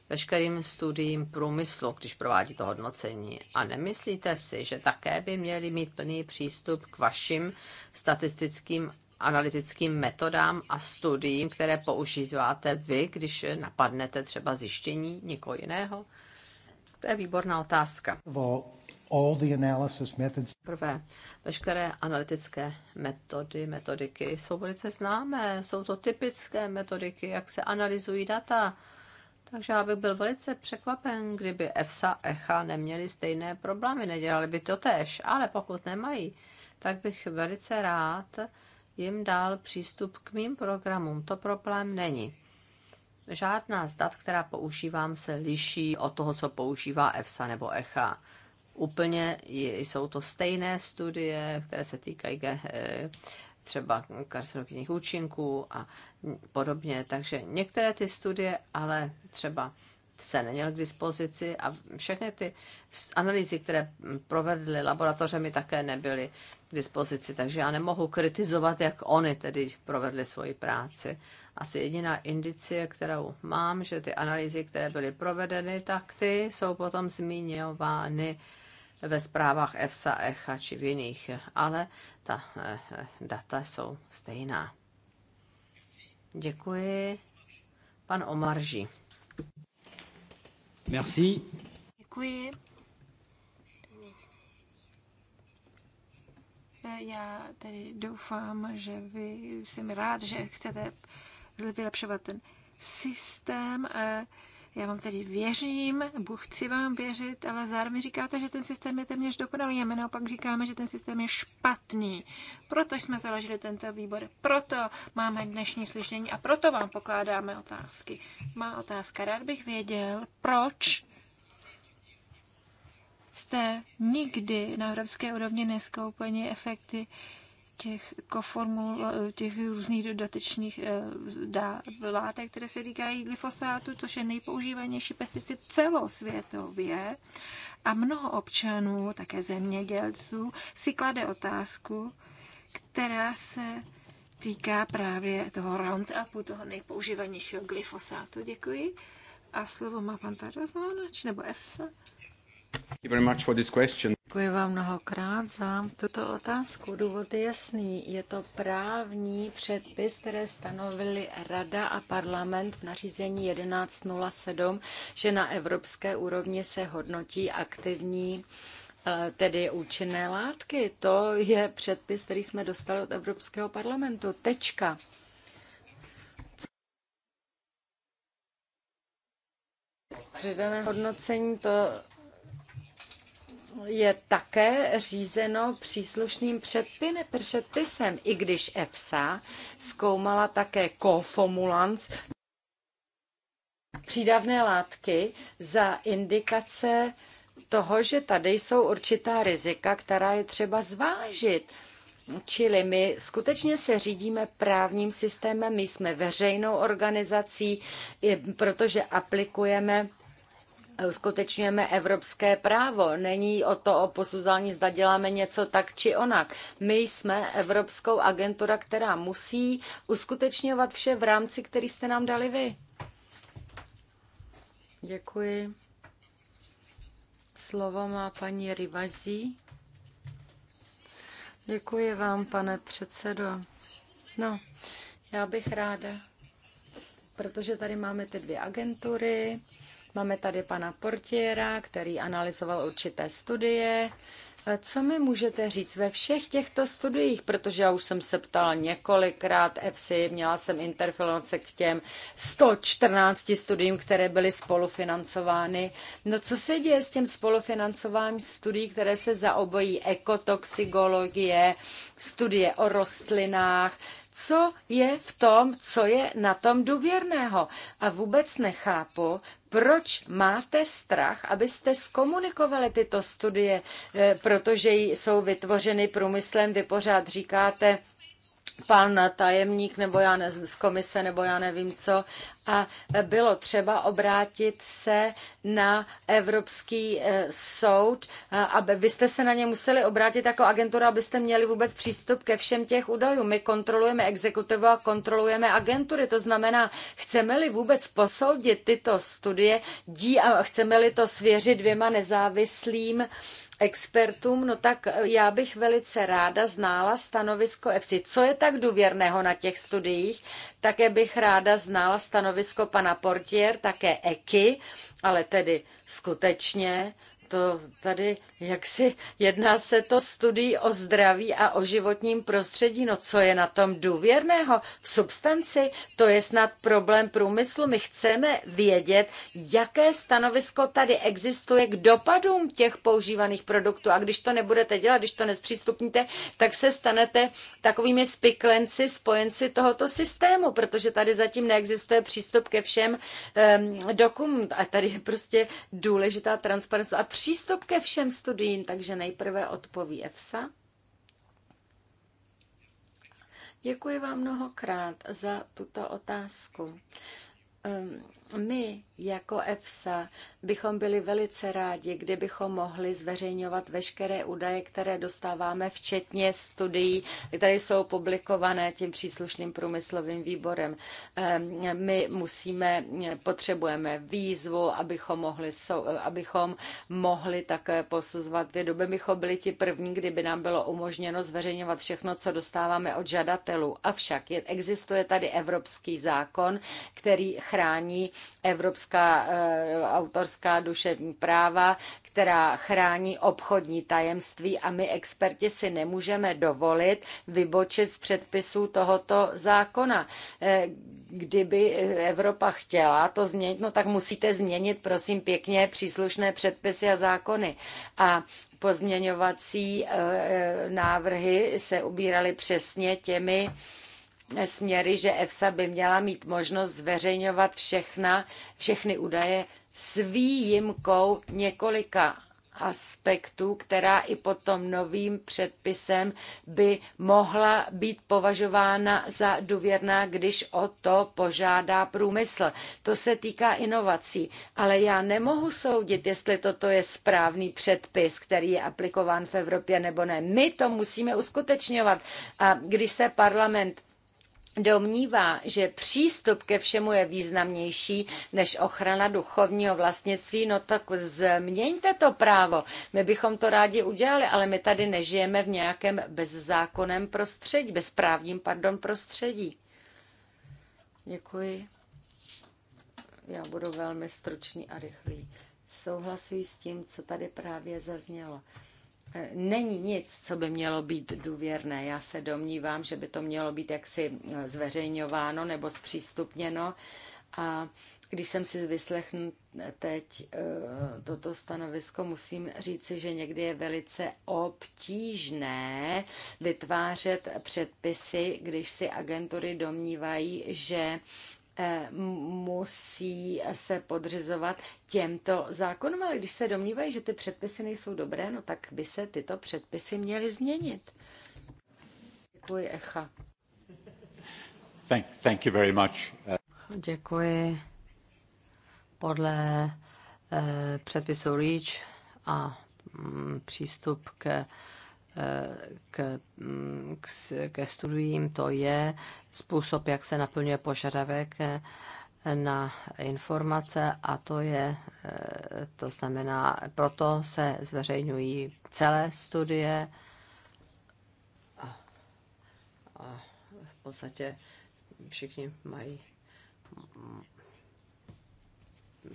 veškerým studiím průmyslu, když provádí to hodnocení. A nemyslíte si, že také by měli mít plný přístup k vašim statistickým analytickým metodám a studiím, které používáte vy, když napadnete třeba zjištění někoho jiného? To je výborná otázka. Prvé, veškeré analytické metody, metodiky jsou velice známé. Jsou to typické metodiky, jak se analyzují data. Takže já bych byl velice překvapen, kdyby EFSA, ECHA neměli stejné problémy, nedělali by to tež, ale pokud nemají, tak bych velice rád jim dal přístup k mým programům. To problém není. Žádná z dat, která používám, se liší od toho, co používá EFSA nebo ECHA. Úplně jsou to stejné studie, které se týkají eh, třeba karcinogenních účinků a podobně. Takže některé ty studie, ale třeba se neměl k dispozici a všechny ty analýzy, které provedly laboratoře, mi také nebyly k dispozici, takže já nemohu kritizovat, jak oni tedy provedli svoji práci. Asi jediná indicie, kterou mám, že ty analýzy, které byly provedeny, tak ty jsou potom zmíněvány ve zprávách EFSA, ECHA či v jiných, ale ta eh, data jsou stejná. Děkuji. Pan Omarží. Merci. Děkuji. E, já tedy doufám, že vy jsem rád, že chcete vylepšovat ten systém. Eh, já vám tedy věřím, chci vám věřit, ale zároveň říkáte, že ten systém je téměř dokonalý a my naopak říkáme, že ten systém je špatný. Proto jsme založili tento výbor, proto máme dnešní slyšení a proto vám pokládáme otázky. Má otázka, rád bych věděl, proč jste nikdy na evropské úrovni neskoupeni efekty těch koformul, těch různých dodatečných eh, látek, které se týkají glyfosátu, což je nejpoužívanější pesticid celosvětově. A mnoho občanů, také zemědělců, si klade otázku, která se týká právě toho Roundupu, toho nejpoužívanějšího glyfosátu. Děkuji. A slovo má pan Tarazmánač nebo EFSA. Thank you very much for this question. Děkuji vám mnohokrát za tuto otázku. Důvod je jasný. Je to právní předpis, které stanovili Rada a parlament v nařízení 1107, že na evropské úrovni se hodnotí aktivní eh, tedy účinné látky. To je předpis, který jsme dostali od Evropského parlamentu. Tečka. Předané hodnocení to je také řízeno příslušným předpisem, i když EFSA zkoumala také koformulans přídavné látky za indikace toho, že tady jsou určitá rizika, která je třeba zvážit. Čili my skutečně se řídíme právním systémem, my jsme veřejnou organizací, protože aplikujeme uskutečňujeme evropské právo. Není o to o posuzování, zda děláme něco tak či onak. My jsme evropskou agentura, která musí uskutečňovat vše v rámci, který jste nám dali vy. Děkuji. Slovo má paní Rivazí. Děkuji vám, pane předsedo. No, já bych ráda, protože tady máme ty dvě agentury, Máme tady pana Portiera, který analyzoval určité studie. Eh, co mi můžete říct ve všech těchto studiích, protože já už jsem se ptala několikrát EFSI, měla jsem interference k těm 114 studiím, které byly spolufinancovány. No co se děje s těm spolufinancováním studií, které se zaobojí ekotoxigologie, studie o rostlinách, co je v tom, co je na tom důvěrného. A vůbec nechápu, proč máte strach, abyste zkomunikovali tyto studie, eh, protože jsou vytvořeny průmyslem, vy pořád říkáte, pan tajemník nebo já nevím, z komise nebo já nevím co a bylo třeba obrátit se na Evropský eh, soud, eh, aby vy jste se na ně museli obrátit jako agentura, abyste měli vůbec přístup ke všem těch údajům. My kontrolujeme exekutivu a kontrolujeme agentury, to znamená, chceme-li vůbec posoudit tyto studie, dí a chceme-li to svěřit dvěma nezávislým uh, expertům, no tak eh, já bych velice ráda znala stanovisko EFSI. Co je tak důvěrného na těch studiích? Také bych ráda znala stanovisko pana Portier, také EKI, ale tedy skutečně to tady, jak si jedná se to studií o zdraví a o životním prostředí, no co je na tom důvěrného v substanci, to je snad problém průmyslu. My chceme vědět, jaké stanovisko tady existuje k dopadům těch používaných produktů a když to nebudete dělat, když to nezpřístupníte, tak se stanete takovými spiklenci, spojenci tohoto systému, protože tady zatím neexistuje přístup ke všem um, dokumentům a tady je prostě důležitá transparentnost a přístup ke všem studiím, takže nejprve odpoví EFSA. Děkuji vám mnohokrát za tuto otázku. Ehm, my jako EFSA bychom byli velice rádi, kdybychom mohli zveřejňovat veškeré údaje, které dostáváme, včetně studií, které jsou publikované tím příslušným průmyslovým výborem. Ehm, my musíme, potřebujeme výzvu, abychom mohli, abychom mohli také posuzovat vědoby. Bychom byli ti první, kdyby nám bylo umožněno zveřejňovat všechno, co dostáváme od žadatelů. Avšak existuje tady evropský zákon, který chrání Evropská eh, autorská duševní práva, která chrání obchodní tajemství a my experti si nemůžeme dovolit vybočit z předpisů tohoto zákona. Eh, kdyby Evropa chtěla to změnit, no tak musíte změnit, prosím pěkně, příslušné předpisy a zákony. A pozměňovací eh, návrhy se ubíraly přesně těmi směry, že EFSA by měla mít možnost zveřejňovat všechna, všechny údaje s výjimkou několika aspektů, která i pod tom novým předpisem by mohla být považována za důvěrná, když o to požádá průmysl. To se týká inovací, ale já nemohu soudit, jestli toto je správný předpis, který je aplikován v Evropě nebo ne. My to musíme uskutečňovat. A když se parlament domnívá, že přístup ke všemu je významnější než ochrana duchovního vlastnictví, no tak změňte to právo. My bychom to rádi udělali, ale my tady nežijeme v nějakém bezzákonném prostředí, bezprávním, pardon, prostředí. Děkuji. Já budu velmi stručný a rychlý. Souhlasuji s tím, co tady právě zaznělo. E, není nic, co by mělo být důvěrné. Já se domnívám, že by to mělo být jaksi e, zveřejňováno nebo zpřístupněno. A když jsem si vyslechnu teď e, toto stanovisko, musím říci, že někdy je velice obtížné vytvářet předpisy, když si agentury domnívají, že Eh, musí se podřizovat těmto zákonům, ale když se domnívají, že ty předpisy nejsou dobré, no tak by se tyto předpisy měly změnit. Děkuji, Echa. Thank, thank you very much. Děkuji. Podle eh, předpisu REACH a mm, přístup ke k, mm, k, ke studiím, to je způsob, jak se naplňuje požadavek eh, na informace a to je, eh, to znamená, proto se zveřejňují celé studie a, a v podstatě všichni mají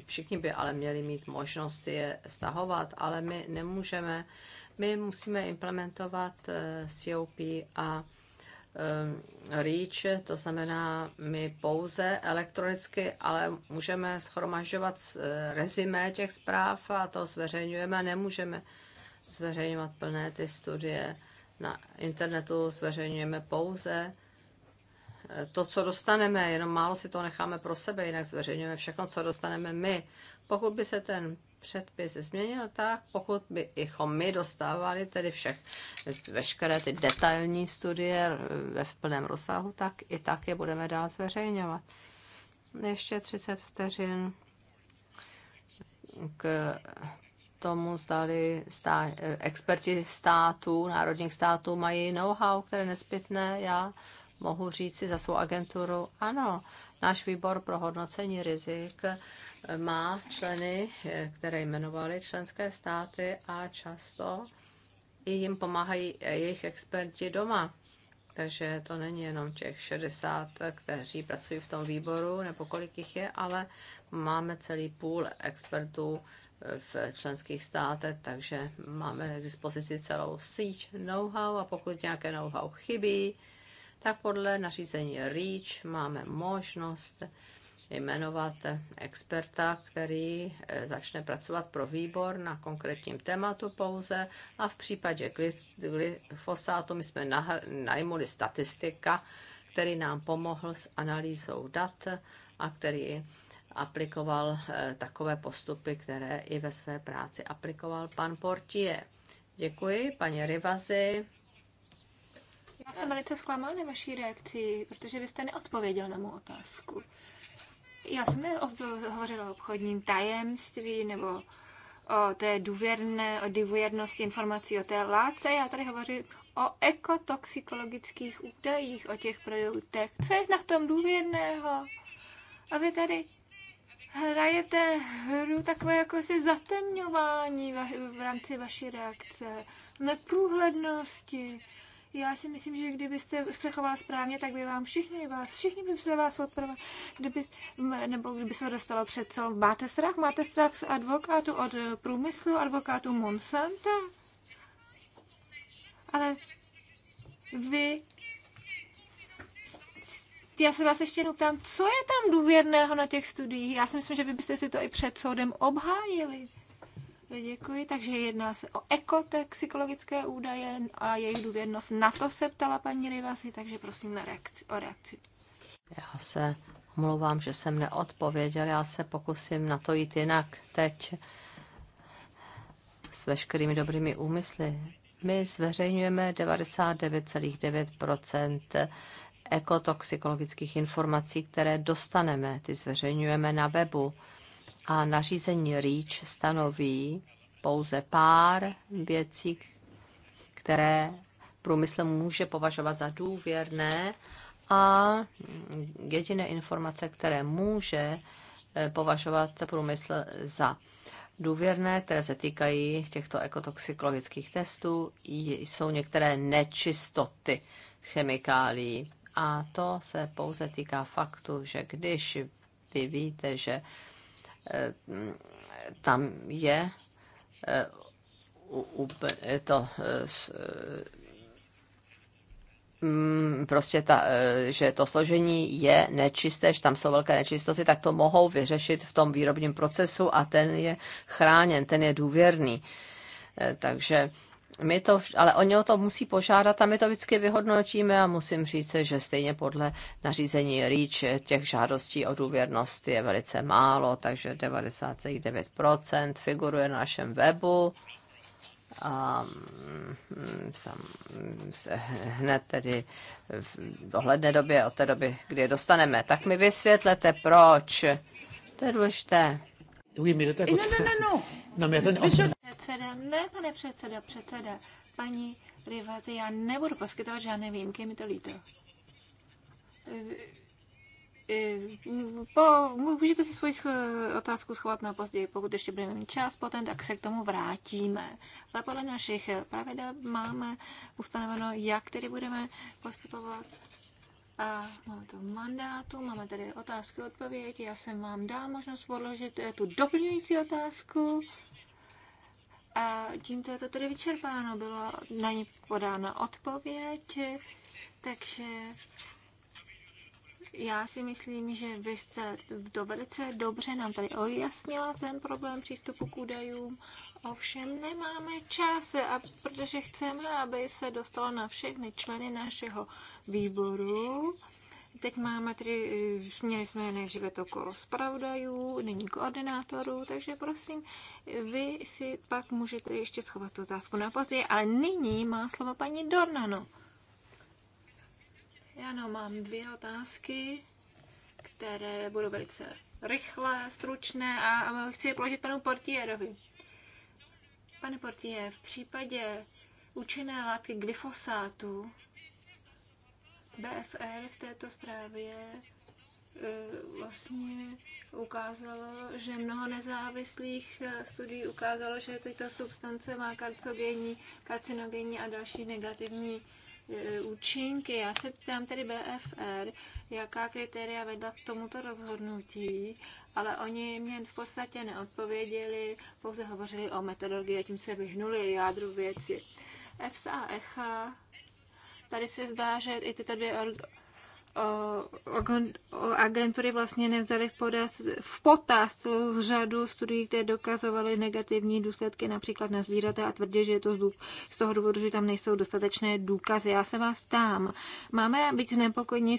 všichni by ale měli mít možnost je stahovat, ale my nemůžeme my musíme implementovat eh, COP a eh, REACH, to znamená my pouze elektronicky, ale můžeme schromažďovat eh, rezimé těch zpráv a to zveřejňujeme, nemůžeme zveřejňovat plné ty studie. Na internetu zveřejňujeme pouze to, co dostaneme, jenom málo si to necháme pro sebe, jinak zveřejňujeme všechno, co dostaneme my. Pokud by se ten předpis změnil tak, pokud bychom my dostávali tedy všech, veškeré ty detailní studie eh, ve plném rozsahu, tak i tak je budeme dál zveřejňovat. Ještě 30 vteřin k tomu, zdali stá, eh, experti států, národních států mají know-how, které nespětné. Já mohu říci za svou agenturu, ano, náš výbor pro hodnocení rizik má členy, které jmenovali členské státy a často jim pomáhají jejich experti doma. Takže to není jenom těch 60, kteří pracují v tom výboru, nebo kolik jich je, ale máme celý půl expertů v členských státech, takže máme k dispozici celou síť know-how a pokud nějaké know-how chybí, tak podle nařízení REACH máme možnost jmenovat experta, který eh, začne pracovat pro výbor na konkrétním tématu pouze a v případě glyfosátu my jsme najmuli statistika, který nám pomohl s analýzou dat a který aplikoval eh, takové postupy, které i ve své práci aplikoval pan Portier. Děkuji, paní Rivazi. Já jsem velice zklamána vaší reakcí, protože vy jste neodpověděl na mou otázku. Já jsem nehovořila o obchodním tajemství nebo o té důvěrné, o důvěrnosti informací o té látce. Já tady hovořím o ekotoxikologických údajích, o těch produktech. Co je na tom důvěrného? A vy tady hrajete hru takové jako si zatemňování v rámci vaší reakce, neprůhlednosti. Já si myslím, že kdybyste se choval správně, tak by vám všichni vás, všichni by se vás podporovali. Kdyby, nebo kdyby se dostalo před co? Máte strach? Máte strach z advokátu od průmyslu, advokátu Monsanto? Ale vy já se vás ještě jednou ptám, co je tam důvěrného na těch studiích? Já si myslím, že vy byste si to i před soudem obhájili. Děkuji. Takže jedná se o ekotoxikologické údaje a jejich důvěrnost. Na to se ptala paní Rivasi, takže prosím na reakci, o reakci. Já se omlouvám, že jsem neodpověděl. Já se pokusím na to jít jinak teď s veškerými dobrými úmysly. My zveřejňujeme 99,9 ekotoxikologických informací, které dostaneme. Ty zveřejňujeme na webu a nařízení REACH stanoví pouze pár věcí, které průmysl může považovat za důvěrné a jediné informace, které může eh, považovat průmysl za důvěrné, které se týkají těchto ekotoxikologických testů, jsou některé nečistoty chemikálií. A to se pouze týká faktu, že když vy víte, že tam je eh, to eh, eh, mm, prostě ta, že to složení je nečisté, že tam jsou velké nečistoty, tak to mohou vyřešit v tom výrobním procesu a ten je chráněn, ten je důvěrný. Takže my to, ale oni o to musí požádat a my to vždycky vyhodnotíme a musím říct, že stejně podle nařízení REACH těch žádostí o důvěrnost je velice málo, takže 99% figuruje na našem webu a mm, sam, se hned tedy v dohledné době, od té doby, kdy je dostaneme, tak mi vysvětlete, proč. To je důležité. Oui, mais le no, no, no, no. No, mais attendez. Monsieur... Předseda, ne, pane předseda, předseda. Paní Rivazi, já nebudu poskytovat žádné výjimky, mi to líto. E, e, po, můžete si svoji otázku schovat na později, pokud ještě budeme mít čas potom, tak se k tomu vrátíme. Ale podle našich pravidel máme ustanoveno, jak tedy budeme postupovat. A máme to mandátu, máme tady otázky, odpověď. Já jsem vám dal možnost odložit eh, tu doplňující otázku. A tímto je to tedy vyčerpáno. Bylo na ní podána odpověď, takže já si myslím, že vy jste to velice dobře nám tady ojasnila ten problém přístupu k údajům. Ovšem nemáme čas, a protože chceme, aby se dostalo na všechny členy našeho výboru. Teď máme tedy, měli jsme nejdříve to kolo zpravodajů, není koordinátorů, takže prosím, vy si pak můžete ještě schovat tu otázku na později, ale nyní má slovo paní Dornano. Já no, mám dvě otázky, které budou velice rychlé, stručné a, a chci je položit panu Portierovi. Pane Portier, v případě účinné látky glyfosátu BFR v této zprávě e, vlastně ukázalo, že mnoho nezávislých e, studií ukázalo, že tyto substance má karcinogenní a další negativní E, účinky. Já se ptám tedy BFR, jaká kritéria vedla k tomuto rozhodnutí, ale oni mě v podstatě neodpověděli, pouze hovořili o metodologii a tím se vyhnuli jádru věci. EFSA a ECHA, tady se zdá, že i tyto dvě agentury vlastně nevzaly v, podaz, v potaz celou řadu studií, které dokazovaly negativní důsledky například na zvířata a tvrdě, že je to z toho důvodu, že tam nejsou dostatečné důkazy. Já se vás ptám, máme být znepokojení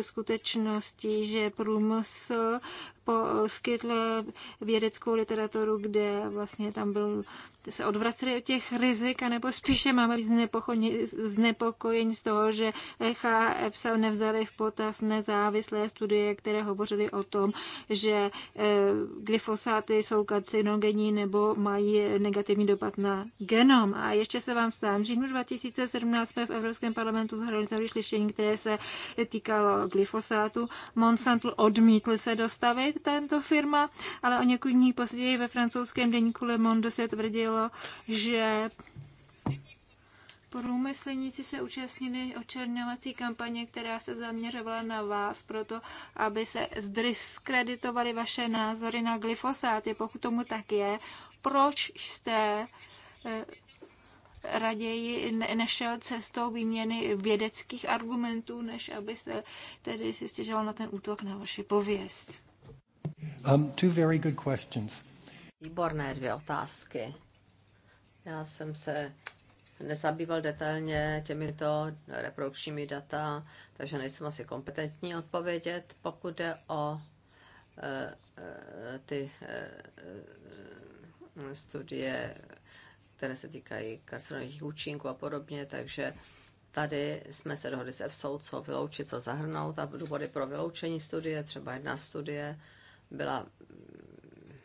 skutečností, že průmysl poskytl vědeckou literaturu, kde vlastně tam byl se odvraceli od těch rizik, anebo spíše máme být znepokojení z toho, že ECHA a EPSA nevzali v potaz nezávislé studie, které hovořily o tom, že eh, glyfosáty jsou karcinogenní nebo mají negativní dopad na genom. A ještě se vám vstávám, v říjnu 2017 jsme v Evropském parlamentu zhrali slyšení, které se týkalo glyfosátu. Monsanto odmítl se dostavit, tento firma, ale o několik dní později ve francouzském deníku Le Monde se tvrdil, bylo, že Průmyslníci se účastnili očerňovací kampaně, která se zaměřovala na vás, proto aby se zdiskreditovaly vaše názory na glyfosáty. Pokud tomu tak je, proč jste eh, raději nešel cestou výměny vědeckých argumentů, než abyste tedy si stěžoval na ten útok na vaši pověst? Um, two very good questions. Výborné dvě otázky. Já jsem se nezabýval detailně těmito reprodukčními data, takže nejsem asi kompetentní odpovědět. Pokud jde o e, ty e, studie, které se týkají karcinových účinků a podobně, takže tady jsme se dohodli se v co vyloučit, co zahrnout a důvody pro vyloučení studie, třeba jedna studie byla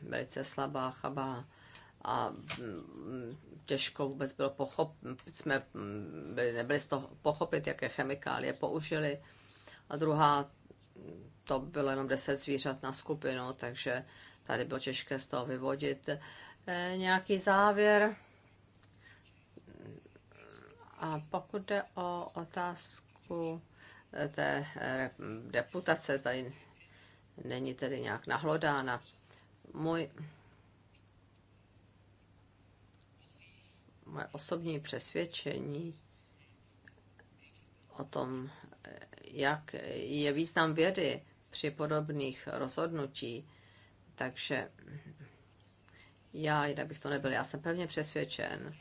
velice slabá, chabá a mm, těžko vůbec bylo pochopit, jsme mm, byli, nebyli z toho pochopit, jaké chemikálie použili. A druhá, to bylo jenom 10 zvířat na skupinu, takže tady bylo těžké z toho vyvodit eh, nějaký závěr. A pokud jde o otázku eh, té deputace, eh, zda není tedy nějak nahlodána, můj moje osobní přesvědčení o tom, jak je význam vědy při podobných rozhodnutí. Takže já, jinak bych to nebyl, já jsem pevně přesvědčen,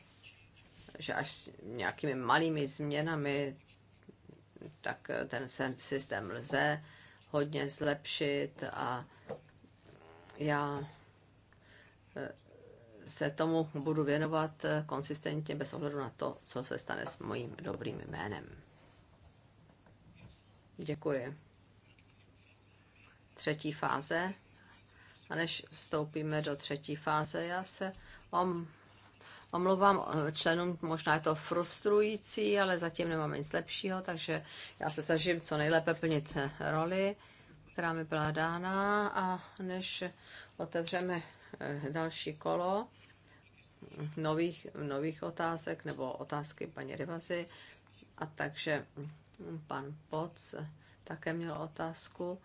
že až s nějakými malými změnami, tak ten systém lze hodně zlepšit a já se tomu budu věnovat eh, konsistentně bez ohledu na to, co se stane s mojím dobrým jménem. Děkuji. Třetí fáze. A než vstoupíme do třetí fáze, já se om, omlouvám eh, členům, možná je to frustrující, ale zatím nemám nic lepšího, takže já se snažím co nejlépe plnit eh, roli, která mi byla dána. A než otevřeme Eh, další kolo nových, nových otázek nebo otázky paní Rivazy. A takže pan Poc také měl otázku,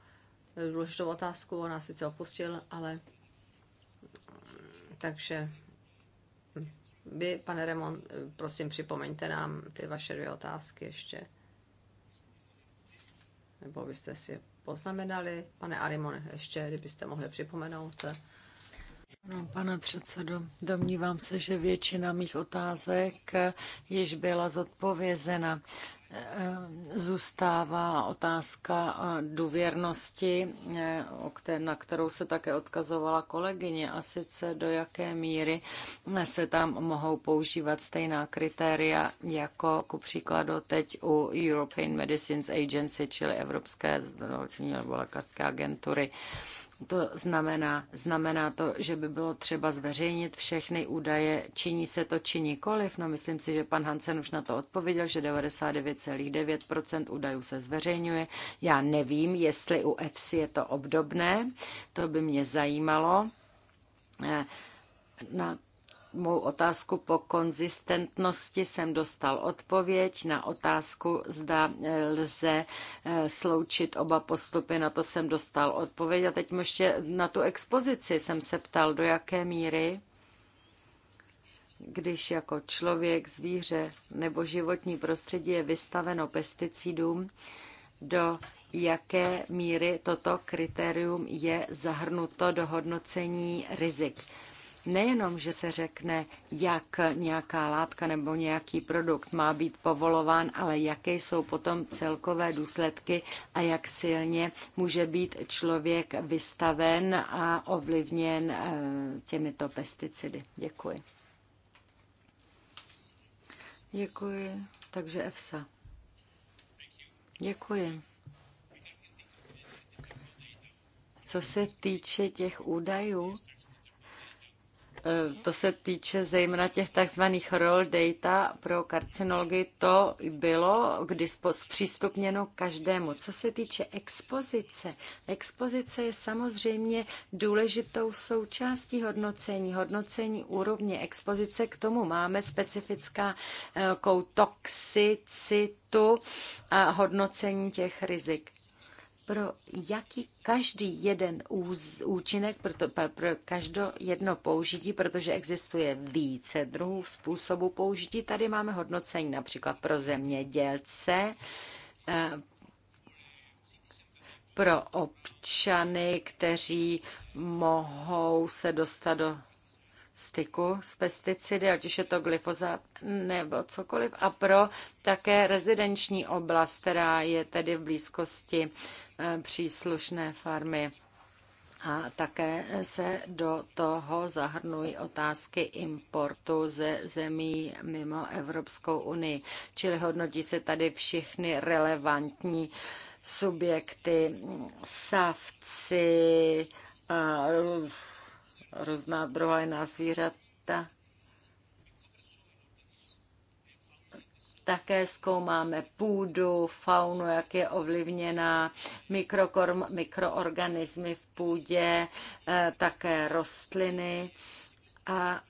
důležitou otázku, ona sice opustil, ale takže vy, pane Remon, prosím připomeňte nám ty vaše dvě otázky ještě. Nebo byste si poznamenali, pane Arimon, ještě, kdybyste mohli připomenout. No, pane předsedo, domnívám se, že většina mých otázek eh, již byla zodpovězena. Eh, zůstává otázka eh, důvěrnosti, na kterou se také odkazovala kolegyně, a sice do jaké míry se tam mohou používat stejná kritéria, jako ku příkladu teď u European Medicines Agency, čili Evropské zdravotní nebo lékařské agentury to znamená, znamená to, že by bylo třeba zveřejnit všechny údaje, činí se to či nikoliv. No myslím si, že pan Hansen už na to odpověděl, že 99,9% údajů se zveřejňuje. Já nevím, jestli u EFSI je to obdobné, to by mě zajímalo. Eh, na mou otázku po konzistentnosti jsem dostal odpověď na otázku, zda e, lze e, sloučit oba postupy, na to jsem dostal odpověď a teď ještě na tu expozici jsem se ptal, do jaké míry když jako člověk, zvíře nebo životní prostředí je vystaveno pesticidům, do jaké míry toto kritérium je zahrnuto do hodnocení rizik nejenom, že se řekne, jak nějaká látka nebo nějaký produkt má být povolován, ale jaké jsou potom celkové důsledky a jak silně může být člověk vystaven a ovlivněn eh, těmito pesticidy. Děkuji. Děkuji. Takže EFSA. Děkuji. Co se týče těch údajů, E, to se týče zejména těch takzvaných roll data pro karcinology, to bylo k zpřístupněno každému. Co se týče expozice, expozice je samozřejmě důležitou součástí hodnocení, hodnocení úrovně expozice, k tomu máme specifická e, toxicitu a hodnocení těch rizik pro jaký každý jeden úz, účinek, to, pro každé jedno použití, protože existuje více druhů způsobů použití. Tady máme hodnocení například pro zemědělce, eh, pro občany, kteří mohou se dostat do styku s pesticidy, ať už je to glyfozát nebo cokoliv, a pro také rezidenční oblast, která je tedy v blízkosti eh, příslušné farmy. A také se do toho zahrnují otázky importu ze zemí mimo Evropskou unii, čili hodnotí se tady všichni relevantní subjekty, savci, eh, různá jiná zvířata. Také zkoumáme půdu, faunu, jak je ovlivněná, mikroorganismy v půdě, eh, také rostliny a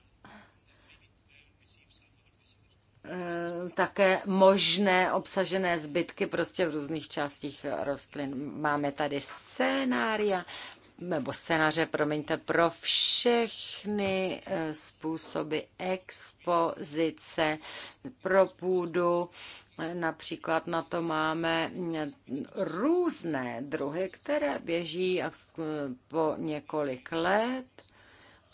eh, také možné obsažené zbytky prostě v různých částích rostlin. Máme tady scénária, nebo scénáře, promiňte, pro všechny eh, způsoby expozice, pro půdu, Například na to máme různé druhy, které běží po několik let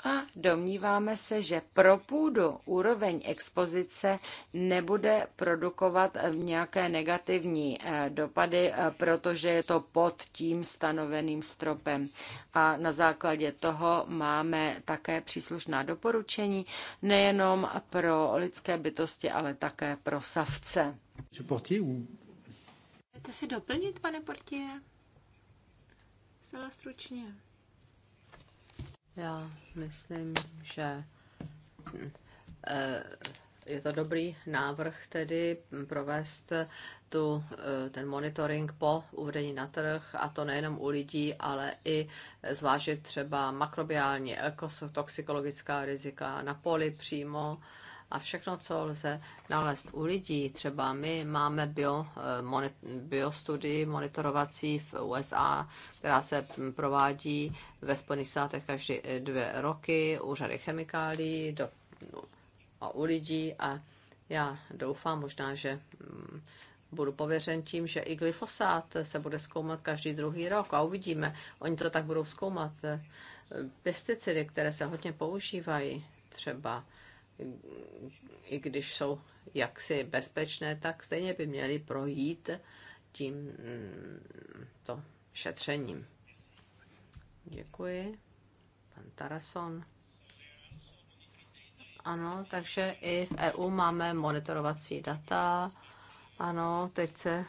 a domníváme se, že pro půdu úroveň expozice nebude produkovat eh, nějaké negativní eh, dopady, eh, protože je to pod tím stanoveným stropem. A na základě toho máme také příslušná doporučení nejenom pro lidské bytosti, ale také pro savce. Chcete si doplnit, pane Portie? Zcela stručně. Já myslím, že eh, je to dobrý návrh tedy provést tu, eh, ten monitoring po uvedení na trh, a to nejenom u lidí, ale i zvážit třeba makrobiální, ekotoxikologická eh, rizika na poli přímo, a všechno, co lze nalézt u lidí. Třeba my máme bio, eh, moni, biostudii monitorovací v USA, která se provádí ve Spojených státech každé eh, dvě roky u řady chemikálí do, no, a u lidí a já doufám možná, že mm, budu pověřen tím, že i glyfosát se bude zkoumat každý druhý rok a uvidíme. Oni to tak budou zkoumat. Eh, pesticidy, které se hodně používají, třeba i když jsou jaksi bezpečné, tak stejně by měly projít tím mm, to šetřením. Děkuji. Pan Tarason. Ano, takže i v EU máme monitorovací data. Ano, teď se eh,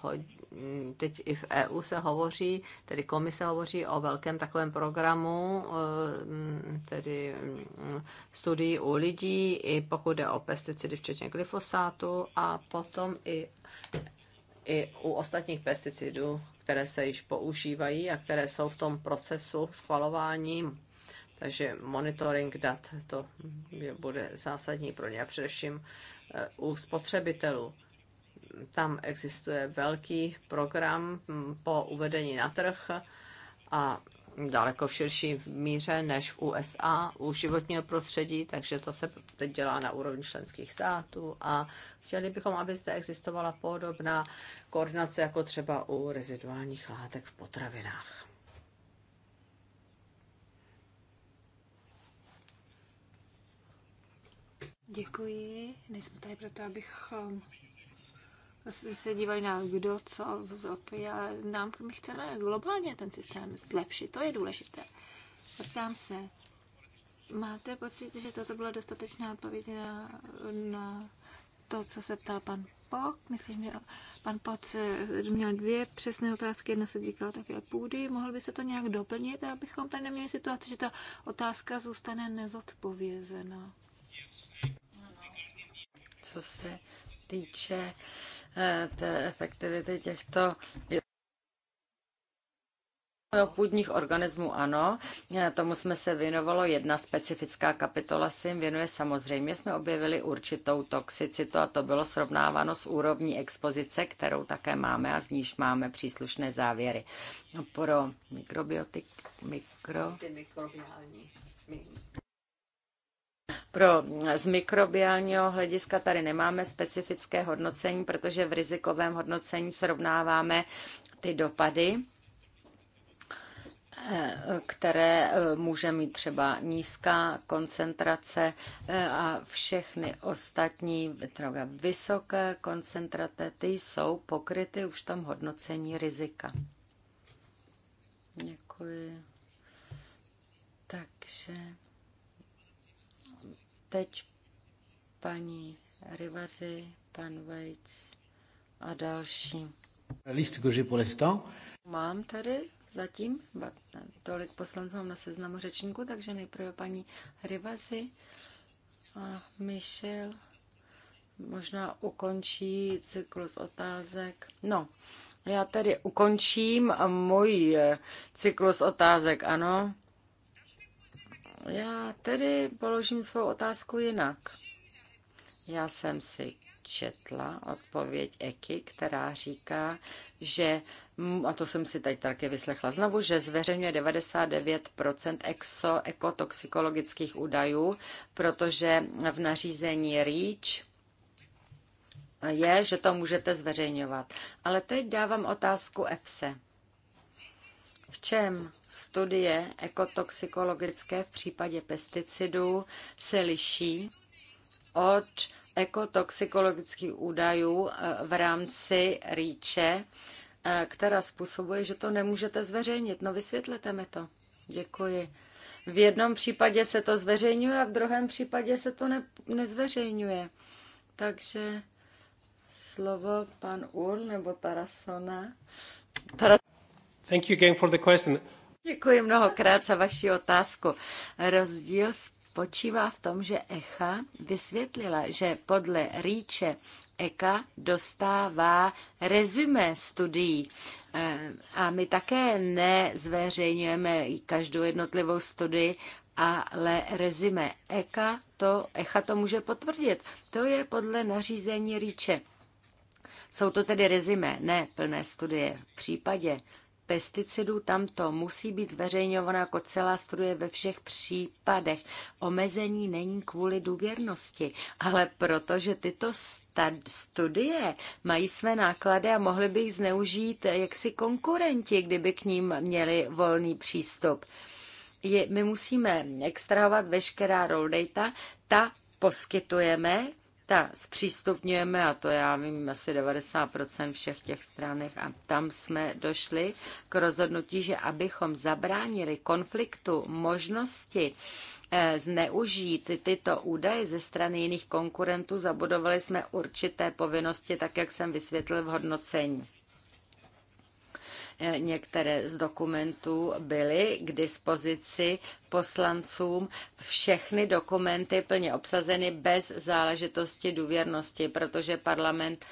hodí Mm, teď i v EU se hovoří, tedy komise hovoří o velkém takovém programu, eh, tedy mm, studií u lidí, i pokud jde o pesticidy, včetně glyfosátu, a potom i, i u ostatních pesticidů, které se již používají a které jsou v tom procesu schvalování. Takže monitoring dat to je, bude zásadní pro ně a především eh, u spotřebitelů tam existuje velký program mm, po uvedení na trh a daleko v širší míře než v USA u životního prostředí, takže to se teď dělá na úrovni členských států a chtěli bychom, aby zde existovala podobná koordinace jako třeba u reziduálních látek v potravinách. Děkuji. Nejsme tady proto, abychom um, se dívají na kdo co odpoví, ale nám, my chceme globálně ten systém zlepšit, to je důležité. Zeptám se, máte pocit, že toto byla dostatečná odpověď na, na to, co se ptal pan Pok. Myslím, že pan Poc měl dvě přesné otázky. Jedna se týkala také půdy. Mohl by se to nějak doplnit, abychom tady neměli situaci, že ta otázka zůstane nezodpovězena? Co se týče Eh, té efektivity těchto půdních organismů ano, eh, tomu jsme se věnovalo. Jedna specifická kapitola se jim věnuje samozřejmě. Jsme objevili určitou toxicitu a to bylo srovnáváno s úrovní expozice, kterou také máme a z níž máme příslušné závěry. No, pro mikrobiotik, mikro... Ty mikrobiální. Pro z mikrobiálního hlediska tady nemáme specifické hodnocení, protože v rizikovém hodnocení srovnáváme ty dopady eh, které eh, může mít třeba nízká koncentrace eh, a všechny ostatní droga vysoké koncentrace, ty jsou pokryty už tam hodnocení rizika. Děkuji. Takže teď paní Rivazy, pan Vejc a další. List, que j'ai pour Mám tady zatím tolik poslanců na seznamu řečníku, takže nejprve paní Rivazy a Michel možná ukončí cyklus otázek. No, já tady ukončím můj eh, cyklus otázek, ano. Já tedy položím svou otázku jinak. Já jsem si četla odpověď Eky, která říká, že, mm, a to jsem si teď taky vyslechla znovu, že zveřejňuje 99% exo, ekotoxikologických údajů, protože v nařízení REACH je, že to můžete zveřejňovat. Ale teď dávám otázku EFSE v čem studie ekotoxikologické v případě pesticidů se liší od ekotoxikologických údajů eh, v rámci REACHe, eh, která způsobuje, že to nemůžete zveřejnit. No vysvětlete mi to. Děkuji. V jednom případě se to zveřejňuje a v druhém případě se to ne, nezveřejňuje. Takže slovo pan Ur nebo Tarasona. Tarasona. Thank you again for the question. Děkuji mnohokrát za vaši otázku. Rozdíl spočívá v tom, že ECHA vysvětlila, že podle Ríče ECHA dostává rezumé studií. Eh, a my také nezveřejňujeme každou jednotlivou studii, ale rezime ECHA to, ECHA to může potvrdit. To je podle nařízení Ríče. Jsou to tedy rezime, ne plné studie. V případě pesticidů tamto musí být zveřejňováno jako celá studie ve všech případech. Omezení není kvůli důvěrnosti, ale protože tyto studie mají své náklady a mohly by jich zneužít jaksi konkurenti, kdyby k ním měli volný přístup. my musíme extrahovat veškerá role, data, ta poskytujeme ta zpřístupňujeme, a to já vím asi 90% všech těch stránek, a tam jsme došli k rozhodnutí, že abychom zabránili konfliktu možnosti eh, zneužít tyto údaje ze strany jiných konkurentů, zabudovali jsme určité povinnosti, tak jak jsem vysvětlil v hodnocení. Eh, některé z dokumentů byly k dispozici poslancům. Všechny dokumenty plně obsazeny bez záležitosti důvěrnosti, protože parlament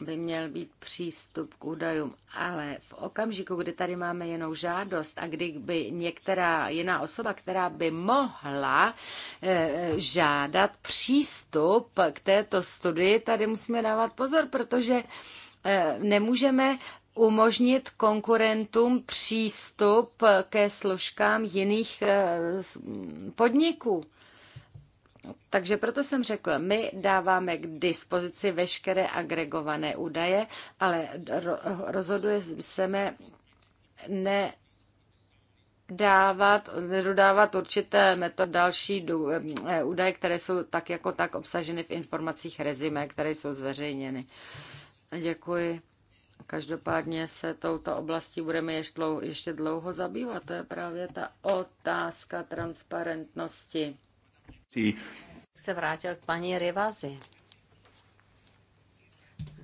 by měl být přístup k údajům, ale v okamžiku, kdy tady máme jenou žádost a kdyby některá jiná osoba, která by mohla e, žádat přístup k této studii, tady musíme dávat pozor, protože eh, nemůžeme umožnit konkurentům přístup ke složkám jiných eh, podniků. Takže proto jsem řekl, my dáváme k dispozici veškeré agregované údaje, ale rozhoduje se mi ne dávat, nedodávat určité metod další eh, údaje, které jsou tak jako tak obsaženy v informacích rezime, které jsou zveřejněny. Děkuji. Každopádně se touto oblastí budeme ještě dlouho, ještě dlouho zabývat. To je právě ta otázka transparentnosti. Se vrátil k paní Rivazi.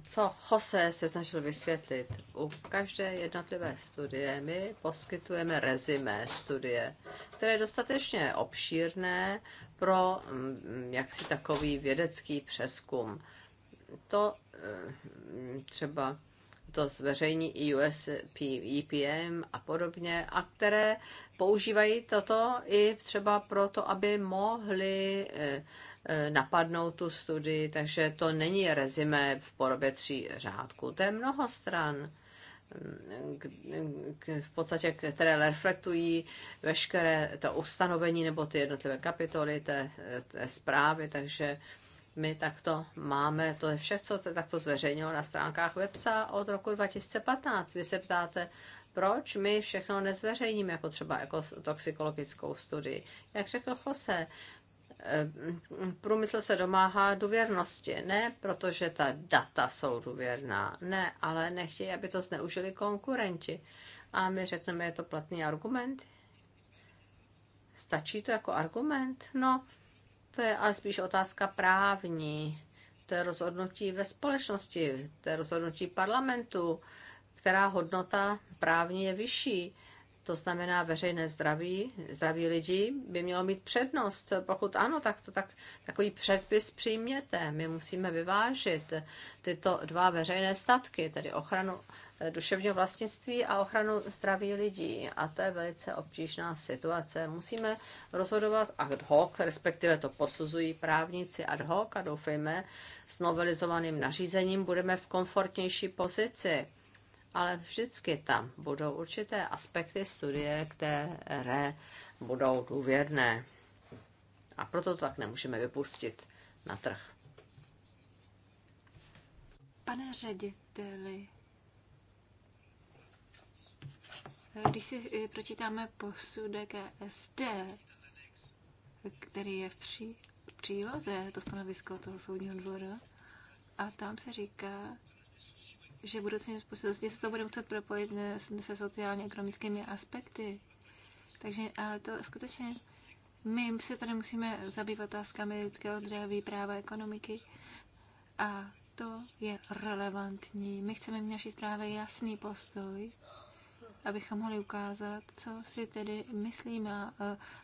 Co Jose se snažil vysvětlit? U každé jednotlivé studie my poskytujeme rezimé studie, které je dostatečně obšírné pro mm, jaksi takový vědecký přeskum. To eh, třeba to zveřejní US EPM a podobně, a které používají toto i třeba proto, aby mohli eh, eh, napadnout tu studii, takže to není rezime v podobě tří řádků. To je mnoho stran, mm, v podstatě, které reflektují veškeré to ustanovení nebo ty jednotlivé kapitoly té, té zprávy, takže my takto máme, to je vše, co se takto zveřejnilo na stránkách Websa od roku 2015. Vy se ptáte, proč my všechno nezveřejníme, jako třeba toxikologickou studii. Jak řekl Jose, eh, průmysl se domáhá důvěrnosti. Ne protože ta data jsou důvěrná, ne, ale nechtějí, aby to zneužili konkurenti. A my řekneme, je to platný argument? Stačí to jako argument? No, to je ale spíš otázka právní. To je rozhodnutí ve společnosti, to je rozhodnutí parlamentu, která hodnota právní je vyšší. To znamená, veřejné zdraví, zdraví lidí by mělo mít přednost. Pokud ano, tak to tak, takový předpis přijměte. My musíme vyvážit tyto dva veřejné statky, tedy ochranu eh, duševního vlastnictví a ochranu zdraví lidí. A to je velice obtížná situace. Musíme rozhodovat ad hoc, respektive to posuzují právníci ad hoc a doufejme, s novelizovaným nařízením budeme v komfortnější pozici ale vždycky tam budou určité aspekty studie, které budou důvěrné. A proto to tak nemůžeme vypustit na trh. Pane řediteli, když si eh, pročítáme posudek e SD, který je v příloze, to stanovisko toho soudního dvora, a tam se říká, že v budoucnosti způsobnosti se to bude muset propojit se sociálně-ekonomickými aspekty. Takže, ale to skutečně, my se tady musíme zabývat otázkami lidského zdraví, práva ekonomiky a to je relevantní. My chceme mít v naší zprávě jasný postoj, abychom mohli ukázat, co si tedy myslíme.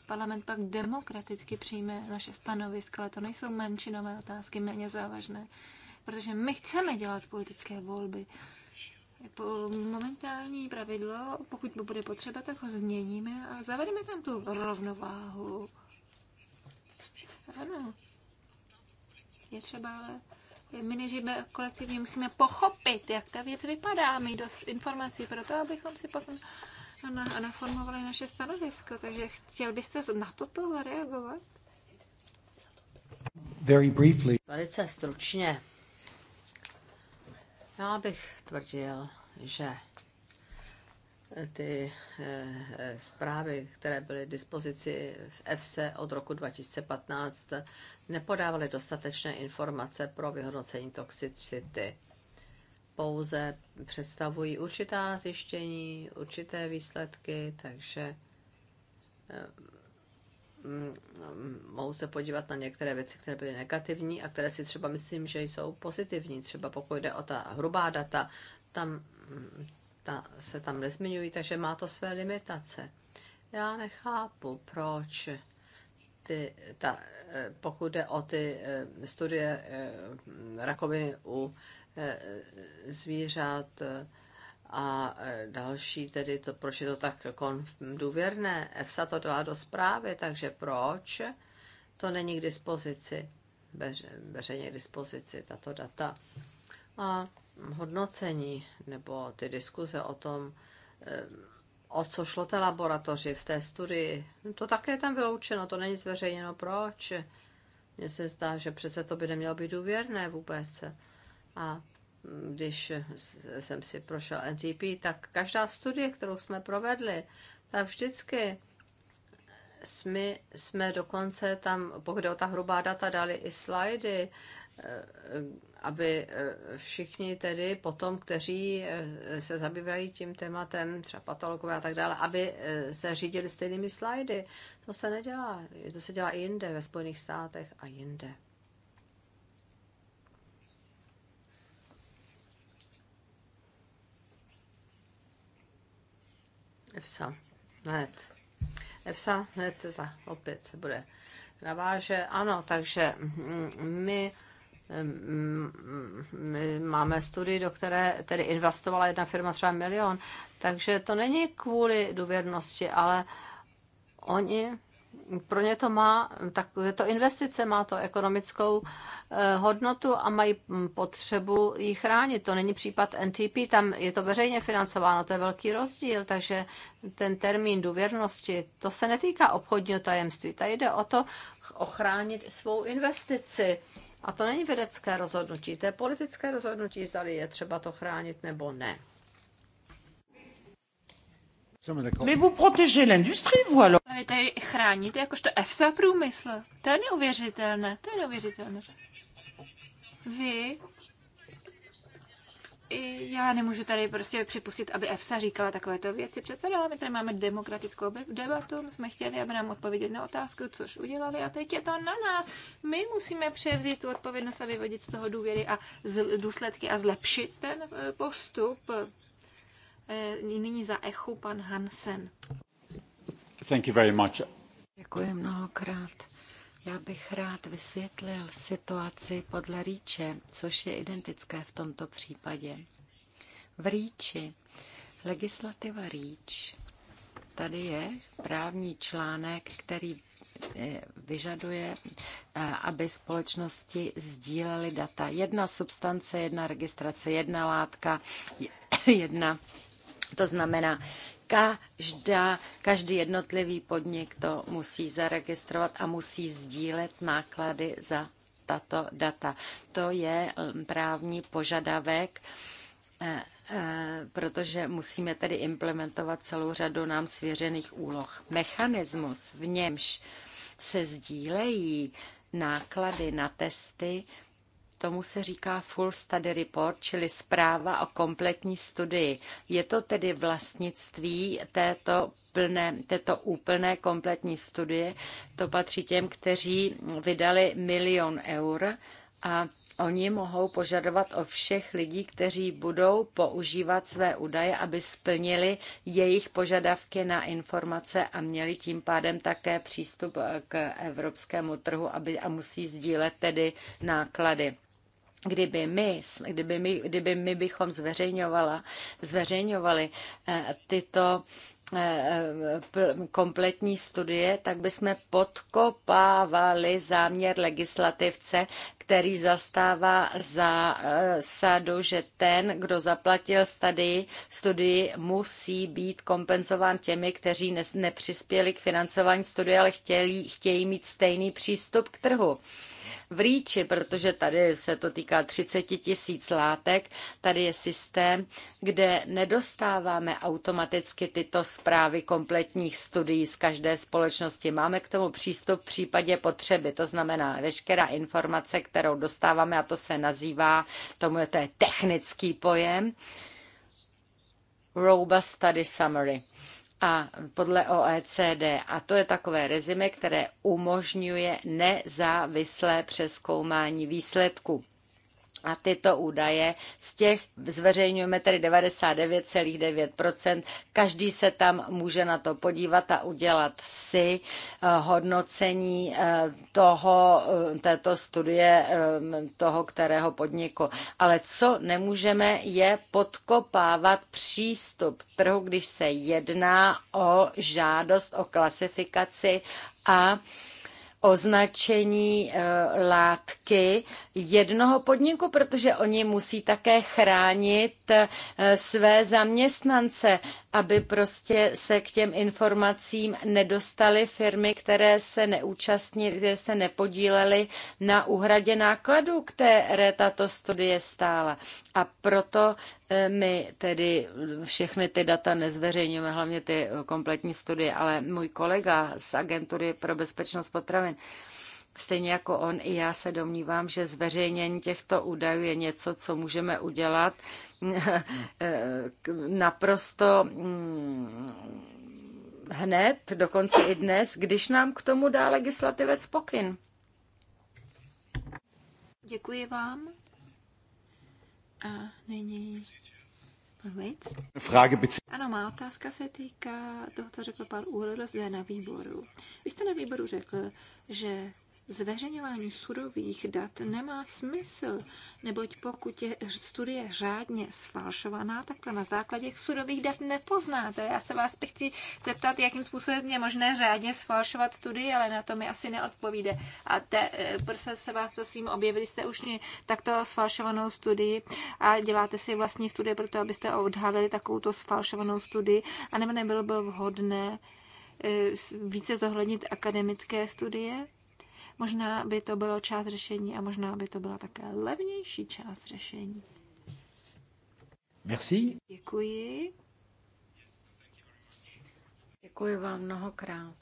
parlament pak demokraticky přijme naše stanovisko, ale to nejsou menšinové otázky, méně závažné protože my chceme dělat politické volby. Momentální pravidlo, pokud bude potřeba, tak ho změníme a zavedeme tam tu rovnováhu. Ano. Je třeba ale my než kolektivně musíme pochopit, jak ta věc vypadá, mít dost informací pro to, abychom si potom na, naformovali naše stanovisko. Takže chtěl byste na toto zareagovat? Very briefly. Velice stručně. Já bych tvrdil, že ty eh, zprávy, které byly dispozici v EFSE od roku 2015, nepodávaly dostatečné informace pro vyhodnocení toxicity. Pouze představují určitá zjištění, určité výsledky, takže eh, Mm, mohu se podívat na některé věci, které byly negativní a které si třeba myslím, že jsou pozitivní. Třeba pokud jde o ta hrubá data, tam mm, ta, se tam nezmiňují, takže má to své limitace. Já nechápu, proč ty, ta, eh, pokud jde o ty eh, studie eh, rakoviny u zvířat, a e, další tedy, to, proč je to tak kon, důvěrné? EFSA to dala do zprávy, takže proč to není k dispozici, veřejně k dispozici, tato data? A hodnocení nebo ty diskuze o tom, e, o co šlo té laboratoři v té studii, no to také je tam vyloučeno, to není zveřejněno. Proč? Mně se zdá, že přece to by nemělo být důvěrné vůbec. A když jsem si prošel NTP, tak každá studie, kterou jsme provedli, tak vždycky jsme, jsme dokonce tam, pokud o ta hrubá data, dali i slajdy, eh, aby eh, všichni tedy potom, kteří eh, se zabývají tím tématem, třeba patologové a tak dále, aby se řídili stejnými slajdy. To se nedělá. To se dělá i jinde, ve Spojených státech a jinde. Evsa, Hned. Evsa, hned za, opět se bude naváže. Ano, takže mm, my mm, my máme studii, do které tedy investovala jedna firma třeba milion, takže to není kvůli důvěrnosti, ale oni pro ně to má, tak je to investice, má to ekonomickou eh, hodnotu a mají hm, potřebu ji chránit. To není případ NTP, tam je to veřejně financováno, to je velký rozdíl, takže ten termín důvěrnosti, to se netýká obchodního tajemství, tady jde o to ochránit svou investici. A to není vědecké rozhodnutí, to je politické rozhodnutí, zda je třeba to chránit nebo ne. My vous protégez l'industrie, vous alors. A vy tady chráníte jakožto EFSA průmysl. To je neuvěřitelné, to je neuvěřitelné. Vy já nemůžu tady prostě připustit, aby EFSA říkala takovéto věci. Přece ale my tady máme demokratickou debatu, jsme chtěli, aby nám odpověděli na otázku, což udělali a teď je to na nás. My musíme převzít tu odpovědnost a vyvodit z toho důvěry a z, důsledky a zlepšit ten eh, postup. Eh, nyní za Echu pan Hansen. Thank you very much. Děkuji mnohokrát. Já bych rád vysvětlil situaci podle rýče, což je identické v tomto případě. V rýči legislativa rýč, tady je právní článek, který eh, vyžaduje, eh, aby společnosti sdílely data. Jedna substance, jedna registrace, jedna látka, jedna to znamená, každá, každý jednotlivý podnik to musí zaregistrovat a musí sdílet náklady za tato data. To je mm, právní požadavek, eh, eh, protože musíme tedy implementovat celou řadu nám svěřených úloh. Mechanismus, v němž se sdílejí náklady na testy, Tomu se říká full study report, čili zpráva o kompletní studii. Je to tedy vlastnictví této, plné, této úplné kompletní studie. To patří těm, kteří vydali milion eur a oni mohou požadovat o všech lidí, kteří budou používat své údaje, aby splnili jejich požadavky na informace a měli tím pádem také přístup k evropskému trhu aby, a musí sdílet tedy náklady kdyby my, kdyby my, kdyby my bychom zveřejňovala, zveřejňovali eh, tyto eh, eh, kompletní studie, tak bychom podkopávali záměr legislativce, který zastává zásadu, že ten, kdo zaplatil studii, studii musí být kompenzován těmi, kteří nepřispěli k financování studie, ale chtějí, chtějí mít stejný přístup k trhu v rýči, protože tady se to týká 30 tisíc látek. Tady je systém, kde nedostáváme automaticky tyto zprávy kompletních studií z každé společnosti. Máme k tomu přístup v případě potřeby. To znamená, veškerá informace, kterou dostáváme, a to se nazývá, tomu je to technický pojem, Robust Study Summary a podle OECD. A to je takové rezime, které umožňuje nezávislé přeskoumání výsledků. A tyto údaje z těch zveřejňujeme tedy 99,9%. Každý se tam může na to podívat a udělat si eh, hodnocení eh, toho, eh, této studie toho, kterého podniku. Ale co nemůžeme, je podkopávat přístup trhu, když se jedná o žádost o klasifikaci a označení eh, látky jednoho podniku, protože oni musí také chránit eh, své zaměstnance, aby prostě se k těm informacím nedostaly firmy, které se neúčastnily, které se nepodílely na uhradě nákladů, které tato studie stála. A proto my tedy všechny ty data nezveřejňujeme, hlavně ty kompletní studie, ale můj kolega z Agentury pro bezpečnost potravin Stejně jako on, i já se domnívám, že zveřejnění těchto údajů je něco, co můžeme udělat [laughs] naprosto mm, hned, dokonce i dnes, když nám k tomu dá legislativec pokyn. Děkuji vám. A nyní Víc? Ano, má otázka se týká toho, co řekl pan Úrl zde na výboru. Vy jste na výboru řekl, že zveřejňování surových dat nemá smysl, neboť pokud je studie řádně sfalšovaná, tak to na základě surových dat nepoznáte. Já se vás chci zeptat, jakým způsobem je možné řádně sfalšovat studii, ale na to mi asi neodpovíde. A te, prostě se vás prosím, objevili jste už takto sfalšovanou studii a děláte si vlastní studie proto, abyste odhalili takovouto sfalšovanou studii, anebo nebylo by vhodné eh, více zohlednit akademické studie? Možná by to bylo část řešení a možná by to byla také levnější část řešení. Merci. Děkuji. Děkuji vám mnohokrát.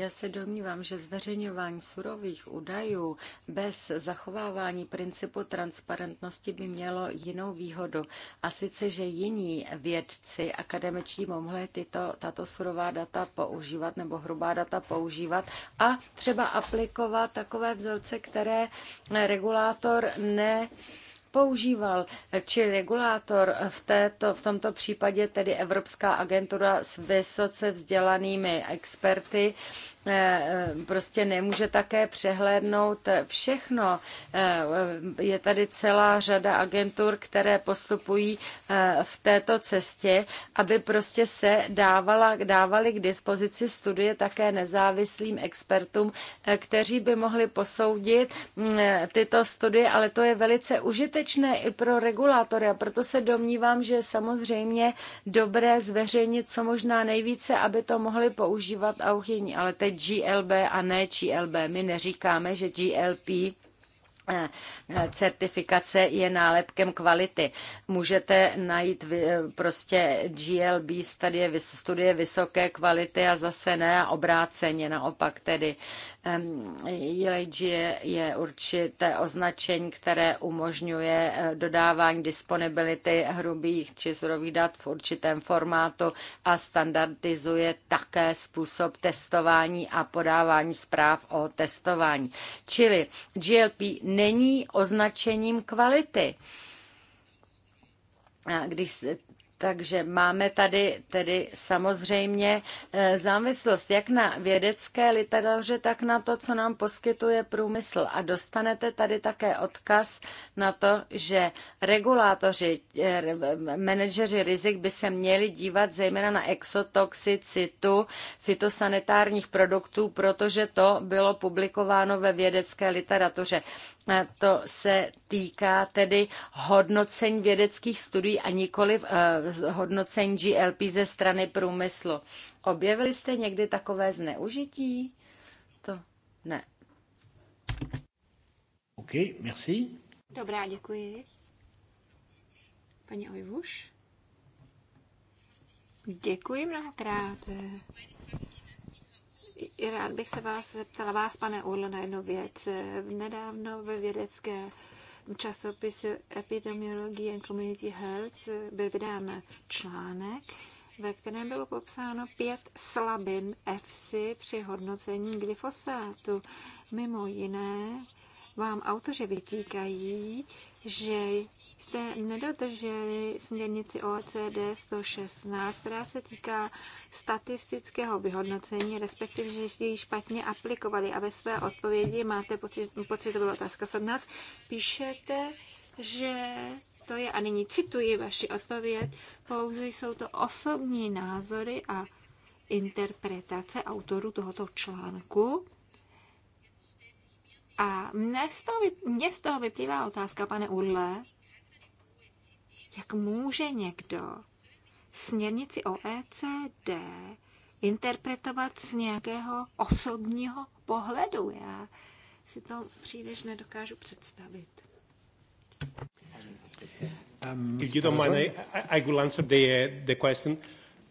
Já se domnívám, že zveřejňování surových údajů bez zachovávání principu transparentnosti by mělo jinou výhodu. A sice, že jiní vědci akademičtí mohli tyto, tato surová data používat nebo hrubá data používat a třeba aplikovat takové vzorce, které regulátor ne používal. Či regulátor v, této, v tomto případě tedy Evropská agentura s vysoce vzdělanými experty Eh, eh, prostě nemůže také přehlédnout všechno. Eh, je tady celá řada agentur, které postupují v této cestě, aby prostě se dávala, dávali k dispozici studie také nezávislým expertům, kteří by mohli posoudit mm, tyto studie, ale to je velice užitečné i pro regulátory a proto se domnívám, že je samozřejmě dobré zveřejnit co možná nejvíce, aby to mohli používat a uchyní. Ale teď GLB a ne GLB. My neříkáme, že GLP eh, eh, certifikace je nálepkem kvality. Můžete najít eh, prostě GLB studie, studie vysoké kvality a zase ne a obráceně naopak tedy. ELG je určité označení, které umožňuje eh, dodávání disponibility hrubých či surových dat v určitém formátu a standardizuje také způsob testování a podávání zpráv o testování. Čili GLP není označením kvality když takže máme tady tedy samozřejmě eh, závislost jak na vědecké literatuře, tak na to, co nám poskytuje průmysl. A dostanete tady také odkaz na to, že regulátoři, eh, manažeři rizik by se měli dívat zejména na exotoxicitu fitosanitárních produktů, protože to bylo publikováno ve vědecké literatuře to se týká tedy hodnocení vědeckých studií a nikoli eh, hodnocení GLP ze strany průmyslu. Objevili jste někdy takové zneužití? To ne. OK, merci. Dobrá, děkuji. Paní Ojvuš? Děkuji mnohokrát rád bych se vás zeptala, vás, pane Urlo, na jednu věc. Nedávno ve vědecké časopisu Epidemiology and Community Health byl vydán článek, ve kterém bylo popsáno pět slabin EFSI při hodnocení glyfosátu. Mimo jiné vám autoři vytýkají, že jste nedodrželi směrnici OECD 116, která se týká statistického vyhodnocení, respektive, že jste ji špatně aplikovali. A ve své odpovědi máte pocit, pocit to byla otázka 17, píšete, že to je, a nyní cituji vaši odpověď, pouze jsou to osobní názory a interpretace autorů tohoto článku. A mně z toho, z toho vyplývá otázka, pane Urle, jak může někdo směrnici OECD interpretovat z nějakého osobního pohledu? Já si to příliš nedokážu představit. Um, I, answer the, uh, the question.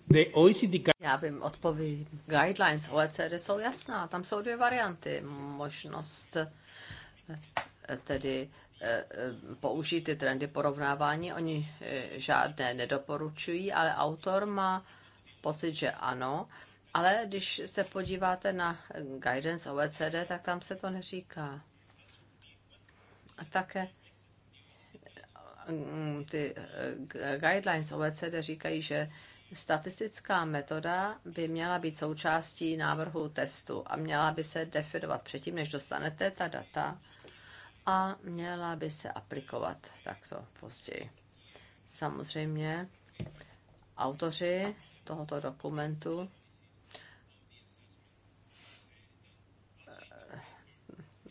The OECD... Já vím, odpovím. Guidelines OECD jsou jasná. Tam jsou dvě varianty. Možnost eh, tedy použít ty trendy porovnávání. Oni eh, žádné nedoporučují, ale autor má pocit, že ano. Ale když se podíváte na guidance OECD, tak tam se to neříká. A také mm, ty eh, guidelines OECD říkají, že statistická metoda by měla být součástí návrhu testu a měla by se definovat předtím, než dostanete ta data a měla by se aplikovat takto později. Samozřejmě autoři tohoto dokumentu eh,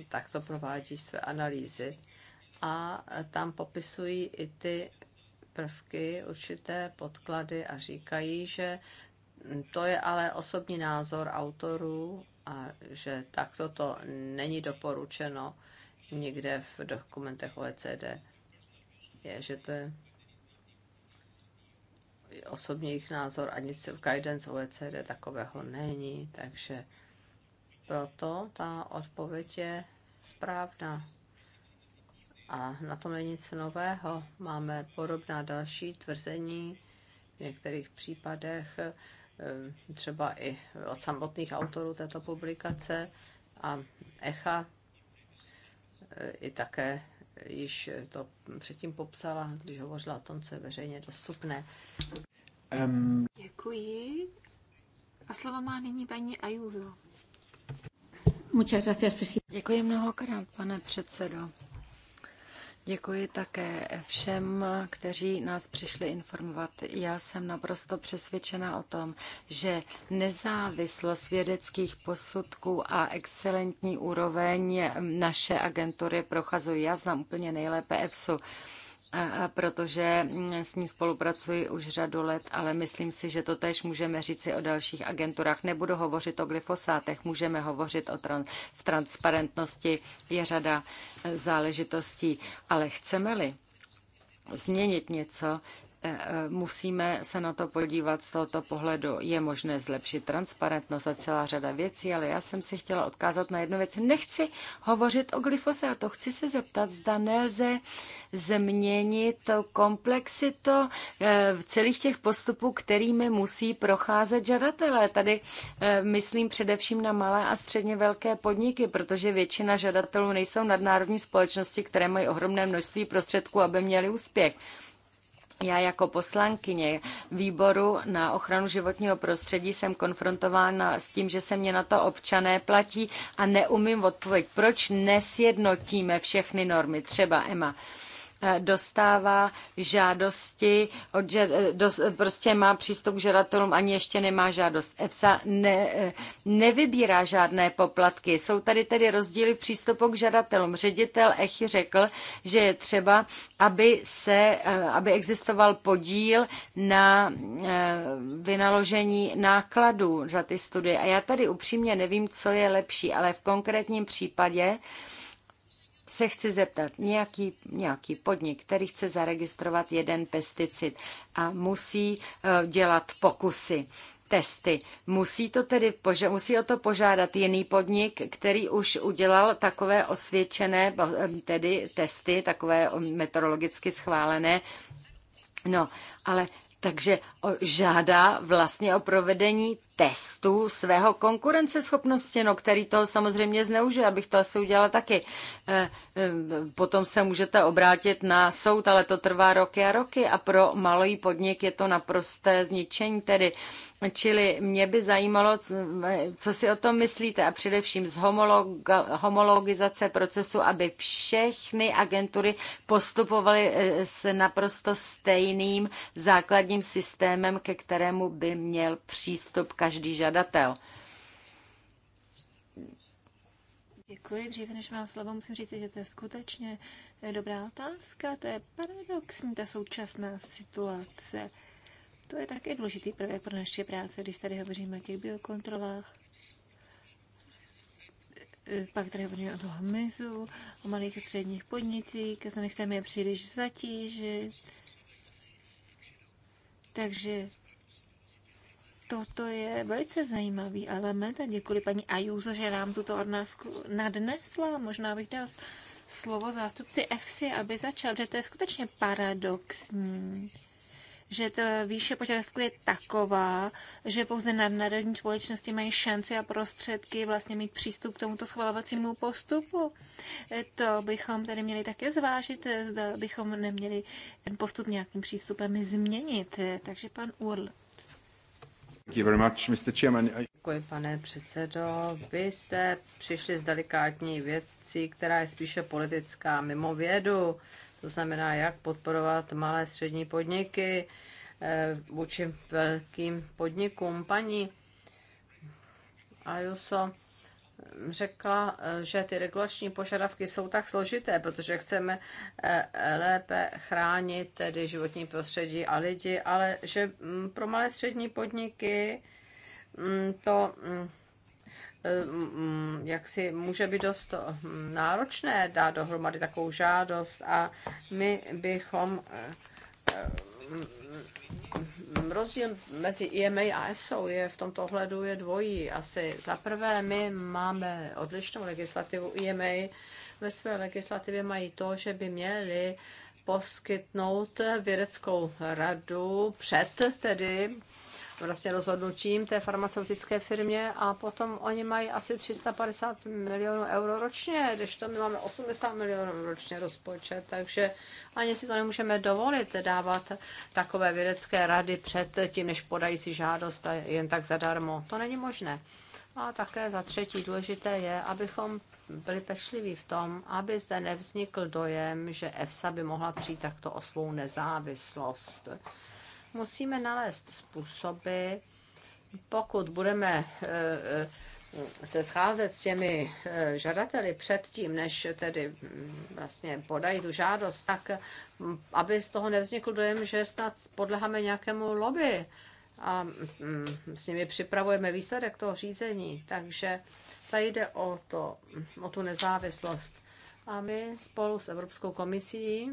takto provádí své analýzy a tam popisují i ty prvky, určité podklady a říkají, že to je ale osobní názor autorů a že takto to není doporučeno někde v dokumentech OECD, je, že to je osobně jejich názor a nic v guidance OECD takového není, takže proto ta odpověď je správná. A na tom není nic nového. Máme podobná další tvrzení v některých případech, eh, třeba i od samotných autorů této publikace. A ECHA Eh, i také již to předtím popsala, když hovořila o tom, co je veřejně dostupné. Um. Děkuji. A slovo má nyní paní Ajuzo. Děkuji mnohokrát, pane předsedo. Děkuji také všem, kteří nás přišli informovat. Já jsem naprosto přesvědčena o tom, že nezávislost vědeckých posudků a excelentní úroveň naše agentury prochazují. Já znám úplně nejlépe EFSU protože mm, s ní spolupracuji už řadu let, ale myslím si, že to tež můžeme říci o dalších agenturách. Nebudu hovořit o glyfosátech, můžeme hovořit o tran- v transparentnosti, je řada e, záležitostí, ale chceme-li změnit něco, Eh, eh, musíme se na to podívat z tohoto pohledu. Je možné zlepšit transparentnost a celá řada věcí, ale já jsem se chtěla odkázat na jednu věc. Nechci hovořit o glyfosátu, chci se zeptat, zda nelze změnit v eh, celých těch postupů, kterými musí procházet žadatelé. Tady myslím především na malé a středně velké podniky, protože většina žadatelů nejsou nadnárodní společnosti, které mají ohromné množství prostředků, aby měli úspěch. Já jako poslankyně výboru na ochranu životního prostředí jsem konfrontována s tím, že se mě na to občané platí a neumím odpověď. Proč nesjednotíme všechny normy, třeba EMA? dostává žádosti, od, dost, prostě má přístup k žadatelům, ani ještě nemá žádost. EFSA ne, nevybírá žádné poplatky. Jsou tady tedy rozdíly v přístupu k žadatelům. Ředitel Echy řekl, že je třeba, aby, se, eh, aby existoval podíl na eh, vynaložení nákladů za ty studie. A já tady upřímně nevím, co je lepší, ale v konkrétním případě, se chci zeptat, nějaký, nějaký podnik, který chce zaregistrovat jeden pesticid a musí eh, dělat pokusy, testy. Musí, to tedy, musí o to požádat jiný podnik, který už udělal takové osvědčené eh, tedy testy, takové eh, meteorologicky schválené. No, ale takže žádá vlastně o provedení testu svého konkurenceschopnosti, no, který toho samozřejmě zneužije, abych to asi udělala taky. Eh, eh, potom se můžete obrátit na soud, ale to trvá roky a roky a pro malý podnik je to naprosté zničení tedy. Čili mě by zajímalo, co si o tom myslíte a především z homologizace procesu, aby všechny agentury postupovaly eh, s naprosto stejným základním systémem, ke kterému by měl přístup každý každý žadatel. Děkuji. Dříve než mám slovo, musím říct, že to je skutečně dobrá otázka. To je paradoxní, ta současná situace. To je také důležitý prvek pro naše práce, když tady hovoříme o těch biokontrolách. Pak tady hovoříme o toho hmyzu, o malých a středních podnicích, nechceme je příliš zatížit. Takže Toto je velice zajímavý element a děkuji paní Ajuzo, že nám tuto odnásku nadnesla. Možná bych dal slovo zástupci FC, aby začal, že to je skutečně paradoxní že to výše požadavku je taková, že pouze nadnárodní společnosti mají šanci a prostředky vlastně mít přístup k tomuto schvalovacímu postupu. To bychom tady měli také zvážit, zda bychom neměli ten postup nějakým přístupem změnit. Takže pan Url Děkuji, pane předsedo. Vy jste přišli s delikátní věcí, která je spíše politická mimo vědu. To znamená, jak podporovat malé střední podniky eh, vůči velkým podnikům. Paní Ajuso, řekla, eh, že ty regulační požadavky jsou tak složité, protože chceme eh, lépe chránit tedy životní prostředí a lidi, ale že mm, pro malé střední podniky mm, to mm, eh, jak si může být dost hm, náročné dát dohromady takovou žádost a my bychom rozdíl mezi IMA e a EFSO je v tomto ohledu je dvojí. Asi za prvé my máme odlišnou legislativu IMA. E ve své legislativě mají to, že by měli poskytnout vědeckou radu před tedy vlastně rozhodnutím té farmaceutické firmě a potom oni mají asi 350 milionů euro ročně, když to my máme 80 milionů ročně rozpočet, takže ani si to nemůžeme dovolit dávat takové vědecké rady před tím, než podají si žádost a jen tak zadarmo. To není možné. A také za třetí důležité je, abychom byli pečliví v tom, aby zde nevznikl dojem, že EFSA by mohla přijít takto o svou nezávislost musíme nalézt způsoby, pokud budeme eh, eh, se scházet s těmi eh, žadateli předtím, než tedy mm, vlastně podají tu žádost, tak mm, aby z toho nevznikl dojem, že snad podleháme nějakému lobby a mm, s nimi připravujeme výsledek toho řízení. Takže tady jde o, to, o tu nezávislost. A my spolu s Evropskou komisí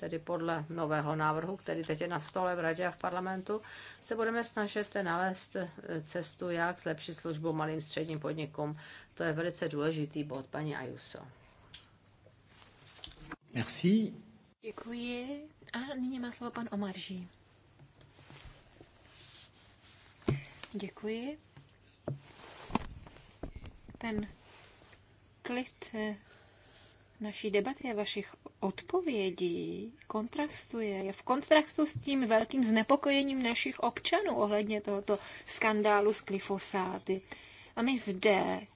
tedy podle nového návrhu, který teď je na stole v Radě a v parlamentu, se budeme snažit nalézt eh, cestu, jak zlepšit službu malým středním podnikům. To je velice důležitý bod, paní Ayuso. Merci. Děkuji. A nyní má slovo pan Omarží. Děkuji. Ten klid eh, naší debaty a vašich odpovědí kontrastuje, je v kontrastu s tím velkým znepokojením našich občanů ohledně tohoto skandálu s glyfosáty. A my zde,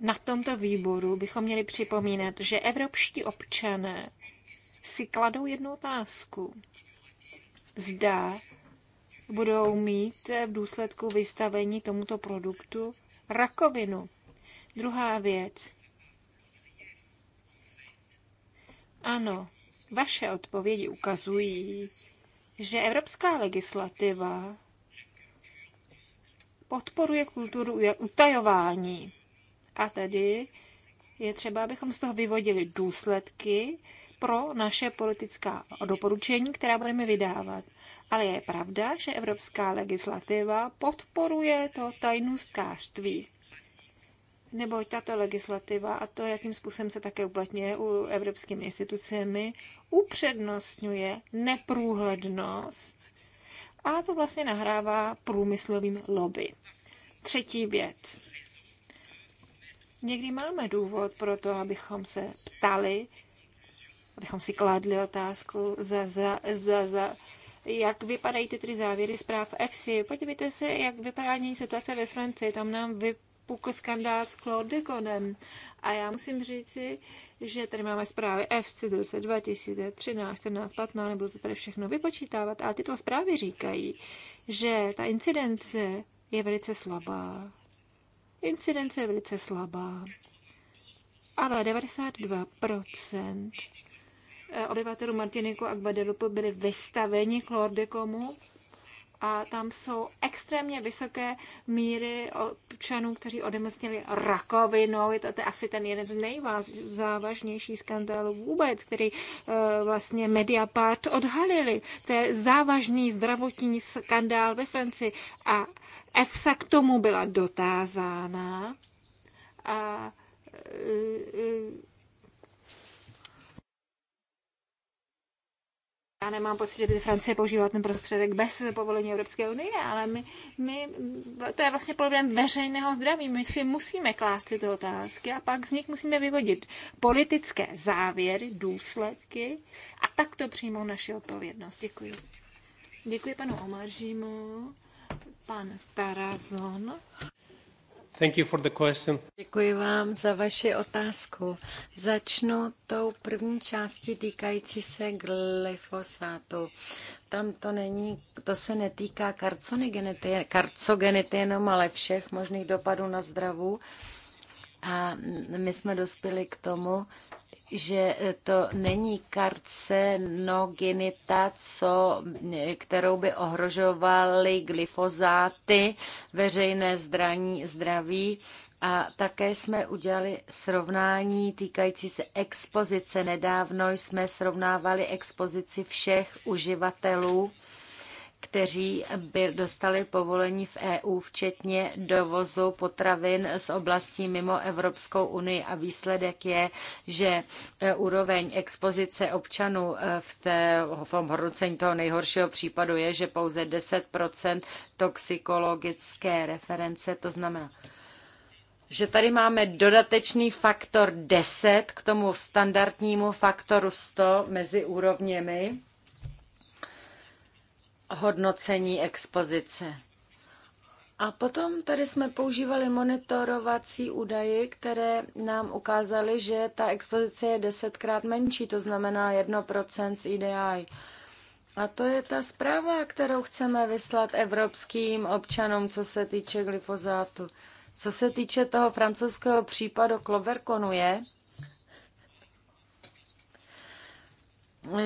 na tomto výboru, bychom měli připomínat, že evropští občané si kladou jednu otázku. Zda budou mít v důsledku vystavení tomuto produktu rakovinu. Druhá věc. Ano, vaše odpovědi ukazují, že evropská legislativa podporuje kulturu utajování. A tedy je třeba, abychom z toho vyvodili důsledky pro naše politická doporučení, která budeme vydávat. Ale je pravda, že evropská legislativa podporuje to tajnůstkářství neboť tato legislativa a to, jakým způsobem se také uplatňuje u evropskými institucemi, upřednostňuje neprůhlednost a to vlastně nahrává průmyslovým lobby. Třetí věc. Někdy máme důvod pro to, abychom se ptali, abychom si kladli otázku, za, za, za, za, jak vypadají ty tři závěry zpráv FC. Podívejte se, jak vypadá situace ve Francii. Tam nám vy, pukl skandál s Claude Degonem. A já musím říci, že tady máme zprávy FC z roce 2013, 14, 15, nebudu to tady všechno vypočítávat, ale tyto zprávy říkají, že ta incidence je velice slabá. Incidence je velice slabá. Ale 92% eh, obyvatelů Martiniku a Guadeloupe byli vystaveni chlordekomu a tam jsou extrémně vysoké míry občanů, kteří odemocněli rakovinou. Je to, to asi ten jeden z nejzávažnějších skandálů vůbec, který uh, vlastně Mediapart odhalili. To je závažný zdravotní skandál ve Francii a EFSA k tomu byla dotázána a uh, uh, já nemám pocit, že by Francie používala ten prostředek bez povolení Evropské unie, ale my, my, to je vlastně problém veřejného zdraví. My si musíme klást tyto otázky a pak z nich musíme vyvodit politické závěry, důsledky a tak to přijmou naši odpovědnost. Děkuji. Děkuji panu Omaržímu, pan Tarazon. Thank you for the question. Děkuji vám za vaši otázku. Začnu tou první částí týkající se glyfosátu. Tam to není, to se netýká karcogenity, karcogenity jenom, ale všech možných dopadů na zdravu. A my jsme dospěli k tomu, že e, to není karcenogenita, co, e, kterou by ohrožovaly glyfozáty, veřejné zdraní, zdraví. A také jsme udělali srovnání týkající se expozice. Nedávno jsme srovnávali expozici všech uživatelů kteří by dostali povolení v EU, včetně dovozu potravin z oblastí mimo Evropskou unii. A výsledek je, že e, úroveň expozice občanů e, v, té, v tom hodnocení toho nejhoršího případu je, že pouze 10 toxikologické reference, to znamená, že tady máme dodatečný faktor 10 k tomu standardnímu faktoru 100 mezi úrovněmi hodnocení expozice. A potom tady jsme používali monitorovací údaje, které nám ukázaly, že ta expozice je desetkrát menší, to znamená 1% z IDI. E A to je ta zpráva, kterou chceme vyslat evropským občanům, co se týče glyfozátu. Co se týče toho francouzského případu Cloverconu je,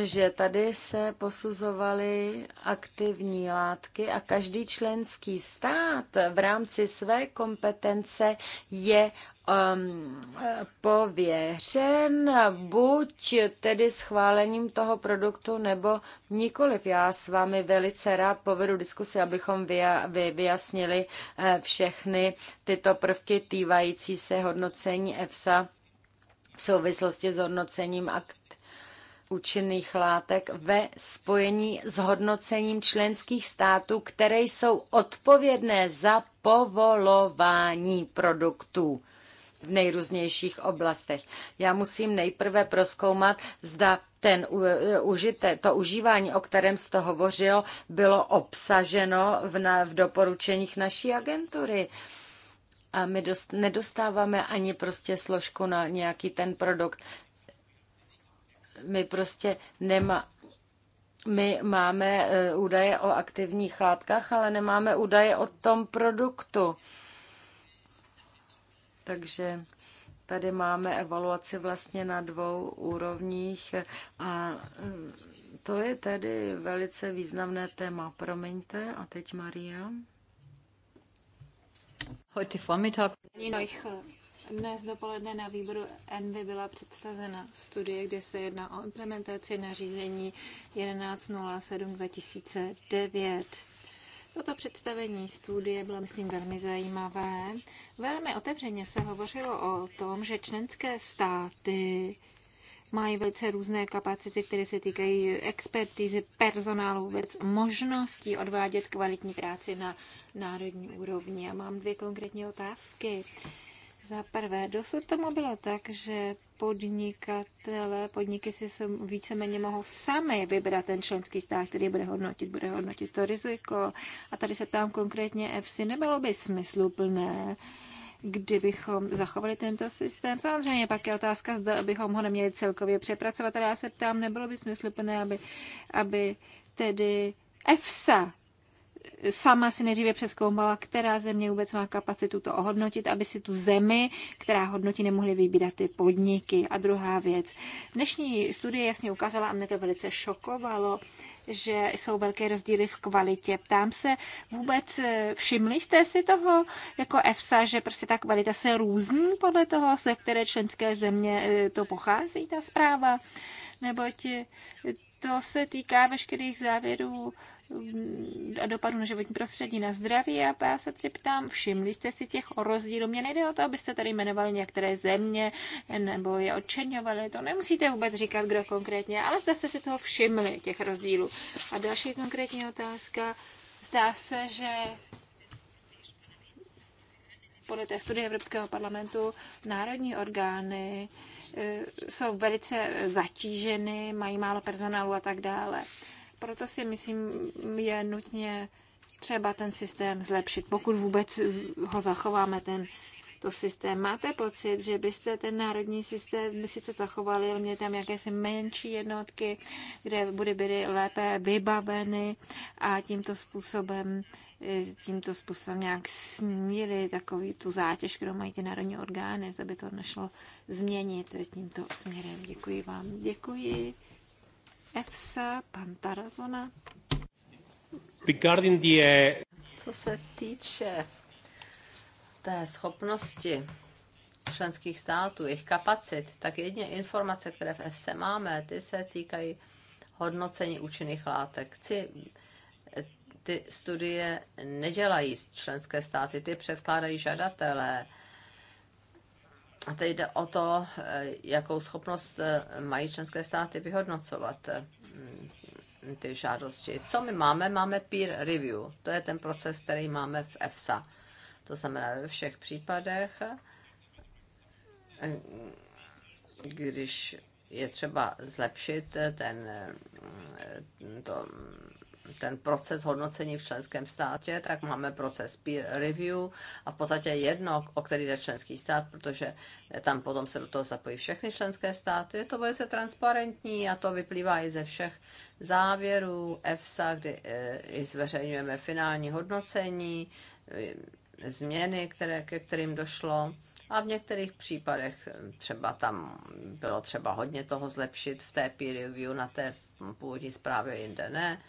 že tady se posuzovaly aktivní látky a každý členský stát v rámci své kompetence je um, pověřen buď tedy schválením toho produktu nebo nikoliv. Já s vámi velice rád povedu diskusi, abychom vyjasnili eh, všechny tyto prvky tývající se hodnocení EFSA v souvislosti s hodnocením akt účinných látek ve spojení s hodnocením členských států, které jsou odpovědné za povolování produktů v nejrůznějších oblastech. Já musím nejprve proskoumat, zda ten e, užité, to užívání, o kterém jste hovořil, bylo obsaženo v, na, v doporučeních naší agentury. A my dost, nedostáváme ani prostě složku na nějaký ten produkt my prostě nemá, my máme eh, údaje o aktivních látkách, ale nemáme údaje o tom produktu. Takže tady máme evaluaci vlastně na dvou úrovních a eh, to je tedy velice významné téma. Promiňte. A teď Maria. Heute Vormittag. Dnes dopoledne na výboru ENVY byla představena studie, kde se jedná o implementaci nařízení 1107-2009. Toto představení studie bylo, myslím, velmi zajímavé. Velmi otevřeně se hovořilo o tom, že členské státy mají velice různé kapacity, které se týkají expertízy, personálu, vůbec možností odvádět kvalitní práci na národní úrovni. A mám dvě konkrétní otázky. Za prvé, dosud tomu bylo tak, že podnikatele, podniky si víceméně mohou sami vybrat ten členský stát, který bude hodnotit, bude hodnotit to riziko. A tady se tam konkrétně EFSI, nebylo by smysluplné, kdybychom zachovali tento systém. Samozřejmě pak je otázka, zda bychom ho neměli celkově přepracovat, ale já se ptám, nebylo by smysluplné, aby, aby tedy EFSA sama si nejdříve přeskoumala, která země vůbec má kapacitu to ohodnotit, aby si tu zemi, která hodnotí, nemohly vybírat ty podniky. A druhá věc. Dnešní studie jasně ukázala, a mě to velice šokovalo, že jsou velké rozdíly v kvalitě. Ptám se, vůbec eh, všimli jste si toho jako EFSA, že prostě ta kvalita se různí podle toho, ze které členské země eh, to pochází, ta zpráva? Neboť eh, to se týká veškerých závěrů a dopadu na životní prostředí, na zdraví. A já se tedy ptám, všimli jste si těch rozdílů? Mně nejde o to, abyste tady jmenovali některé země nebo je odčeňovali. To nemusíte vůbec říkat, kdo konkrétně, ale zda jste si toho všimli, těch rozdílů. A další konkrétní otázka. Zdá se, že podle té studie Evropského parlamentu národní orgány eh, jsou velice zatíženy, mají málo personálu a tak dále proto si myslím, je nutně třeba ten systém zlepšit, pokud vůbec ho zachováme, ten to systém. Máte pocit, že byste ten národní systém by sice zachovali, ale měli tam jakési menší jednotky, kde bude byly lépe vybaveny a tímto způsobem e, tímto způsobem nějak snížili takový tu zátěž, kterou mají ty národní orgány, aby by to nešlo změnit tímto směrem. Děkuji vám. Děkuji. EFSA, pan Tarazona. Regarding the... Eh, Co se týče té schopnosti členských států, jejich kapacit, tak jedině informace, které v EFSE máme, ty se týkají hodnocení účinných látek. Ty, ty studie nedělají členské státy, ty předkládají žadatelé a teď jde o to, eh, jakou schopnost eh, mají členské státy vyhodnocovat eh, ty žádosti. Co my máme? Máme peer review. To je ten proces, který máme v EFSA. To znamená ve všech případech, když je třeba zlepšit ten, to ten proces hodnocení v členském státě, tak máme proces peer review a v podstatě jedno, o který jde členský stát, protože tam potom se do toho zapojí všechny členské státy. Je to velice transparentní a to vyplývá i ze všech závěrů EFSA, kdy eh, i zveřejňujeme finální hodnocení, eh, změny, které, ke kterým došlo. A v některých případech eh, třeba tam bylo třeba hodně toho zlepšit v té peer review na té původní zprávě, jinde ne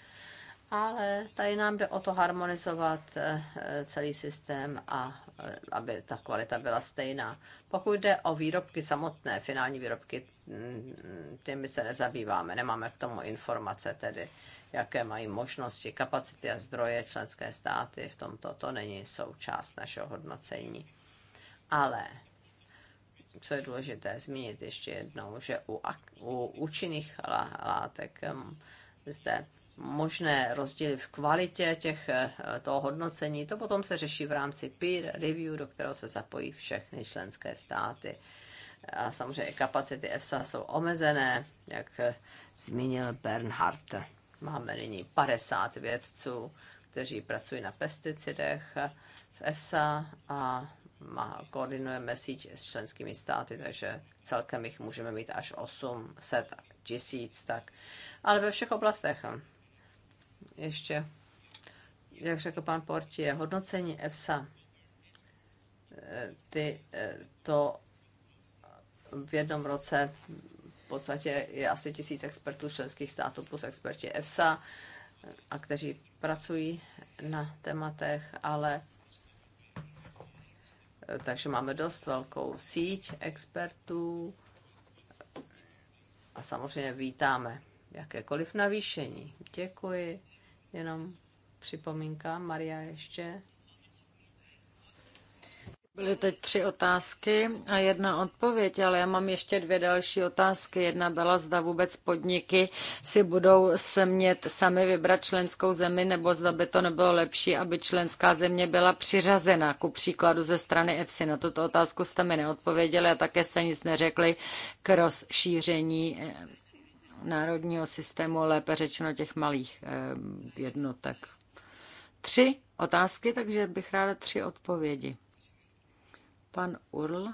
ale tady nám jde o to harmonizovat eh, eh, celý systém a eh, aby ta kvalita byla stejná. Pokud jde o výrobky samotné, finální výrobky, mm, těmi se nezabýváme, nemáme k tomu informace tedy, jaké mají možnosti, kapacity a zdroje členské státy v tomto. To není součást našeho hodnocení. Ale co je důležité zmínit ještě jednou, že u, u účinných látek mm, zde možné rozdíly v kvalitě těch, eh, toho hodnocení, to potom se řeší v rámci peer review, do kterého se zapojí všechny členské státy. A samozřejmě kapacity EFSA jsou omezené, jak eh, zmínil Bernhard. Máme nyní 50 vědců, kteří pracují na pesticidech eh, v EFSA a má, koordinujeme síť s členskými státy, takže celkem jich můžeme mít až 800 tisíc. Tak. Ale ve všech oblastech ještě, jak řekl pan Portie, hodnocení EFSA, e, ty e, to v jednom roce v podstatě je asi tisíc expertů členských států plus experti EFSA, e, a kteří pracují na tématech, ale takže máme dost velkou síť expertů a samozřejmě vítáme jakékoliv navýšení. Děkuji. Jenom připomínka, Maria ještě. Byly teď tři otázky a jedna odpověď, ale já mám ještě dvě další otázky. Jedna byla, zda vůbec podniky si budou se mět sami vybrat členskou zemi, nebo zda by to nebylo lepší, aby členská země byla přiřazena, ku příkladu ze strany EFSI. Na tuto otázku jste mi neodpověděli a také jste nic neřekli k rozšíření eh, národního systému, lépe řečeno těch malých eh, jednotek. Tři otázky, takže bych ráda tři odpovědi. Pan Url,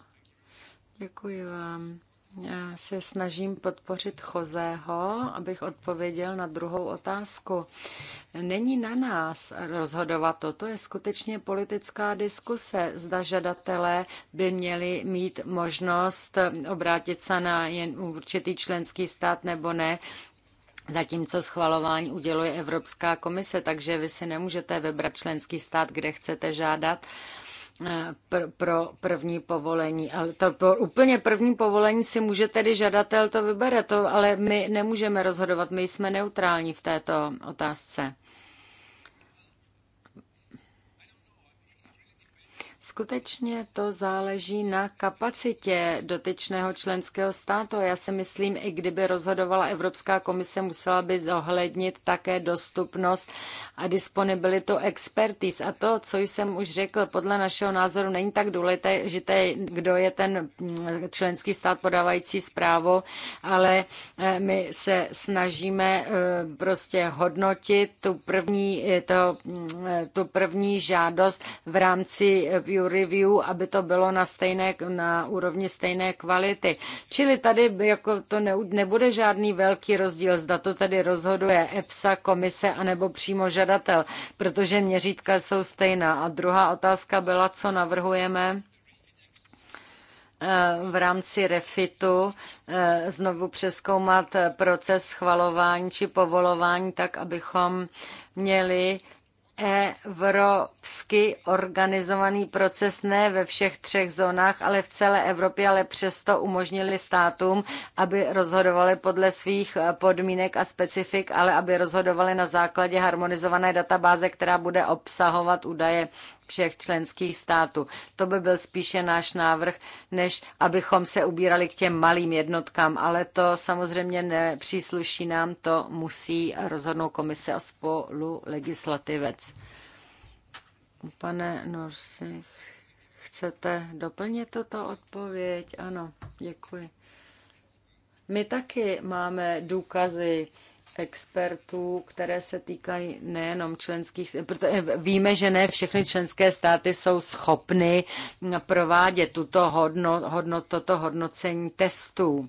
děkuji vám. Já se snažím podpořit Chozého, abych odpověděl na druhou otázku. Není na nás rozhodovat to, to je skutečně politická diskuse. Zda žadatelé by měli mít možnost obrátit se na jen určitý členský stát nebo ne. Zatímco schvalování uděluje Evropská komise, takže vy si nemůžete vybrat členský stát, kde chcete žádat. Uh, pr- pro první povolení. Ale to pro úplně první povolení si může tedy žadatel to vybere, to, ale my nemůžeme rozhodovat, my jsme neutrální v této otázce. Skutečně to záleží na kapacitě dotyčného členského státu. Já si myslím, i kdyby rozhodovala Evropská komise, musela by zohlednit také dostupnost a disponibilitu expertíz. A to, co jsem už řekl, podle našeho názoru není tak důležité, že kdo je ten mm, členský stát podávající zprávu, ale e, my se snažíme e, prostě hodnotit tu první, e, to, mm, tu první žádost v rámci peer review, aby to bylo na, stejné, na úrovni stejné kvality. Čili tady jako to ne, nebude žádný velký rozdíl, zda to tady rozhoduje EFSA, komise anebo přímo žadatel, protože měřítka jsou stejná. A druhá otázka byla, co navrhujeme eh, v rámci refitu eh, znovu přeskoumat eh, proces schvalování či povolování tak, abychom měli evropsky organizovaný proces ne ve všech třech zónách, ale v celé Evropě, ale přesto umožnili státům, aby rozhodovali podle svých eh, podmínek a specifik, ale aby rozhodovali na základě harmonizované databáze, která bude obsahovat údaje všech členských států. To by byl spíše náš návrh, než abychom se ubírali k těm malým jednotkám, ale to samozřejmě nepřísluší nám, to musí rozhodnout komise a spolu legislativec. Pane Norsi, chcete doplnit tuto odpověď? Ano, děkuji. My taky máme důkazy, expertů, které se týkají nejenom členských, protože víme, že ne všechny členské státy jsou schopny provádět tuto hodno, hodno, toto hodnocení testů.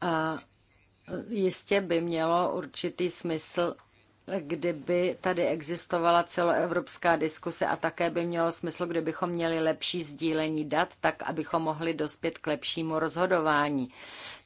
A jistě by mělo určitý smysl kdyby tady existovala celoevropská diskuse a také by mělo smysl, kdybychom měli lepší sdílení dat, tak abychom mohli dospět k lepšímu rozhodování.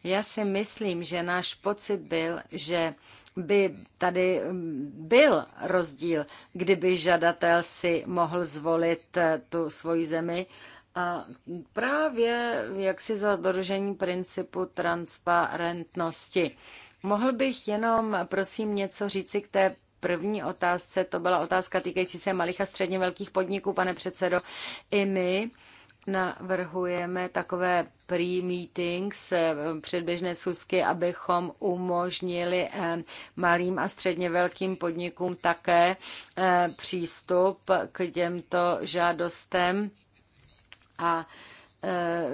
Já si myslím, že náš pocit byl, že by tady mm, byl rozdíl, kdyby žadatel si mohl zvolit eh, tu svoji zemi, a právě jak si za dodržení principu transparentnosti. Mohl bych jenom, prosím, něco říci k té první otázce. To byla otázka týkající se malých a středně velkých podniků, pane předsedo. I my navrhujeme takové pre-meetings, eh, předběžné schůzky, abychom umožnili eh, malým a středně velkým podnikům také eh, přístup k těmto žádostem. A Eh,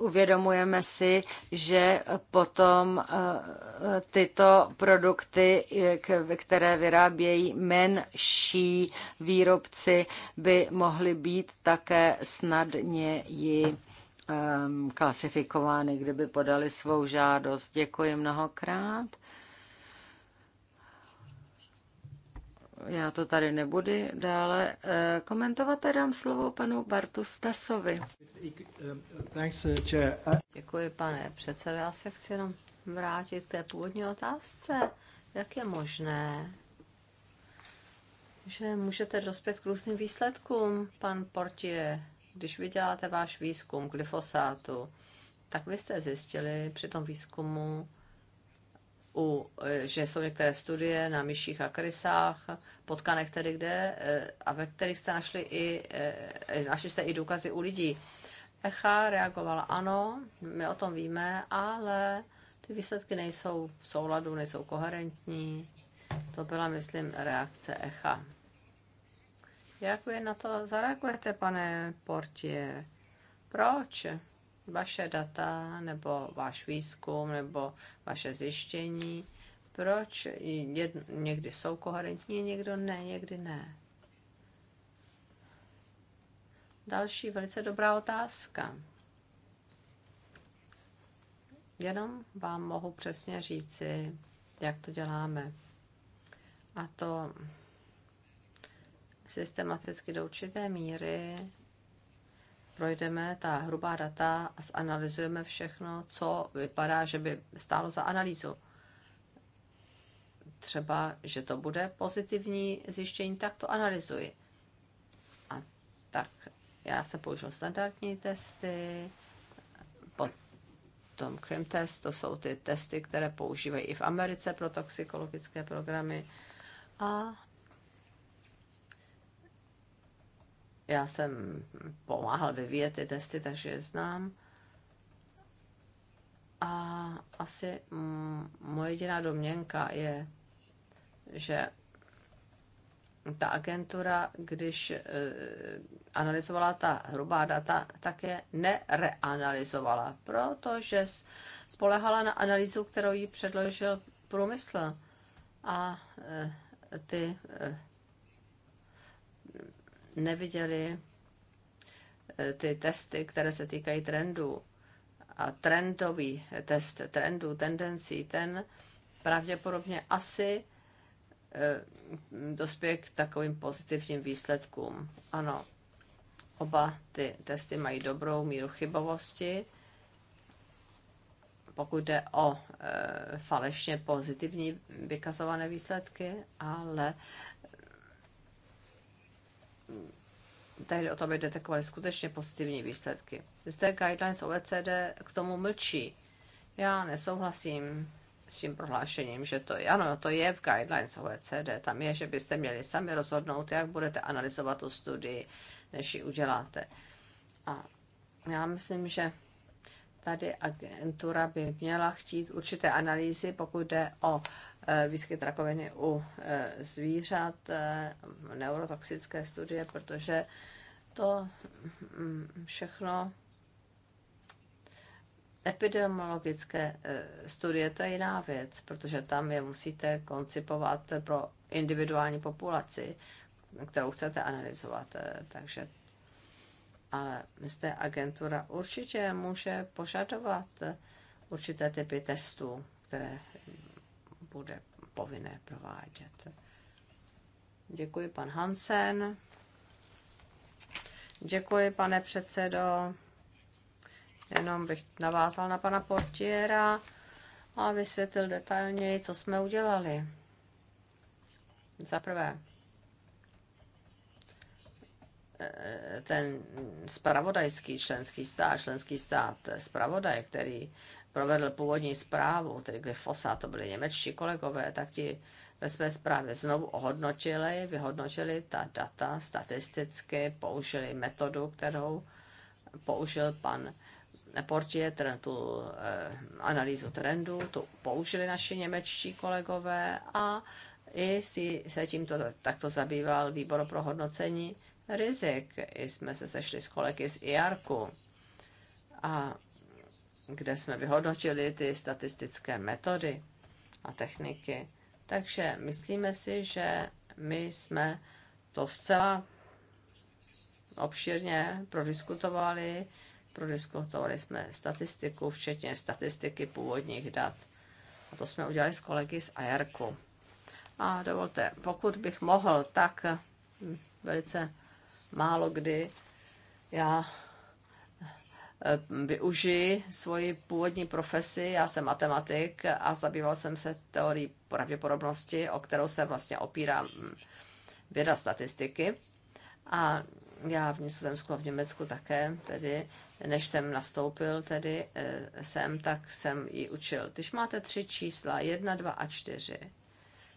uvědomujeme si, že potom eh, tyto produkty, eh, které vyrábějí menší výrobci, by mohly být také snadněji ehm, klasifikovány, kdyby podali svou žádost. Děkuji mnohokrát. Já to tady nebudu dále eh, komentovat a dám slovo panu Bartu Stasovi. Eh, eh, Děkuji, pane předsedo. Já se chci jenom vrátit k té původní otázce. Jak je možné, že můžete dospět k různým výsledkům, pan Portie? Když vyděláte váš výzkum glyfosátu, tak vy jste zjistili při tom výzkumu, u, eh, že jsou některé studie na myších a krysách, potkanech tedy kde, eh, a ve kterých jste našli i, eh, našli jste i důkazy u lidí. Echa reagovala ano, my o tom víme, ale ty výsledky nejsou v souladu, nejsou koherentní. To byla, myslím, reakce Echa. Jak vy na to zareagujete, pane Portier? Proč? vaše data nebo váš výzkum nebo vaše zjištění, proč někdy jsou koherentní, někdo ne, někdy ne. Další velice dobrá otázka. Jenom vám mohu přesně říci, jak to děláme. A to systematicky do určité míry projdeme ta hrubá data a zanalizujeme všechno, co vypadá, že by stálo za analýzu. Třeba, že to bude pozitivní zjištění, tak to analyzuji. A tak já jsem použil standardní testy, potom CRIM test, to jsou ty testy, které používají i v Americe pro toxikologické programy. A Já jsem pomáhal vyvíjet ty testy, takže je znám. A asi moje jediná domněnka je, že ta agentura, když uh, analyzovala ta hrubá data, tak je nereanalyzovala, protože spolehala na analýzu, kterou jí předložil průmysl. A uh, ty uh, neviděli eh, ty testy, které se týkají trendů. A trendový test trendů, tendencí, ten pravděpodobně asi eh, dospěje k takovým pozitivním výsledkům. Ano, oba ty testy mají dobrou míru chybovosti. Pokud jde o e, falešně pozitivní vykazované výsledky, ale e, tehdy o to, aby detekovali skutečně pozitivní výsledky. Zde guidelines OECD k tomu mlčí. Já nesouhlasím s tím prohlášením, že to je, ano, to je v guidelines OECD, tam je, že byste měli sami rozhodnout, jak budete analyzovat tu studii, než ji uděláte. A já myslím, že tady agentura by měla chtít určité analýzy, pokud jde o e, výskyt rakoviny u e, zvířat, e, neurotoxické studie, protože to mm, všechno epidemiologické studie, to je jiná věc, protože tam je musíte koncipovat pro individuální populaci, kterou chcete analyzovat. Takže ale zde agentura určitě může požadovat určité typy testů, které bude povinné provádět. Děkuji, pan Hansen. Děkuji, pane předsedo. Jenom bych navázal na pana portiera a vysvětlil detailněji, co jsme udělali. Za prvé, ten spravodajský členský stát, členský stát spravodaj, který provedl původní zprávu, tedy glyfosát, to byli němečtí kolegové, tak ti ve své zprávě znovu ohodnotili, vyhodnotili ta data statisticky, použili metodu, kterou použil pan Portier, ten, tu eh, analýzu trendu, tu použili naši němečtí kolegové a i si se tímto takto zabýval výbor pro hodnocení rizik. I jsme se sešli s kolegy z IARCu, a kde jsme vyhodnotili ty statistické metody a techniky. Takže myslíme si, že my jsme to zcela obšírně prodiskutovali. Prodiskutovali jsme statistiku, včetně statistiky původních dat. A to jsme udělali s kolegy z ARKu. A dovolte, pokud bych mohl, tak velice málo kdy já eh, využiji svoji původní profesi, já jsem matematik a zabýval jsem se teorií pravděpodobnosti, o kterou se vlastně opírá hm, věda statistiky. A já v Nizozemsku a v Německu také, tedy než jsem nastoupil tedy eh, sem, tak jsem ji učil. Když máte tři čísla, jedna, dva a čtyři,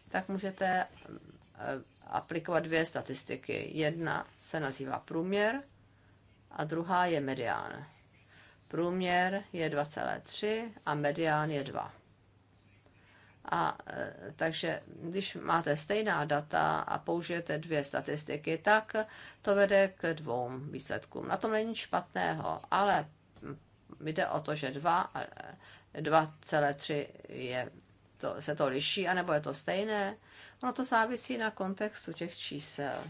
tak můžete hm, Eh, aplikovat dvě statistiky. Jedna se nazývá průměr a druhá je medián. Průměr je 2,3 a medián je 2. A eh, takže když máte stejná data a použijete dvě statistiky, tak to vede k dvou výsledkům. Na tom není nic špatného, ale jde o to, že 2 2,3 eh, je, to, se to liší, anebo je to stejné. Ono to závisí na kontextu těch čísel.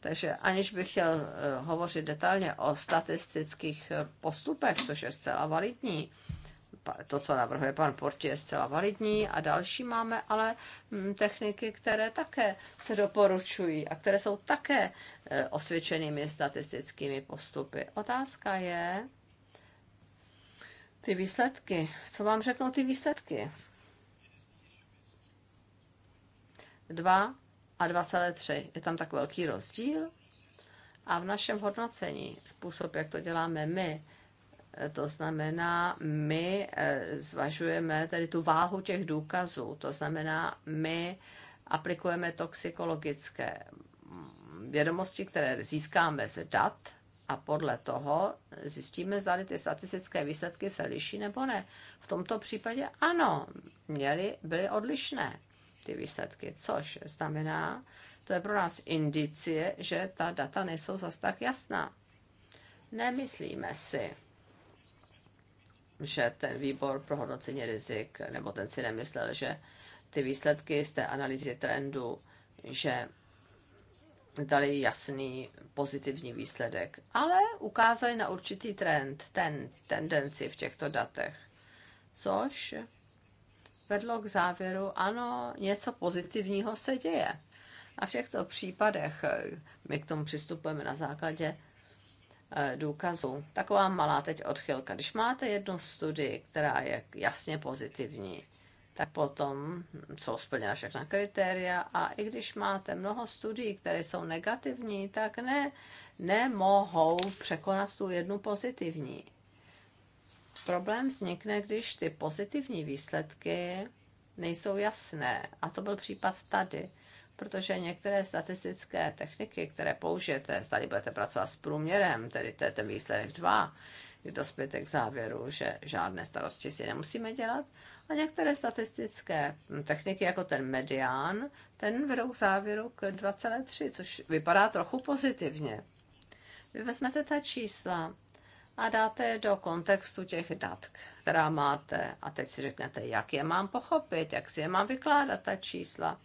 Takže aniž bych chtěl eh, hovořit detailně o statistických eh, postupech, což je zcela validní, to, co navrhuje pan Porti, je zcela validní a další máme ale mm, techniky, které také se doporučují a které jsou také eh, osvědčenými statistickými postupy. Otázka je, ty výsledky, co vám řeknou ty výsledky 2 a 2,3. Je tam tak velký rozdíl. A v našem hodnocení způsob, jak to děláme my, eh, to znamená, my eh, zvažujeme tedy tu váhu těch důkazů, to znamená, my aplikujeme toxikologické vědomosti, které získáme z dat a podle toho zjistíme, zda ty statistické výsledky se liší nebo ne. V tomto případě ano, měly, byly odlišné ty výsledky, což znamená, to je pro nás indicie, že ta data nejsou zas tak jasná. Nemyslíme si, že ten výbor pro hodnocení rizik, nebo ten si nemyslel, že ty výsledky z té analýzy trendu, že dali jasný pozitivní výsledek, ale ukázali na určitý trend, ten, tendenci v těchto datech, což vedlo k závěru, ano, něco pozitivního se děje. A v těchto případech eh, my k tomu přistupujeme na základě eh, důkazů. Taková malá teď odchylka. Když máte jednu studii, která je jasně pozitivní, tak potom jsou splněna všechna kritéria a i když máte mnoho studií, které jsou negativní, tak ne, nemohou překonat tu jednu pozitivní. Problém vznikne, když ty pozitivní výsledky nejsou jasné. A to byl případ tady, protože některé statistické techniky, které použijete, tady budete pracovat s průměrem, tedy to je ten výsledek 2, kdy dospěte k závěru, že žádné starosti si nemusíme dělat. A některé statistické techniky, jako ten medián, ten vedou k závěru k 2,3, což vypadá trochu pozitivně. Vy vezmete ta čísla a dáte je do kontextu těch dat, která máte. A teď si řeknete, jak je mám pochopit, jak si je mám vykládat, ta čísla.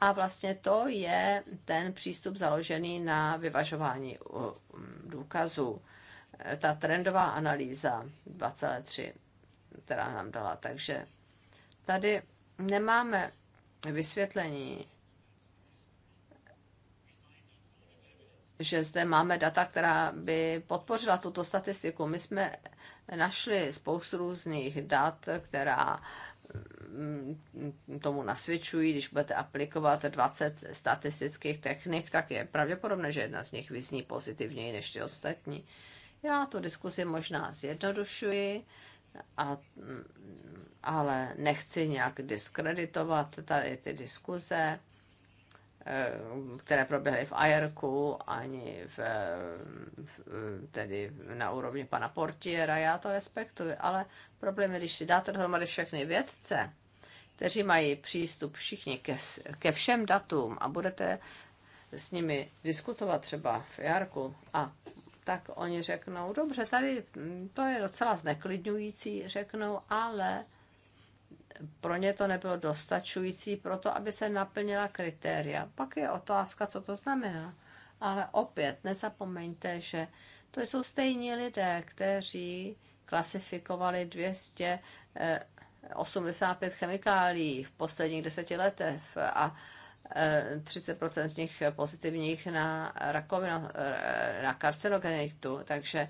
A vlastně to je ten přístup založený na vyvažování důkazů. E, ta trendová analýza 2,3, která nám dala. Takže tady nemáme vysvětlení že zde máme data, která by podpořila tuto statistiku. My jsme našli spoustu různých dat, která mm, tomu nasvědčují, když budete aplikovat 20 statistických technik, tak je pravděpodobné, že jedna z nich vyzní pozitivněji než ty ostatní. Já tu diskusi možná zjednodušuji, a, mm, ale nechci nějak diskreditovat tady ty diskuze Eh, které proběhly v Ajerku, ani v, eh, v, eh, tedy na úrovni pana Portiera, já to respektuji, ale problém je, když si dáte dohromady všechny vědce, kteří mají přístup všichni ke, ke všem datům a budete s nimi diskutovat třeba v Jarku a tak oni řeknou, dobře, tady mm, to je docela zneklidňující, řeknou, ale pro ně to nebylo dostačující pro to, aby se naplnila kritéria. Pak je otázka, co to znamená. Ale opět nezapomeňte, že to jsou stejní lidé, kteří klasifikovali 285 eh, chemikálií v posledních deseti letech a 30% eh, z nich pozitivních na rakovinu, eh, na karcinogenitu. Takže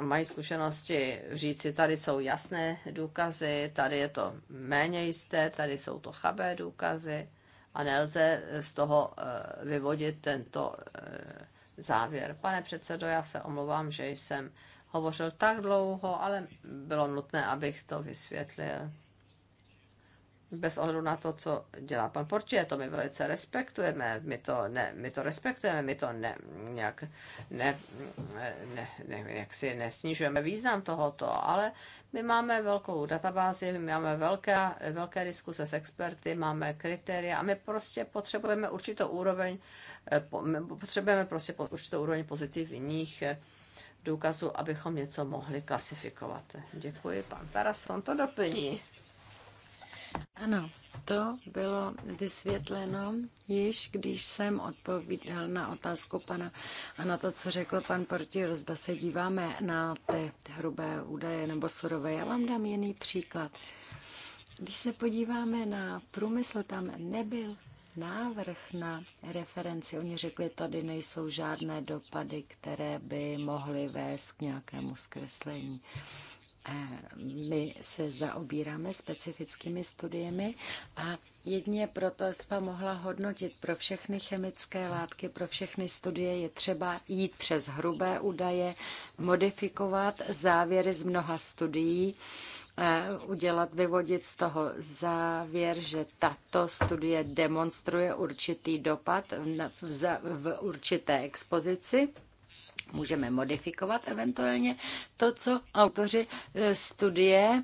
mají zkušenosti říci, tady jsou jasné důkazy, tady je to méně jisté, tady jsou to chabé důkazy a nelze z toho eh, vyvodit tento eh, závěr. Pane předsedo, já se omlouvám, že jsem hovořil tak dlouho, ale bylo nutné, abych to vysvětlil bez ohledu na to, co dělá pan Portě, to my velice respektujeme, my to, ne, my to respektujeme, my to ne, nějak ne, ne, ne, jak si nesnižujeme význam tohoto, ale my máme velkou databázi, my máme velké, velké diskuse s experty, máme kritéria a my prostě potřebujeme určitou úroveň, eh, potřebujeme prostě určitou úroveň pozitivních eh, důkazů, abychom něco mohli klasifikovat. Děkuji, pan on to doplní. Ano, to bylo vysvětleno již, když jsem odpovídal na otázku pana a na to, co řekl pan Portier, zda se díváme na ty hrubé údaje nebo surové. Já vám dám jiný příklad. Když se podíváme na průmysl, tam nebyl návrh na referenci. Oni řekli, tady nejsou žádné dopady, které by mohly vést k nějakému zkreslení my se zaobíráme specifickými studiemi a jedně proto ESPA mohla hodnotit pro všechny chemické látky, pro všechny studie je třeba jít přes hrubé údaje, modifikovat závěry z mnoha studií, eh, udělat, vyvodit z toho závěr, že tato studie demonstruje určitý dopad v, v určité expozici můžeme modifikovat eventuálně to, co autoři eh, studie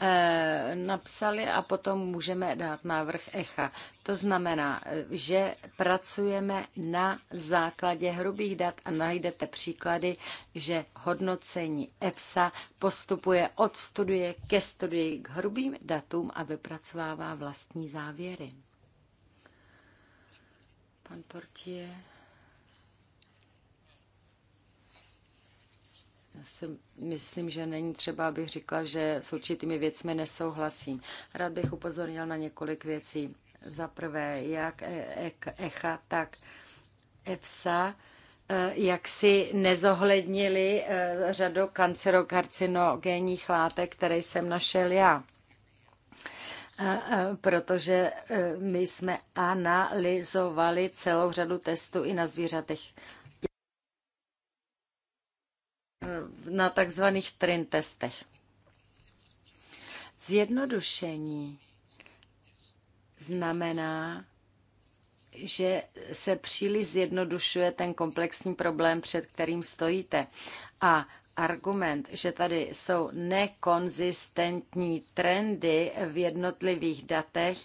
eh, napsali a potom můžeme dát návrh ECHA. To znamená, eh, že pracujeme na základě hrubých dat a najdete příklady, že hodnocení EFSA postupuje od studie ke studii k hrubým datům a vypracovává vlastní závěry. Pan Portier. Já si myslím, že není třeba, abych řekla, že s určitými věcmi nesouhlasím. Rád bych upozornil na několik věcí. Za prvé, jak e- e- ECHA, tak EFSA eh, jak si nezohlednili eh, řadu kancerokarcinogénních látek, které jsem našel já eh, protože my jsme analyzovali celou řadu testů i na zvířatech. Eh, na takzvaných trin testech. Zjednodušení znamená, že se příliš zjednodušuje ten komplexní problém, před kterým stojíte. A argument, že tady jsou nekonzistentní trendy v jednotlivých datech,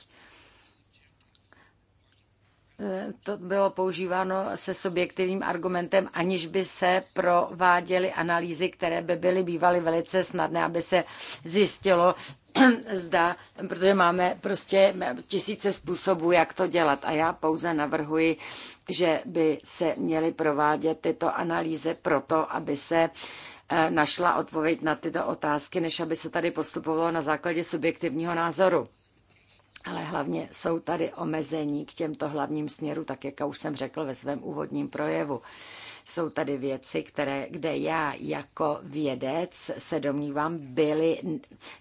Eh, to bylo používáno se subjektivním argumentem, aniž by se prováděly analýzy, které by byly bývaly velice snadné, aby se zjistilo, [clears throat] zda, protože máme prostě tisíce způsobů, jak to dělat. A já pouze navrhuji, že by se měly provádět tyto analýzy proto, aby se eh, našla odpověď na tyto otázky, než aby se tady postupovalo na základě subjektivního názoru ale hlavně jsou tady omezení k těmto hlavním směru, tak jak už jsem řekl ve svém úvodním projevu. Jsou tady věci, které, kde já jako vědec se domnívám, byly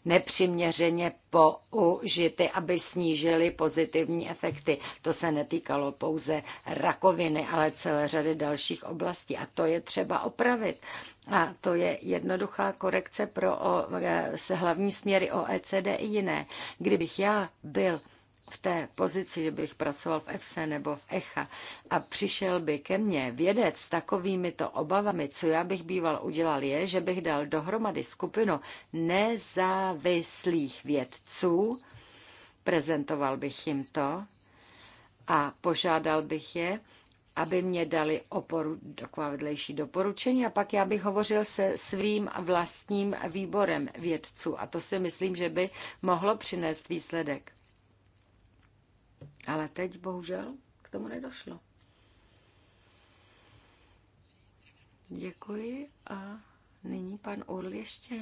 nepřiměřeně použity, aby snížily pozitivní efekty. To se netýkalo pouze rakoviny, ale celé řady dalších oblastí. A to je třeba opravit. A to je jednoduchá korekce pro o, se hlavní směry OECD i jiné. Kdybych já byl v té pozici, že bych pracoval v EFSE nebo v ECHA a přišel by ke mně vědec s takovými to obavami, co já bych býval udělal, je, že bych dal dohromady skupinu nezávislých vědců, prezentoval bych jim to a požádal bych je, aby mě dali oporu, taková vedlejší doporučení a pak já bych hovořil se svým vlastním výborem vědců a to si myslím, že by mohlo přinést výsledek. Ale teď bohužel k tomu nedošlo. Děkuji a nyní pan Url ještě.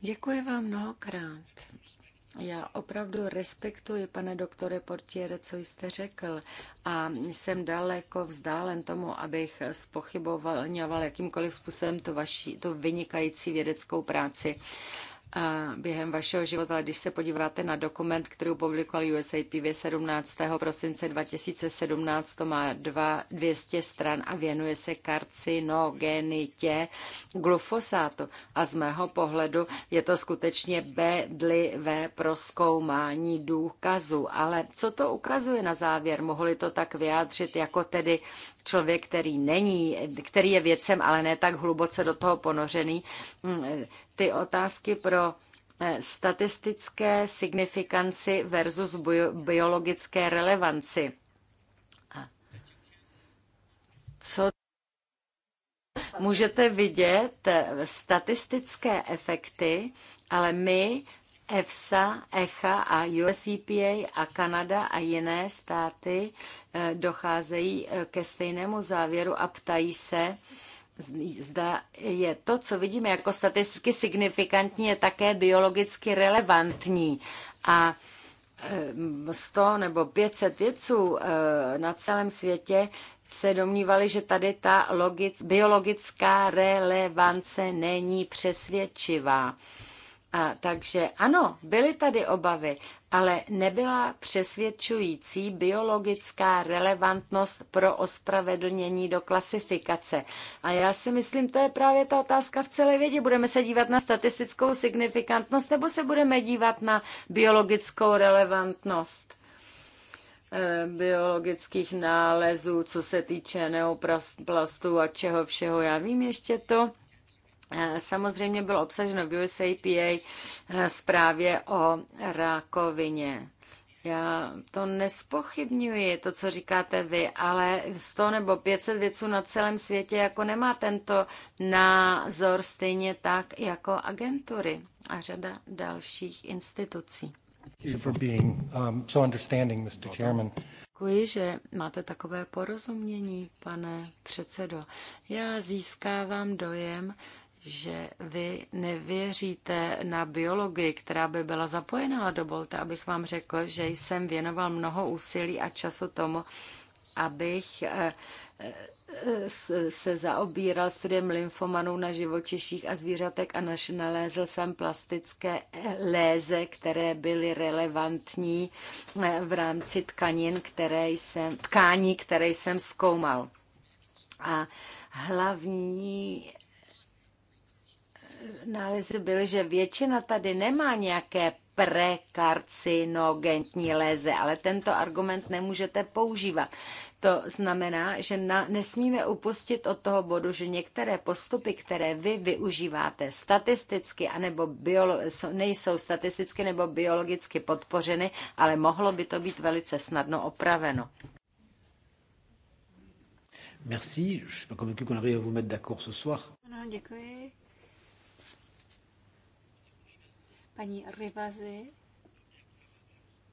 Děkuji vám mnohokrát. Já opravdu respektuji, pane doktore Portiere, co jste řekl a jsem daleko vzdálen tomu, abych spochyboval jakýmkoliv způsobem tu, vaši, tu vynikající vědeckou práci během vašeho života, ale když se podíváte na dokument, který publikoval USAP 17. prosince 2017, to má dva, 200 stran a věnuje se karcinogenitě glufosátu. A z mého pohledu je to skutečně bedlivé proskoumání důkazů. Ale co to ukazuje na závěr? Mohli to tak vyjádřit jako tedy člověk, který není, který je věcem, ale ne tak hluboce do toho ponořený, mm, ty otázky pro eh, statistické signifikanci versus biologické relevanci. Co můžete vidět eh, statistické efekty, ale my EFSA, ECHA a US EPA a Kanada a jiné státy eh, docházejí eh, ke stejnému závěru a ptají se, zda je to, co vidíme jako statisticky signifikantní, je také biologicky relevantní. A 100 eh, nebo 500 vědců na celém světě se domnívali, že tady ta logic, biologická relevance není přesvědčivá. A, takže ano, byly tady obavy, ale nebyla přesvědčující biologická relevantnost pro ospravedlnění do klasifikace. A já si myslím, to je právě ta otázka v celé vědě. Budeme se dívat na statistickou signifikantnost nebo se budeme dívat na biologickou relevantnost? Eh, biologických nálezů, co se týče neoplastů a čeho všeho. Já vím ještě to Eh, samozřejmě bylo obsaženo v USAPA eh, zprávě o rakovině. Já to nespochybňuji, to, co říkáte vy, ale 100 nebo 500 věců na celém světě jako nemá tento názor stejně tak jako agentury a řada dalších institucí. Um, Děkuji, že máte takové porozumění, pane předsedo. Já získávám dojem, že vy nevěříte na biologii, která by byla zapojená. dovolte, abych vám řekl, že jsem věnoval mnoho úsilí a času tomu, abych eh, eh, se zaobíral studiem lymfomanů na živočiších a zvířatek a naš, nalézl jsem plastické léze, které byly relevantní eh, v rámci tkanin, které jsem, tkání, které jsem zkoumal. A hlavní nálezy byly, že většina tady nemá nějaké prekarcinogentní léze, ale tento argument nemůžete používat. To znamená, že na, nesmíme upustit od toho bodu, že některé postupy, které vy využíváte statisticky, anebo biolo, nejsou statisticky nebo biologicky podpořeny, ale mohlo by to být velice snadno opraveno. Merci, je suis pas convaincu qu'on arrive à vous mettre d'accord ce soir. Non, děkuji. paní Rivazy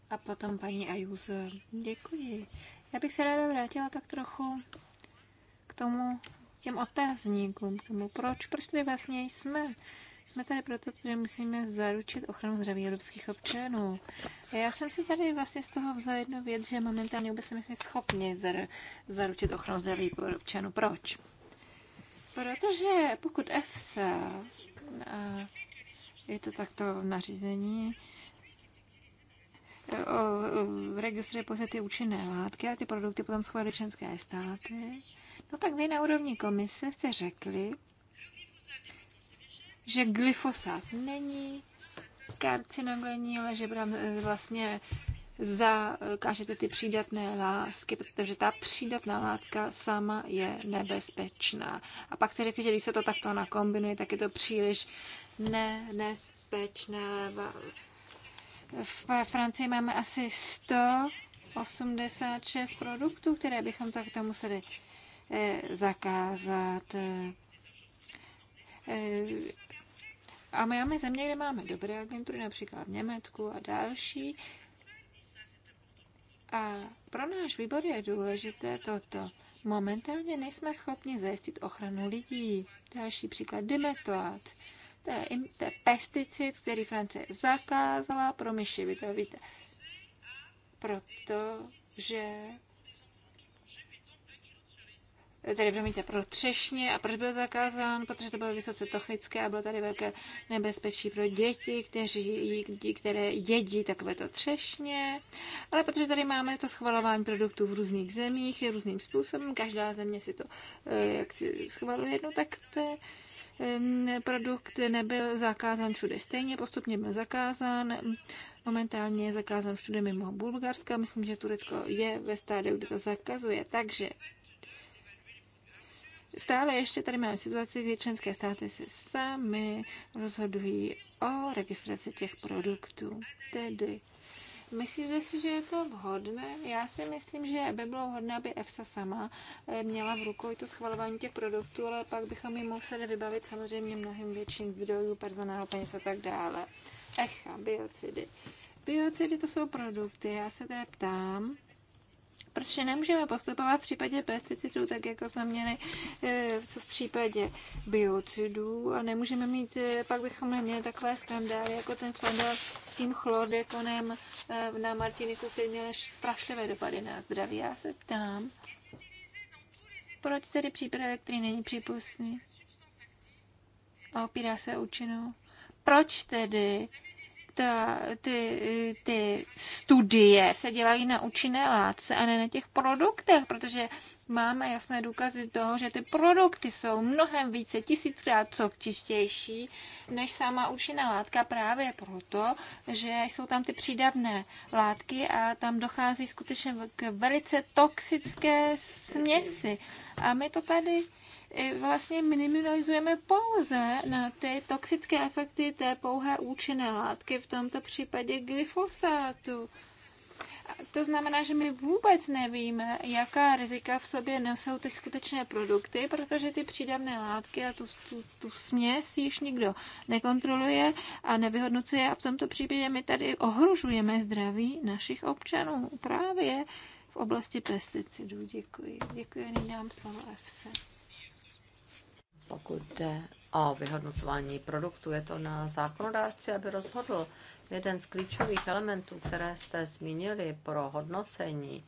a potom paní Ayuso. Děkuji. Já bych se ráda vrátila tak trochu k tomu, těm otázníkům, k tomu, proč, proč prostě tady vlastně jsme. Jsme tady proto, že musíme zaručit ochranu zdraví evropských občanů. A já jsem si tady vlastně z toho vzal jednu věc, že momentálně vůbec jsme schopni zaručit ochranu zdraví občanů. Proč? Protože pokud EFSA je to takto v nařízení, registruje pouze ty účinné látky a ty produkty potom schválí členské státy. No tak vy na úrovni komise jste řekli, že glyfosát není karcinogenní, ale že tam e, vlastně zakážete ty přídatné lásky, protože ta přídatná látka sama je nebezpečná. A pak se řekli, že když se to takto nakombinuje, tak je to příliš ne, ne, nespečné. Ve Francii máme asi 186 produktů, které bychom takto museli eh, zakázat. Eh, a my máme země, kde máme dobré agentury, například v Německu a další. A pro náš výbor je důležité toto. Momentálně nejsme schopni zajistit ochranu lidí. Další příklad, dimetoat. To je, to je pesticid, který Francie zakázala pro myši, vy to víte. Protože tady promiňte, pro třešně a proč byl zakázán, protože to bylo vysoce toxické a bylo tady velké nebezpečí pro děti, kteří, které jedí takovéto třešně. Ale protože tady máme to schvalování produktů v různých zemích, různým způsobem, každá země si to eh, jak si schvaluje, no tak to je produkt nebyl zakázán všude stejně, postupně byl zakázán, momentálně je zakázán všude mimo Bulgarska, myslím, že Turecko je ve stádiu, kde to zakazuje, takže Stále ještě tady máme situaci, kdy členské státy se sami rozhodují o registraci těch produktů. Tedy Myslíte si, že je to vhodné? Já si myslím, že by bylo vhodné, aby EFSA sama eh, měla v rukou i to schvalování těch produktů, ale pak bychom ji museli vybavit samozřejmě mnohem větším zdrojů, personálu, peněz a tak dále. Echa, biocidy. Biocidy to jsou produkty. Já se tedy ptám, protože nemůžeme postupovat v případě pesticidů, tak jako jsme měli eh, v případě biocidů a nemůžeme mít, eh, pak bychom neměli takové skandály, jako ten skandál s tím chlordekonem eh, na Martiniku, který měl strašlivé dopady na zdraví. Já se ptám, proč tedy přípravek, který není přípustný a opírá se účinnou? Proč tedy ta, ty, ty studie se dělají na účinné látce a ne na těch produktech, protože máme jasné důkazy toho, že ty produkty jsou mnohem více, tisíckrát čistější, než sama účinná látka právě proto, že jsou tam ty přídavné látky a tam dochází skutečně k velice toxické směsi. A my to tady Eh, vlastně minimalizujeme pouze na ty toxické efekty té pouhé účinné látky, v tomto případě glyfosátu. To znamená, že my vůbec nevíme, jaká rizika v sobě nesou ty skutečné produkty, protože ty přídavné látky a tu, tu, tu směs již nikdo nekontroluje a nevyhodnocuje. A v tomto případě my tady ohrožujeme zdraví našich občanů právě v oblasti pesticidů. Děkuji. Děkuji, nyní dám slovo EFSE. Pokud jde o vyhodnocování produktu, je to na zákonodárci, aby rozhodl. Jeden z klíčových elementů, které jste zmínili pro hodnocení,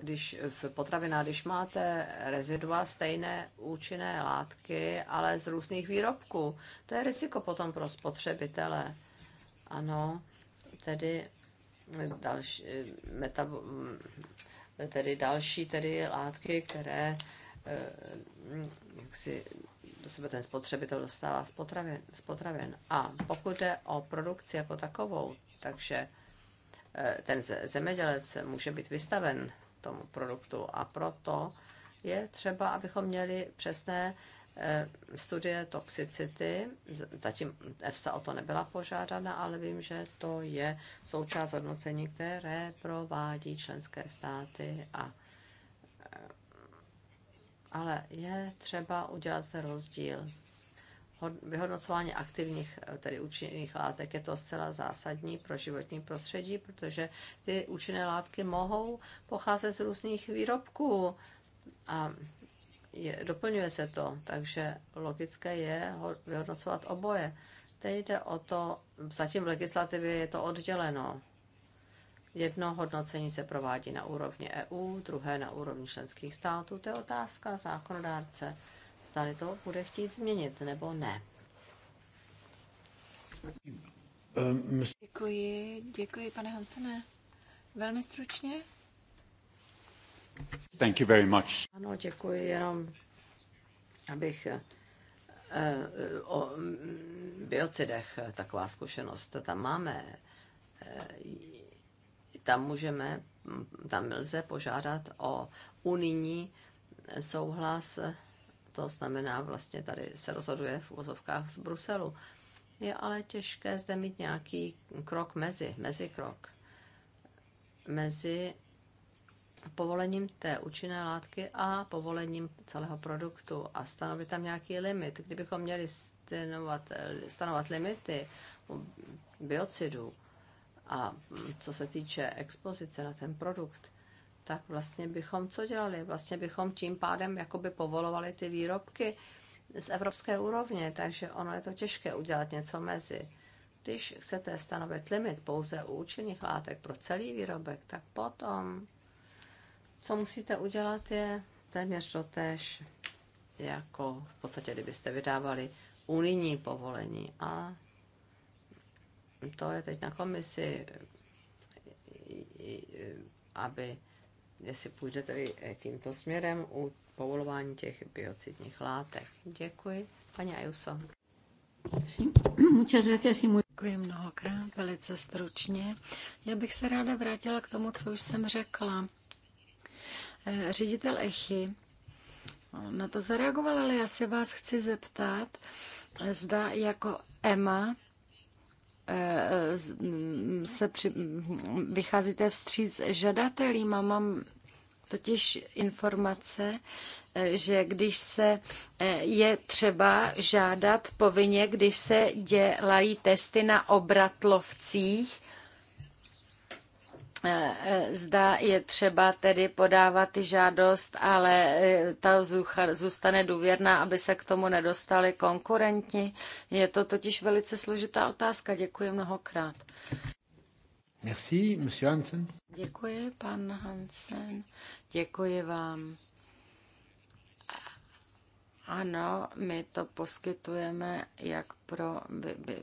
když v potravinách, když máte rezidua stejné účinné látky, ale z různých výrobků, to je riziko potom pro spotřebitele. Ano, tedy další, metabo, tedy další tedy látky, které Eh, jak si do sebe ten spotřebitel dostává z potravin, z potravin. A pokud jde o produkci jako takovou, takže eh, ten zemědělec může být vystaven tomu produktu a proto je třeba, abychom měli přesné eh, studie toxicity. Zatím EFSA o to nebyla požádána, ale vím, že to je součást hodnocení, které provádí členské státy a ale je třeba udělat ten rozdíl. Vyhodnocování aktivních, tedy účinných látek je to zcela zásadní pro životní prostředí, protože ty účinné látky mohou pocházet z různých výrobků a je, doplňuje se to, takže logické je vyhodnocovat oboje. Teď jde o to, zatím v legislativě je to odděleno Jedno hodnocení se provádí na úrovni EU, druhé na úrovni členských států. To je otázka zákonodárce, zda to bude chtít změnit nebo ne. Děkuji, děkuji, pane Hansene. Velmi stručně. Thank you very much. Ano, děkuji, jenom abych eh, eh, o mm, biocidech eh, taková zkušenost tam máme tam můžeme, tam lze požádat o unijní souhlas, to znamená vlastně tady se rozhoduje v uvozovkách z Bruselu. Je ale těžké zde mít nějaký krok mezi, mezi krok, mezi povolením té účinné látky a povolením celého produktu a stanovit tam nějaký limit. Kdybychom měli stanovat, stanovat limity biocidů, a co se týče expozice na ten produkt, tak vlastně bychom co dělali? Vlastně bychom tím pádem jakoby povolovali ty výrobky z evropské úrovně, takže ono je to těžké udělat něco mezi. Když chcete stanovit limit pouze u účinných látek pro celý výrobek, tak potom, co musíte udělat, je téměř tež, jako v podstatě, kdybyste vydávali unijní povolení. A to je teď na komisi, aby, jestli půjde tedy tímto směrem u povolování těch biocidních látek. Děkuji, paní Ajuso. Děkuji mnohokrát, velice stručně. Já bych se ráda vrátila k tomu, co už jsem řekla. Eh, ředitel Echy eh, na to zareagoval, ale já se vás chci zeptat, eh, zda jako EMA Eh, se při, vycházíte vstříc žadatelím a mám totiž informace, eh, že když se eh, je třeba žádat povinně, když se dělají testy na obratlovcích, Eh, zda je třeba tedy podávat žádost, ale eh, ta zůstane důvěrná, aby se k tomu nedostali konkurenti. Je to totiž velice složitá otázka. Děkuji mnohokrát. Merci, monsieur Hansen. Děkuji, pan Hansen. Děkuji vám. Ano, my to poskytujeme jak pro, by, by,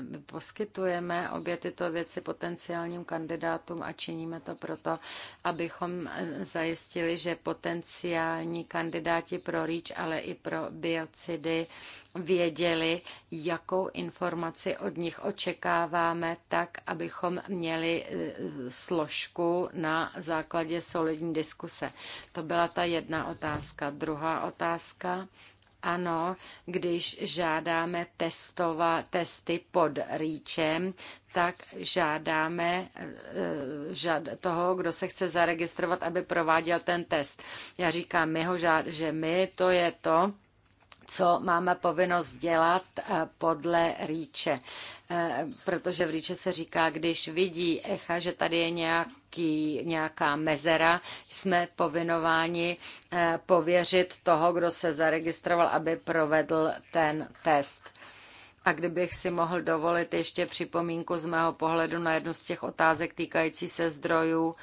my poskytujeme obě tyto věci potenciálním kandidátům a činíme to proto, abychom zajistili, že potenciální kandidáti pro REACH, ale i pro biocidy věděli, jakou informaci od nich očekáváme, tak, abychom měli e, složku na základě solidní diskuse. To byla ta jedna otázka. Druhá otázka ano, když žádáme testova, testy pod rýčem, tak žádáme eh, žád, toho, kdo se chce zaregistrovat, aby prováděl ten test. Já říkám, my ho žád, že my, to je to, co máme povinnost dělat eh, podle rýče. Eh, protože v rýče se říká, když vidí echa, že tady je nějak nějaký, nějaká mezera, jsme povinováni eh, pověřit toho, kdo se zaregistroval, aby provedl ten test. A kdybych si mohl dovolit ještě připomínku z mého pohledu na jednu z těch otázek týkající se zdrojů,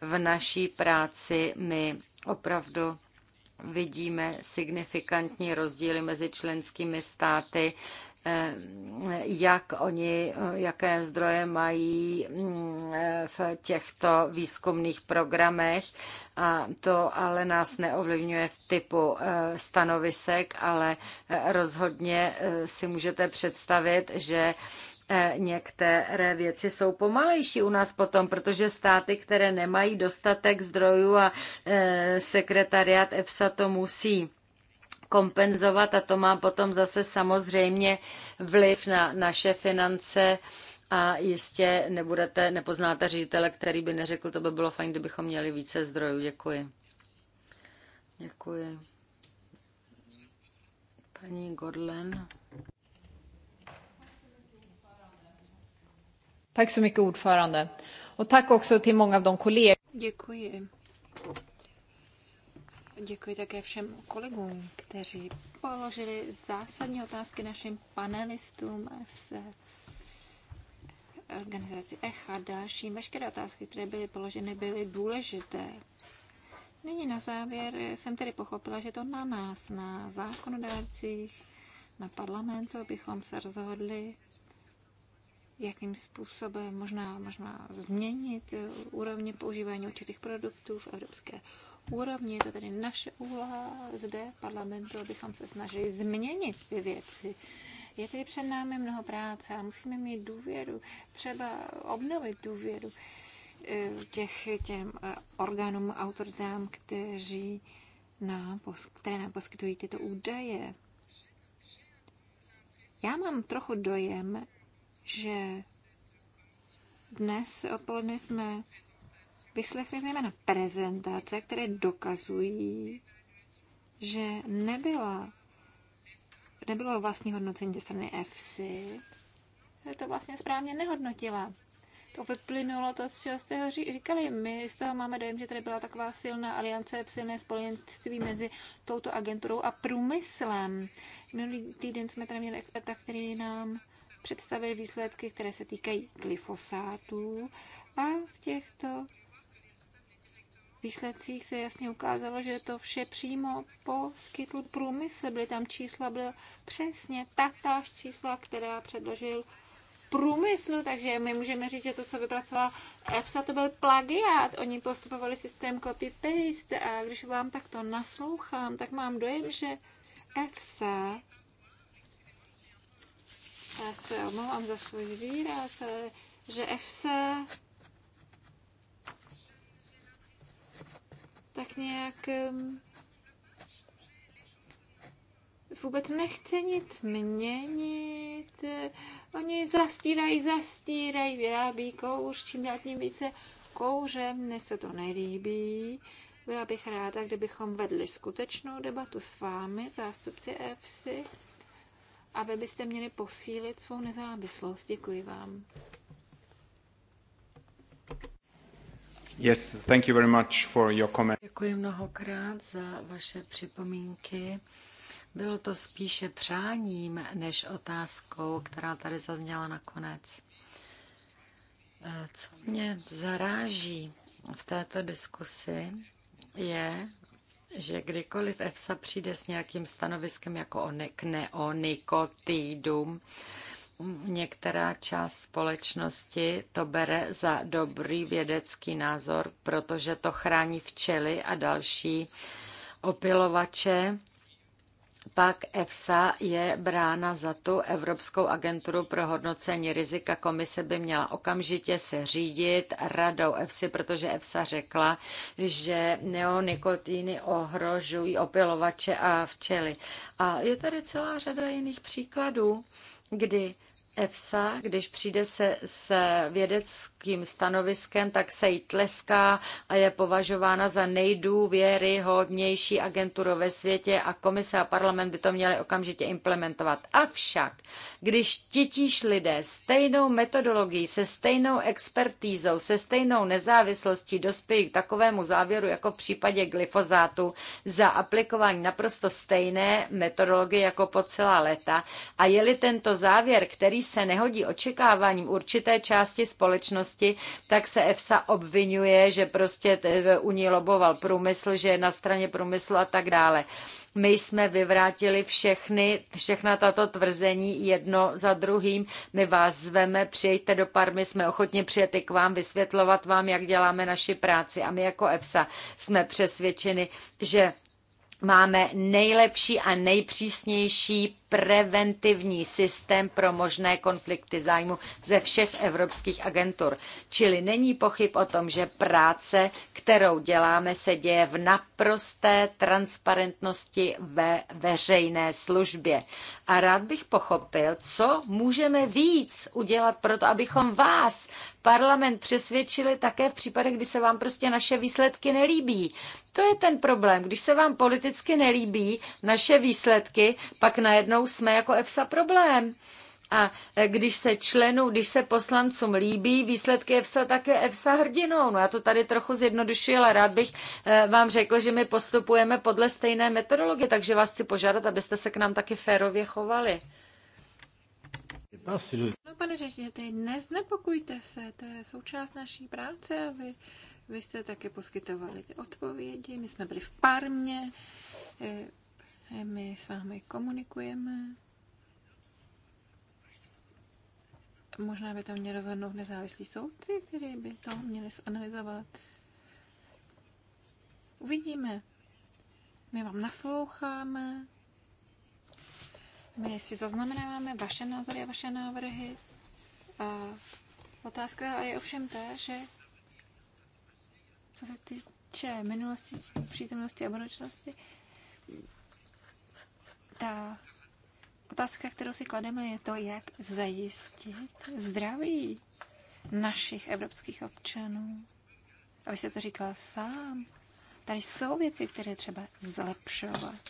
v naší práci my opravdu vidíme signifikantní rozdíly mezi členskými státy Eh, jak oni, eh, jaké zdroje mají mm, eh, v těchto výzkumných programech. A to ale nás neovlivňuje v typu stanovisek, ale rozhodně si můžete představit, že některé věci jsou pomalejší u nás potom, protože státy, které nemají dostatek zdrojů a sekretariat EFSA to musí kompenzovat a to má potom zase samozřejmě vliv na naše finance a jistě nebudete, nepoznáte ředitele, který by neřekl, to by bylo fajn, kdybychom měli více zdrojů. Děkuji. Děkuji. Paní Godlen. Tak så mi ordförande. Och tack också till många av de kollegor. Děkuji. Děkuji také všem kolegům, kteří položili zásadní otázky našim panelistům FC, organizaci ECHA, další. Veškeré otázky, které byly položeny, byly důležité. Nyní na závěr jsem tedy pochopila, že to na nás, na zákonodárcích, na parlamentu, abychom se rozhodli, jakým způsobem možná, možná změnit úrovně používání určitých produktů v Evropské úrovni. Je to tedy naše úloha zde v parlamentu, abychom se snažili změnit ty věci. Je tedy před námi mnoho práce a musíme mít důvěru, třeba obnovit důvěru eh, těch těm eh, orgánům, autoritám, kteří nám, které nám poskytují tyto údaje. Já mám trochu dojem, že dnes odpoledne jsme vyslechli zejména prezentace, které dokazují, že nebyla, nebylo vlastní hodnocení ze strany FC, že to vlastně správně nehodnotila. To vyplynulo to, z čeho jste ho říkali. My z toho máme dojem, že tady byla taková silná aliance, silné spojenství mezi touto agenturou a průmyslem. Minulý týden jsme tady měli experta, který nám představil výsledky, které se týkají glyfosátů a v těchto výsledcích se jasně ukázalo, že to vše přímo poskytl průmysl. Byly tam čísla, bylo přesně tatáž čísla, která předložil průmyslu, takže my můžeme říct, že to, co vypracovala EFSA, to byl plagiát. Oni postupovali systém copy-paste a když vám takto naslouchám, tak mám dojem, že EFSA já se omlouvám za svůj výraz, ale že EFSA tak nějak vůbec nechce nic měnit. Oni zastírají, zastírají, vyrábí kouř, čím dál tím více kouře, mně se to nelíbí. Byla bych ráda, kdybychom vedli skutečnou debatu s vámi, zástupci EFSI, aby byste měli posílit svou nezávislost. Děkuji vám. Yes, thank you very much for your comment. Děkuji mnohokrát za vaše připomínky. Bylo to spíše přáním než otázkou, která tady zazněla nakonec. Eh, co mě zaráží v této diskusi je, že kdykoliv EFSA přijde s nějakým stanoviskem jako o ne- k neonikotidům, některá část společnosti to bere za dobrý vědecký názor, protože to chrání včely a další opilovače. Pak EFSA je brána za tu Evropskou agenturu pro hodnocení rizika. Komise by měla okamžitě se řídit radou EFSA, protože EFSA řekla, že neonikotiny ohrožují opilovače a včely. A je tady celá řada jiných příkladů kdy EFSA, když přijde se s vědeckým stanoviskem, tak se jí tleská a je považována za nejdůvěryhodnější agenturu ve světě a komise a parlament by to měly okamžitě implementovat. Avšak, když titíž lidé stejnou metodologií, se stejnou expertízou, se stejnou nezávislostí dospějí k takovému závěru jako v případě glyfozátu za aplikování naprosto stejné metodologie jako po celá léta a je-li tento závěr, který se nehodí očekáváním určité části společnosti, tak se EFSA obvinuje, že prostě u ní loboval průmysl, že je na straně průmyslu a tak dále. My jsme vyvrátili všechny, všechna tato tvrzení jedno za druhým. My vás zveme, přijďte do Parmy, jsme ochotně přijete k vám, vysvětlovat vám, jak děláme naši práci. A my jako EFSA jsme přesvědčeni, že máme nejlepší a nejpřísnější preventivní systém pro možné konflikty zájmu ze všech evropských agentur. Čili není pochyb o tom, že práce, kterou děláme, se děje v naprosté transparentnosti ve veřejné službě. A rád bych pochopil, co můžeme víc udělat pro to, abychom vás, parlament, přesvědčili také v případech, kdy se vám prostě naše výsledky nelíbí. To je ten problém. Když se vám politicky nelíbí naše výsledky, pak najednou najednou jsme jako EFSA problém. A když se členů, když se poslancům líbí výsledky EFSA, tak je EFSA hrdinou. No já to tady trochu zjednodušuji, ale rád bych eh, vám řekl, že my postupujeme podle stejné metodologie, takže vás chci požádat, abyste se k nám taky férově chovali. No pane řečitě, neznepokojte se, to je součást naší práce a vy, vy jste taky poskytovali ty odpovědi, my jsme byli v Parmě, eh, my s vámi komunikujeme. Možná by to měli rozhodnout nezávislí soudci, který by to měli zanalizovat. Uvidíme. My vám nasloucháme. My si zaznamenáváme vaše názory a vaše návrhy. A otázka je ovšem ta, že co se týče minulosti, přítomnosti a budoucnosti, ta otázka, kterou si klademe, je to, jak zajistit zdraví našich evropských občanů. A vy jste to říkal sám. Tady jsou věci, které třeba zlepšovat.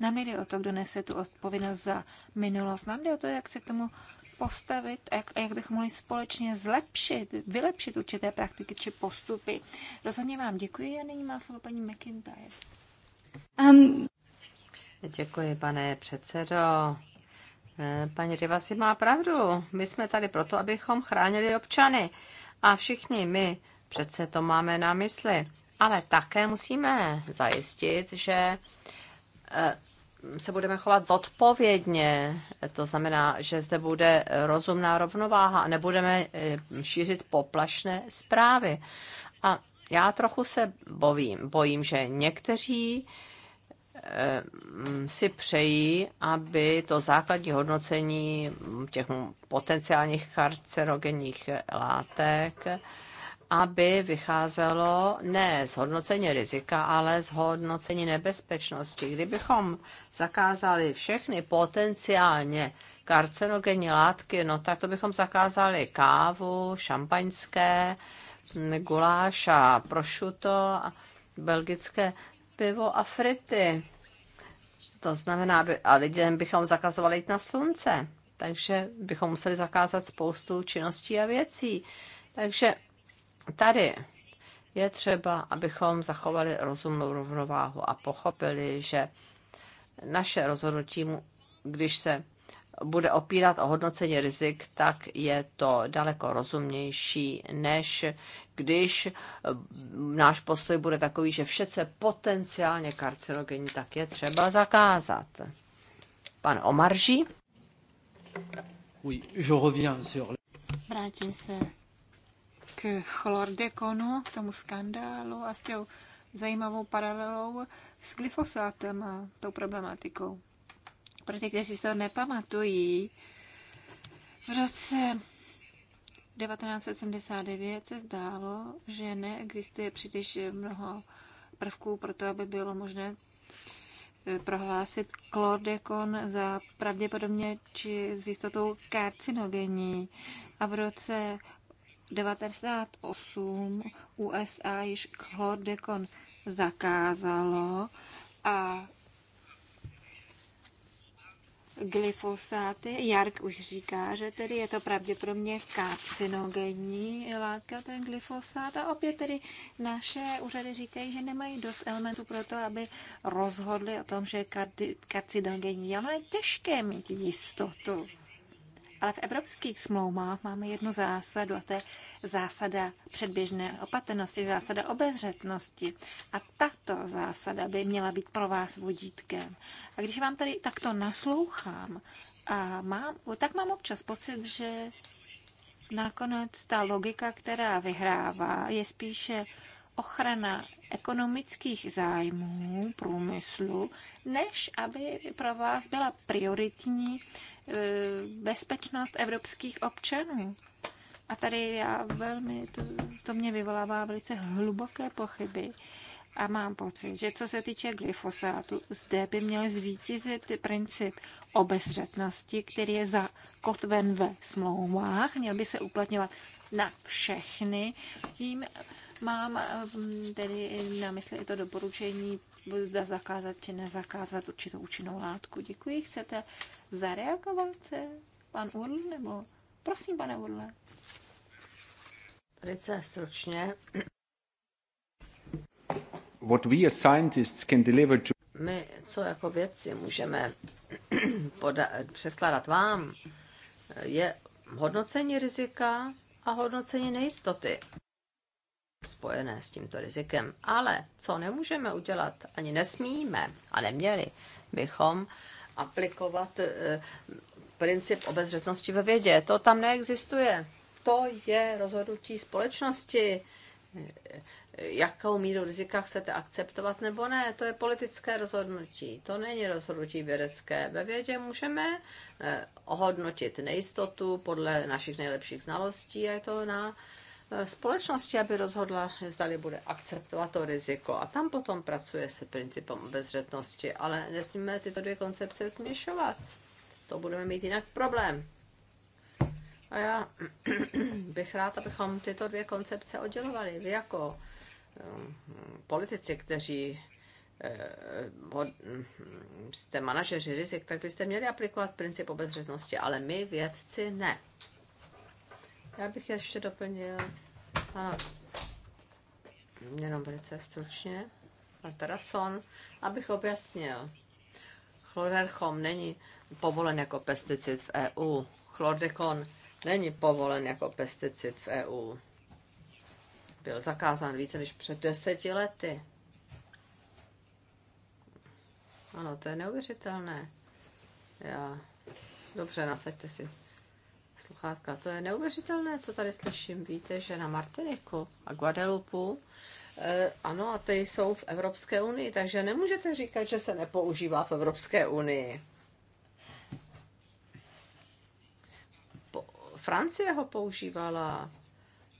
Nám nejde o to, kdo nese tu odpovědnost za minulost. Nám jde o to, jak se k tomu postavit a jak, jak bychom mohli společně zlepšit, vylepšit určité praktiky či postupy. Rozhodně vám děkuji a nyní má slovo paní McIntyre. Um, Děkuji, pane předsedo. Eh, paní si má pravdu. My jsme tady proto, abychom chránili občany. A všichni my přece to máme na mysli. Ale také musíme zajistit, že eh, se budeme chovat zodpovědně. To znamená, že zde bude rozumná rovnováha a nebudeme eh, šířit poplašné zprávy. A já trochu se bojím, bojím že někteří Eh, si přejí, aby to základní hodnocení těch potenciálních karcerogenních látek aby vycházelo ne z hodnocení rizika, ale z hodnocení nebezpečnosti. Kdybychom zakázali všechny potenciálně karcinogenní látky, no tak to bychom zakázali kávu, šampaňské, guláš a prošuto, belgické pivo a frity. To znamená, aby, a lidem bychom zakazovali jít na slunce, takže bychom museli zakázat spoustu činností a věcí. Takže tady je třeba, abychom zachovali rozumnou rovnováhu a pochopili, že naše rozhodnutí, když se bude opírat o hodnocení rizik, tak je to daleko rozumnější, než když eh, náš postoj bude takový, že vše, co je potenciálně karcinogenní, tak je třeba zakázat. Pan Omarží? Vrátím se k chlordekonu, k tomu skandálu a s tou zajímavou paralelou s glyfosátem a tou problematikou. Pro ty, kteří si to nepamatují, v roce 1979 se zdálo, že neexistuje příliš mnoho prvků pro to, aby bylo možné eh, prohlásit klordekon za pravděpodobně či s jistotou karcinogenní. A v roce 1998 USA již klordekon zakázalo a glyfosáty. Jark už říká, že tedy je to pravděpodobně karcinogenní látka, ten glyfosát. A opět tedy naše úřady říkají, že nemají dost elementů pro to, aby rozhodli o tom, že je karcinogenní. Ale je těžké mít jistotu. Ale v evropských smlouvách máme jednu zásadu, a to je zásada předběžné opatrnosti, zásada obezřetnosti. A tato zásada by měla být pro vás vodítkem. A když vám tady takto naslouchám, a mám, tak mám občas pocit, že nakonec ta logika, která vyhrává, je spíše ochrana ekonomických zájmů průmyslu, než aby pro vás byla prioritní e, bezpečnost evropských občanů. A tady já velmi, to, to mě vyvolává velice hluboké pochyby. A mám pocit, že co se týče glyfosátu, zde by měl zvítězit princip obezřetnosti, který je zakotven ve smlouvách, měl by se uplatňovat na všechny, tím Mám ehm, tedy na mysli i to doporučení, zda zakázat či nezakázat určitou účinnou látku. Děkuji. Chcete zareagovat, pan Url, nebo prosím, pane Urle? Velice stručně. What we as scientists can deliver to... My, co jako vědci můžeme poda- předkládat vám, je hodnocení rizika a hodnocení nejistoty spojené s tímto rizikem. Ale co nemůžeme udělat, ani nesmíme a neměli bychom aplikovat eh, princip obezřetnosti ve vědě. To tam neexistuje. To je rozhodnutí společnosti, eh, jakou míru rizika chcete akceptovat nebo ne. To je politické rozhodnutí, to není rozhodnutí vědecké. Ve vědě můžeme eh, ohodnotit nejistotu podle našich nejlepších znalostí a je to na Eh, společnosti, aby rozhodla, zdali bude akceptovat to riziko. A tam potom pracuje se principem bezřetnosti. ale nesmíme tyto dvě koncepce směšovat. To budeme mít jinak problém. A já [clears throat] bych rád, abychom tyto dvě koncepce oddělovali. Vy jako eh, politici, kteří eh, hm, jste manažeři rizik, tak byste měli aplikovat princip obezřetnosti, ale my vědci ne. Já bych ještě doplnil, ano, jenom velice stručně, pan Tarason, abych objasnil. Chlorerchom není povolen jako pesticid v EU. Chlordekon není povolen jako pesticid v EU. Byl zakázán více než před deseti lety. Ano, to je neuvěřitelné. Já. Dobře, nasaďte si sluchátka. To je neuvěřitelné, co tady slyším. Víte, že na Martiniku a Guadalupu eh, ano, a ty jsou v Evropské unii, takže nemůžete říkat, že se nepoužívá v Evropské unii. Po, Francie ho používala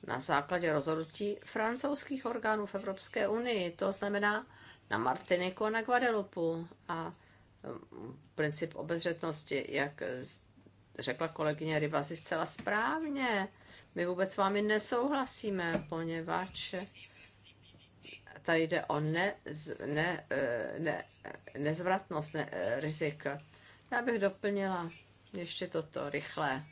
na základě rozhodnutí francouzských orgánů v Evropské unii, to znamená na Martiniku a na Guadalupu. A eh, princip obezřetnosti, jak řekla kolegyně si zcela správně. My vůbec s vámi nesouhlasíme, poněvadž tady jde o ne, ne, e, ne, nezvratnost ne, e, rizik. Já bych doplnila ještě toto rychle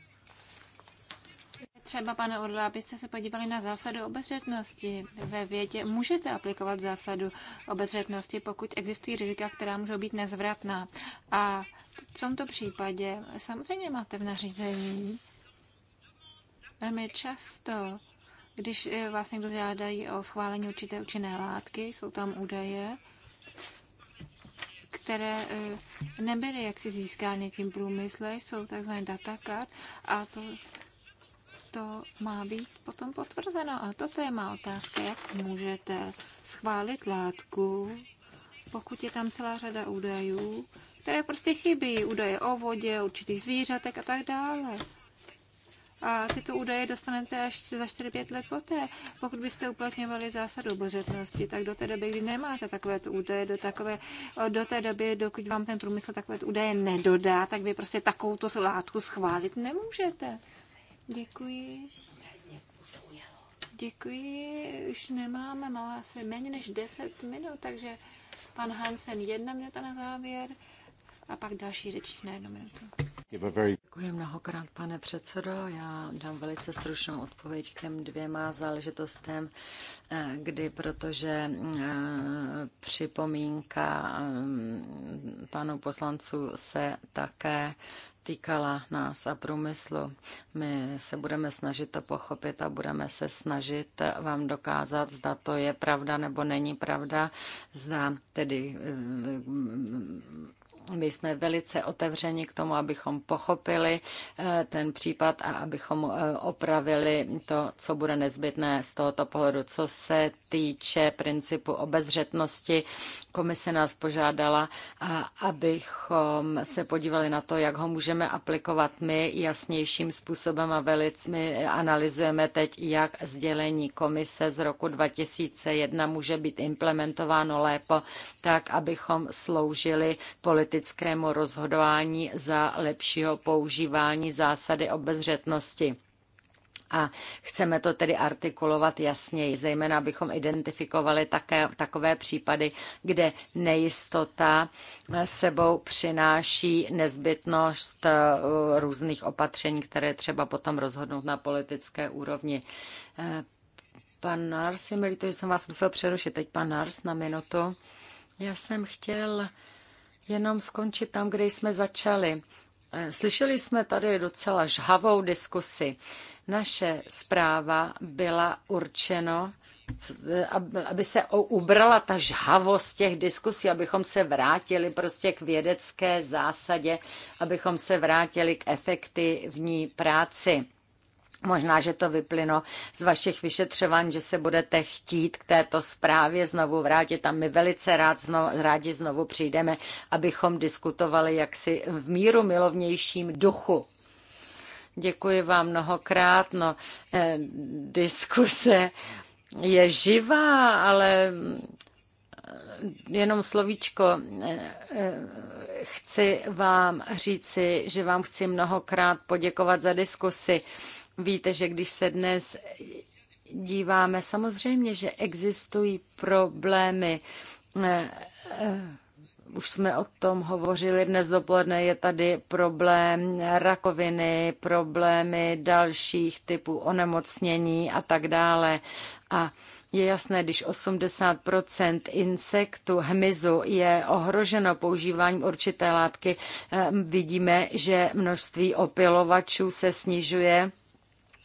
třeba, pane Orla, abyste se podívali na zásadu obezřetnosti. Ve větě můžete aplikovat zásadu obezřetnosti, pokud existují rizika, která můžou být nezvratná. A v tomto případě samozřejmě máte v nařízení velmi často, když eh, vás někdo žádají o schválení určité účinné látky, jsou tam údaje, které eh, nebyly jaksi získány tím průmysle, jsou takzvané data a to to má být potom potvrzeno. A toto je má otázka, jak můžete schválit látku, pokud je tam celá řada údajů, které prostě chybí. Údaje o vodě, určitých zvířatek a tak dále. A tyto údaje dostanete až za 4-5 let poté. Pokud byste uplatňovali zásadu obořetnosti, tak do té doby, kdy nemáte takovéto údaje, do, takové, do té doby, dokud vám ten průmysl takovéto údaje nedodá, tak vy prostě takovouto látku schválit nemůžete. Děkuji. Děkuji. Už nemáme, máme asi méně než 10 minut, takže pan Hansen jedna minuta na závěr a pak další řečník na jednu minutu. Děkuji mnohokrát, pane předsedo. Já dám velice stručnou odpověď k těm dvěma záležitostem, eh, kdy protože eh, připomínka eh, panu poslancu se také týkala nás a průmyslu. My se budeme snažit to pochopit a budeme se snažit vám dokázat, zda to je pravda nebo není pravda, zda tedy eh, my jsme velice otevřeni k tomu, abychom pochopili eh, ten případ a abychom eh, opravili to, co bude nezbytné z tohoto pohledu. Co se týče principu obezřetnosti, komise nás požádala, abychom se podívali na to, jak ho můžeme aplikovat my jasnějším způsobem a velice my analyzujeme teď, jak sdělení komise z roku 2001 může být implementováno lépe, tak, abychom sloužili politice politickému rozhodování za lepšího používání zásady obezřetnosti. A chceme to tedy artikulovat jasněji, zejména abychom identifikovali také takové případy, kde nejistota sebou přináší nezbytnost eh, různých opatření, které třeba potom rozhodnout na politické úrovni. Eh, pan Nars, je mi líto, že jsem vás musel přerušit. Teď pan Nars na minutu. Já jsem chtěl jenom skončit tam, kde jsme začali. Eh, slyšeli jsme tady docela žhavou diskusi. Naše zpráva byla určeno, eh, aby se ubrala ta žhavost těch diskusí, abychom se vrátili prostě k vědecké zásadě, abychom se vrátili k efektivní práci. Možná, že to vyplyno z vašich vyšetřování, že se budete chtít k této zprávě znovu vrátit a my velice rád znovu, rádi znovu přijdeme, abychom diskutovali jaksi v míru milovnějším duchu. Děkuji vám mnohokrát. No, eh, diskuse je živá, ale eh, jenom slovíčko. Eh, eh, chci vám říci, že vám chci mnohokrát poděkovat za diskusi. Eh, Víte, že když se dnes díváme, samozřejmě, že existují problémy. Eh, eh, už jsme o tom hovořili dnes dopoledne, je tady problém rakoviny, problémy dalších typů onemocnění a tak dále. A je jasné, když 80 insektu, hmyzu je ohroženo používáním určité látky, eh, vidíme, že množství opilovačů se snižuje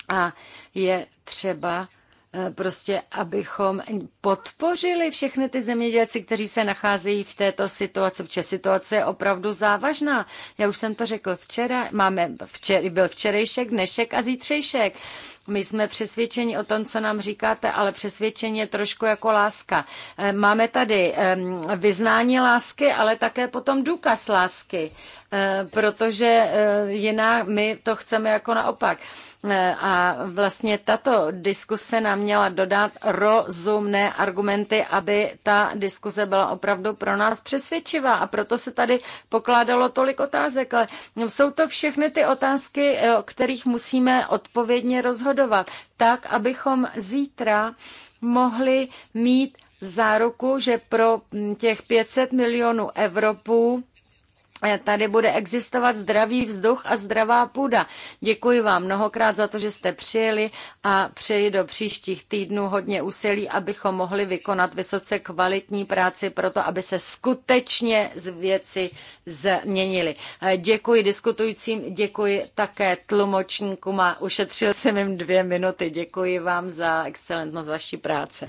a je třeba eh, prostě, abychom podpořili všechny ty zemědělci, kteří se nacházejí v této situaci, protože situace je opravdu závažná. Já už jsem to řekl včera, máme včer, byl včerejšek, dnešek a zítřejšek. My jsme přesvědčeni o tom, co nám říkáte, ale přesvědčení je trošku jako láska. Eh, máme tady ehm, vyznání lásky, ale také potom důkaz lásky, eh, protože jiná my to chceme jako naopak. Eh, a vlastně tato diskuse nám měla dodat rozumné argumenty, aby ta diskuse byla opravdu pro nás přesvědčivá. A proto se tady pokládalo tolik otázek. Ale jsou to všechny ty otázky, eh, o kterých musíme odpovědně rozhodovat, tak, abychom zítra mohli mít záruku, že pro hm, těch 500 milionů Evropů Tady bude existovat zdravý vzduch a zdravá půda. Děkuji vám mnohokrát za to, že jste přijeli a přeji do příštích týdnů hodně úsilí, abychom mohli vykonat vysoce kvalitní práci pro to, aby se skutečně z věci změnily. Děkuji diskutujícím, děkuji také tlumočníkům a ušetřil jsem jim dvě minuty. Děkuji vám za excelentnost vaší práce.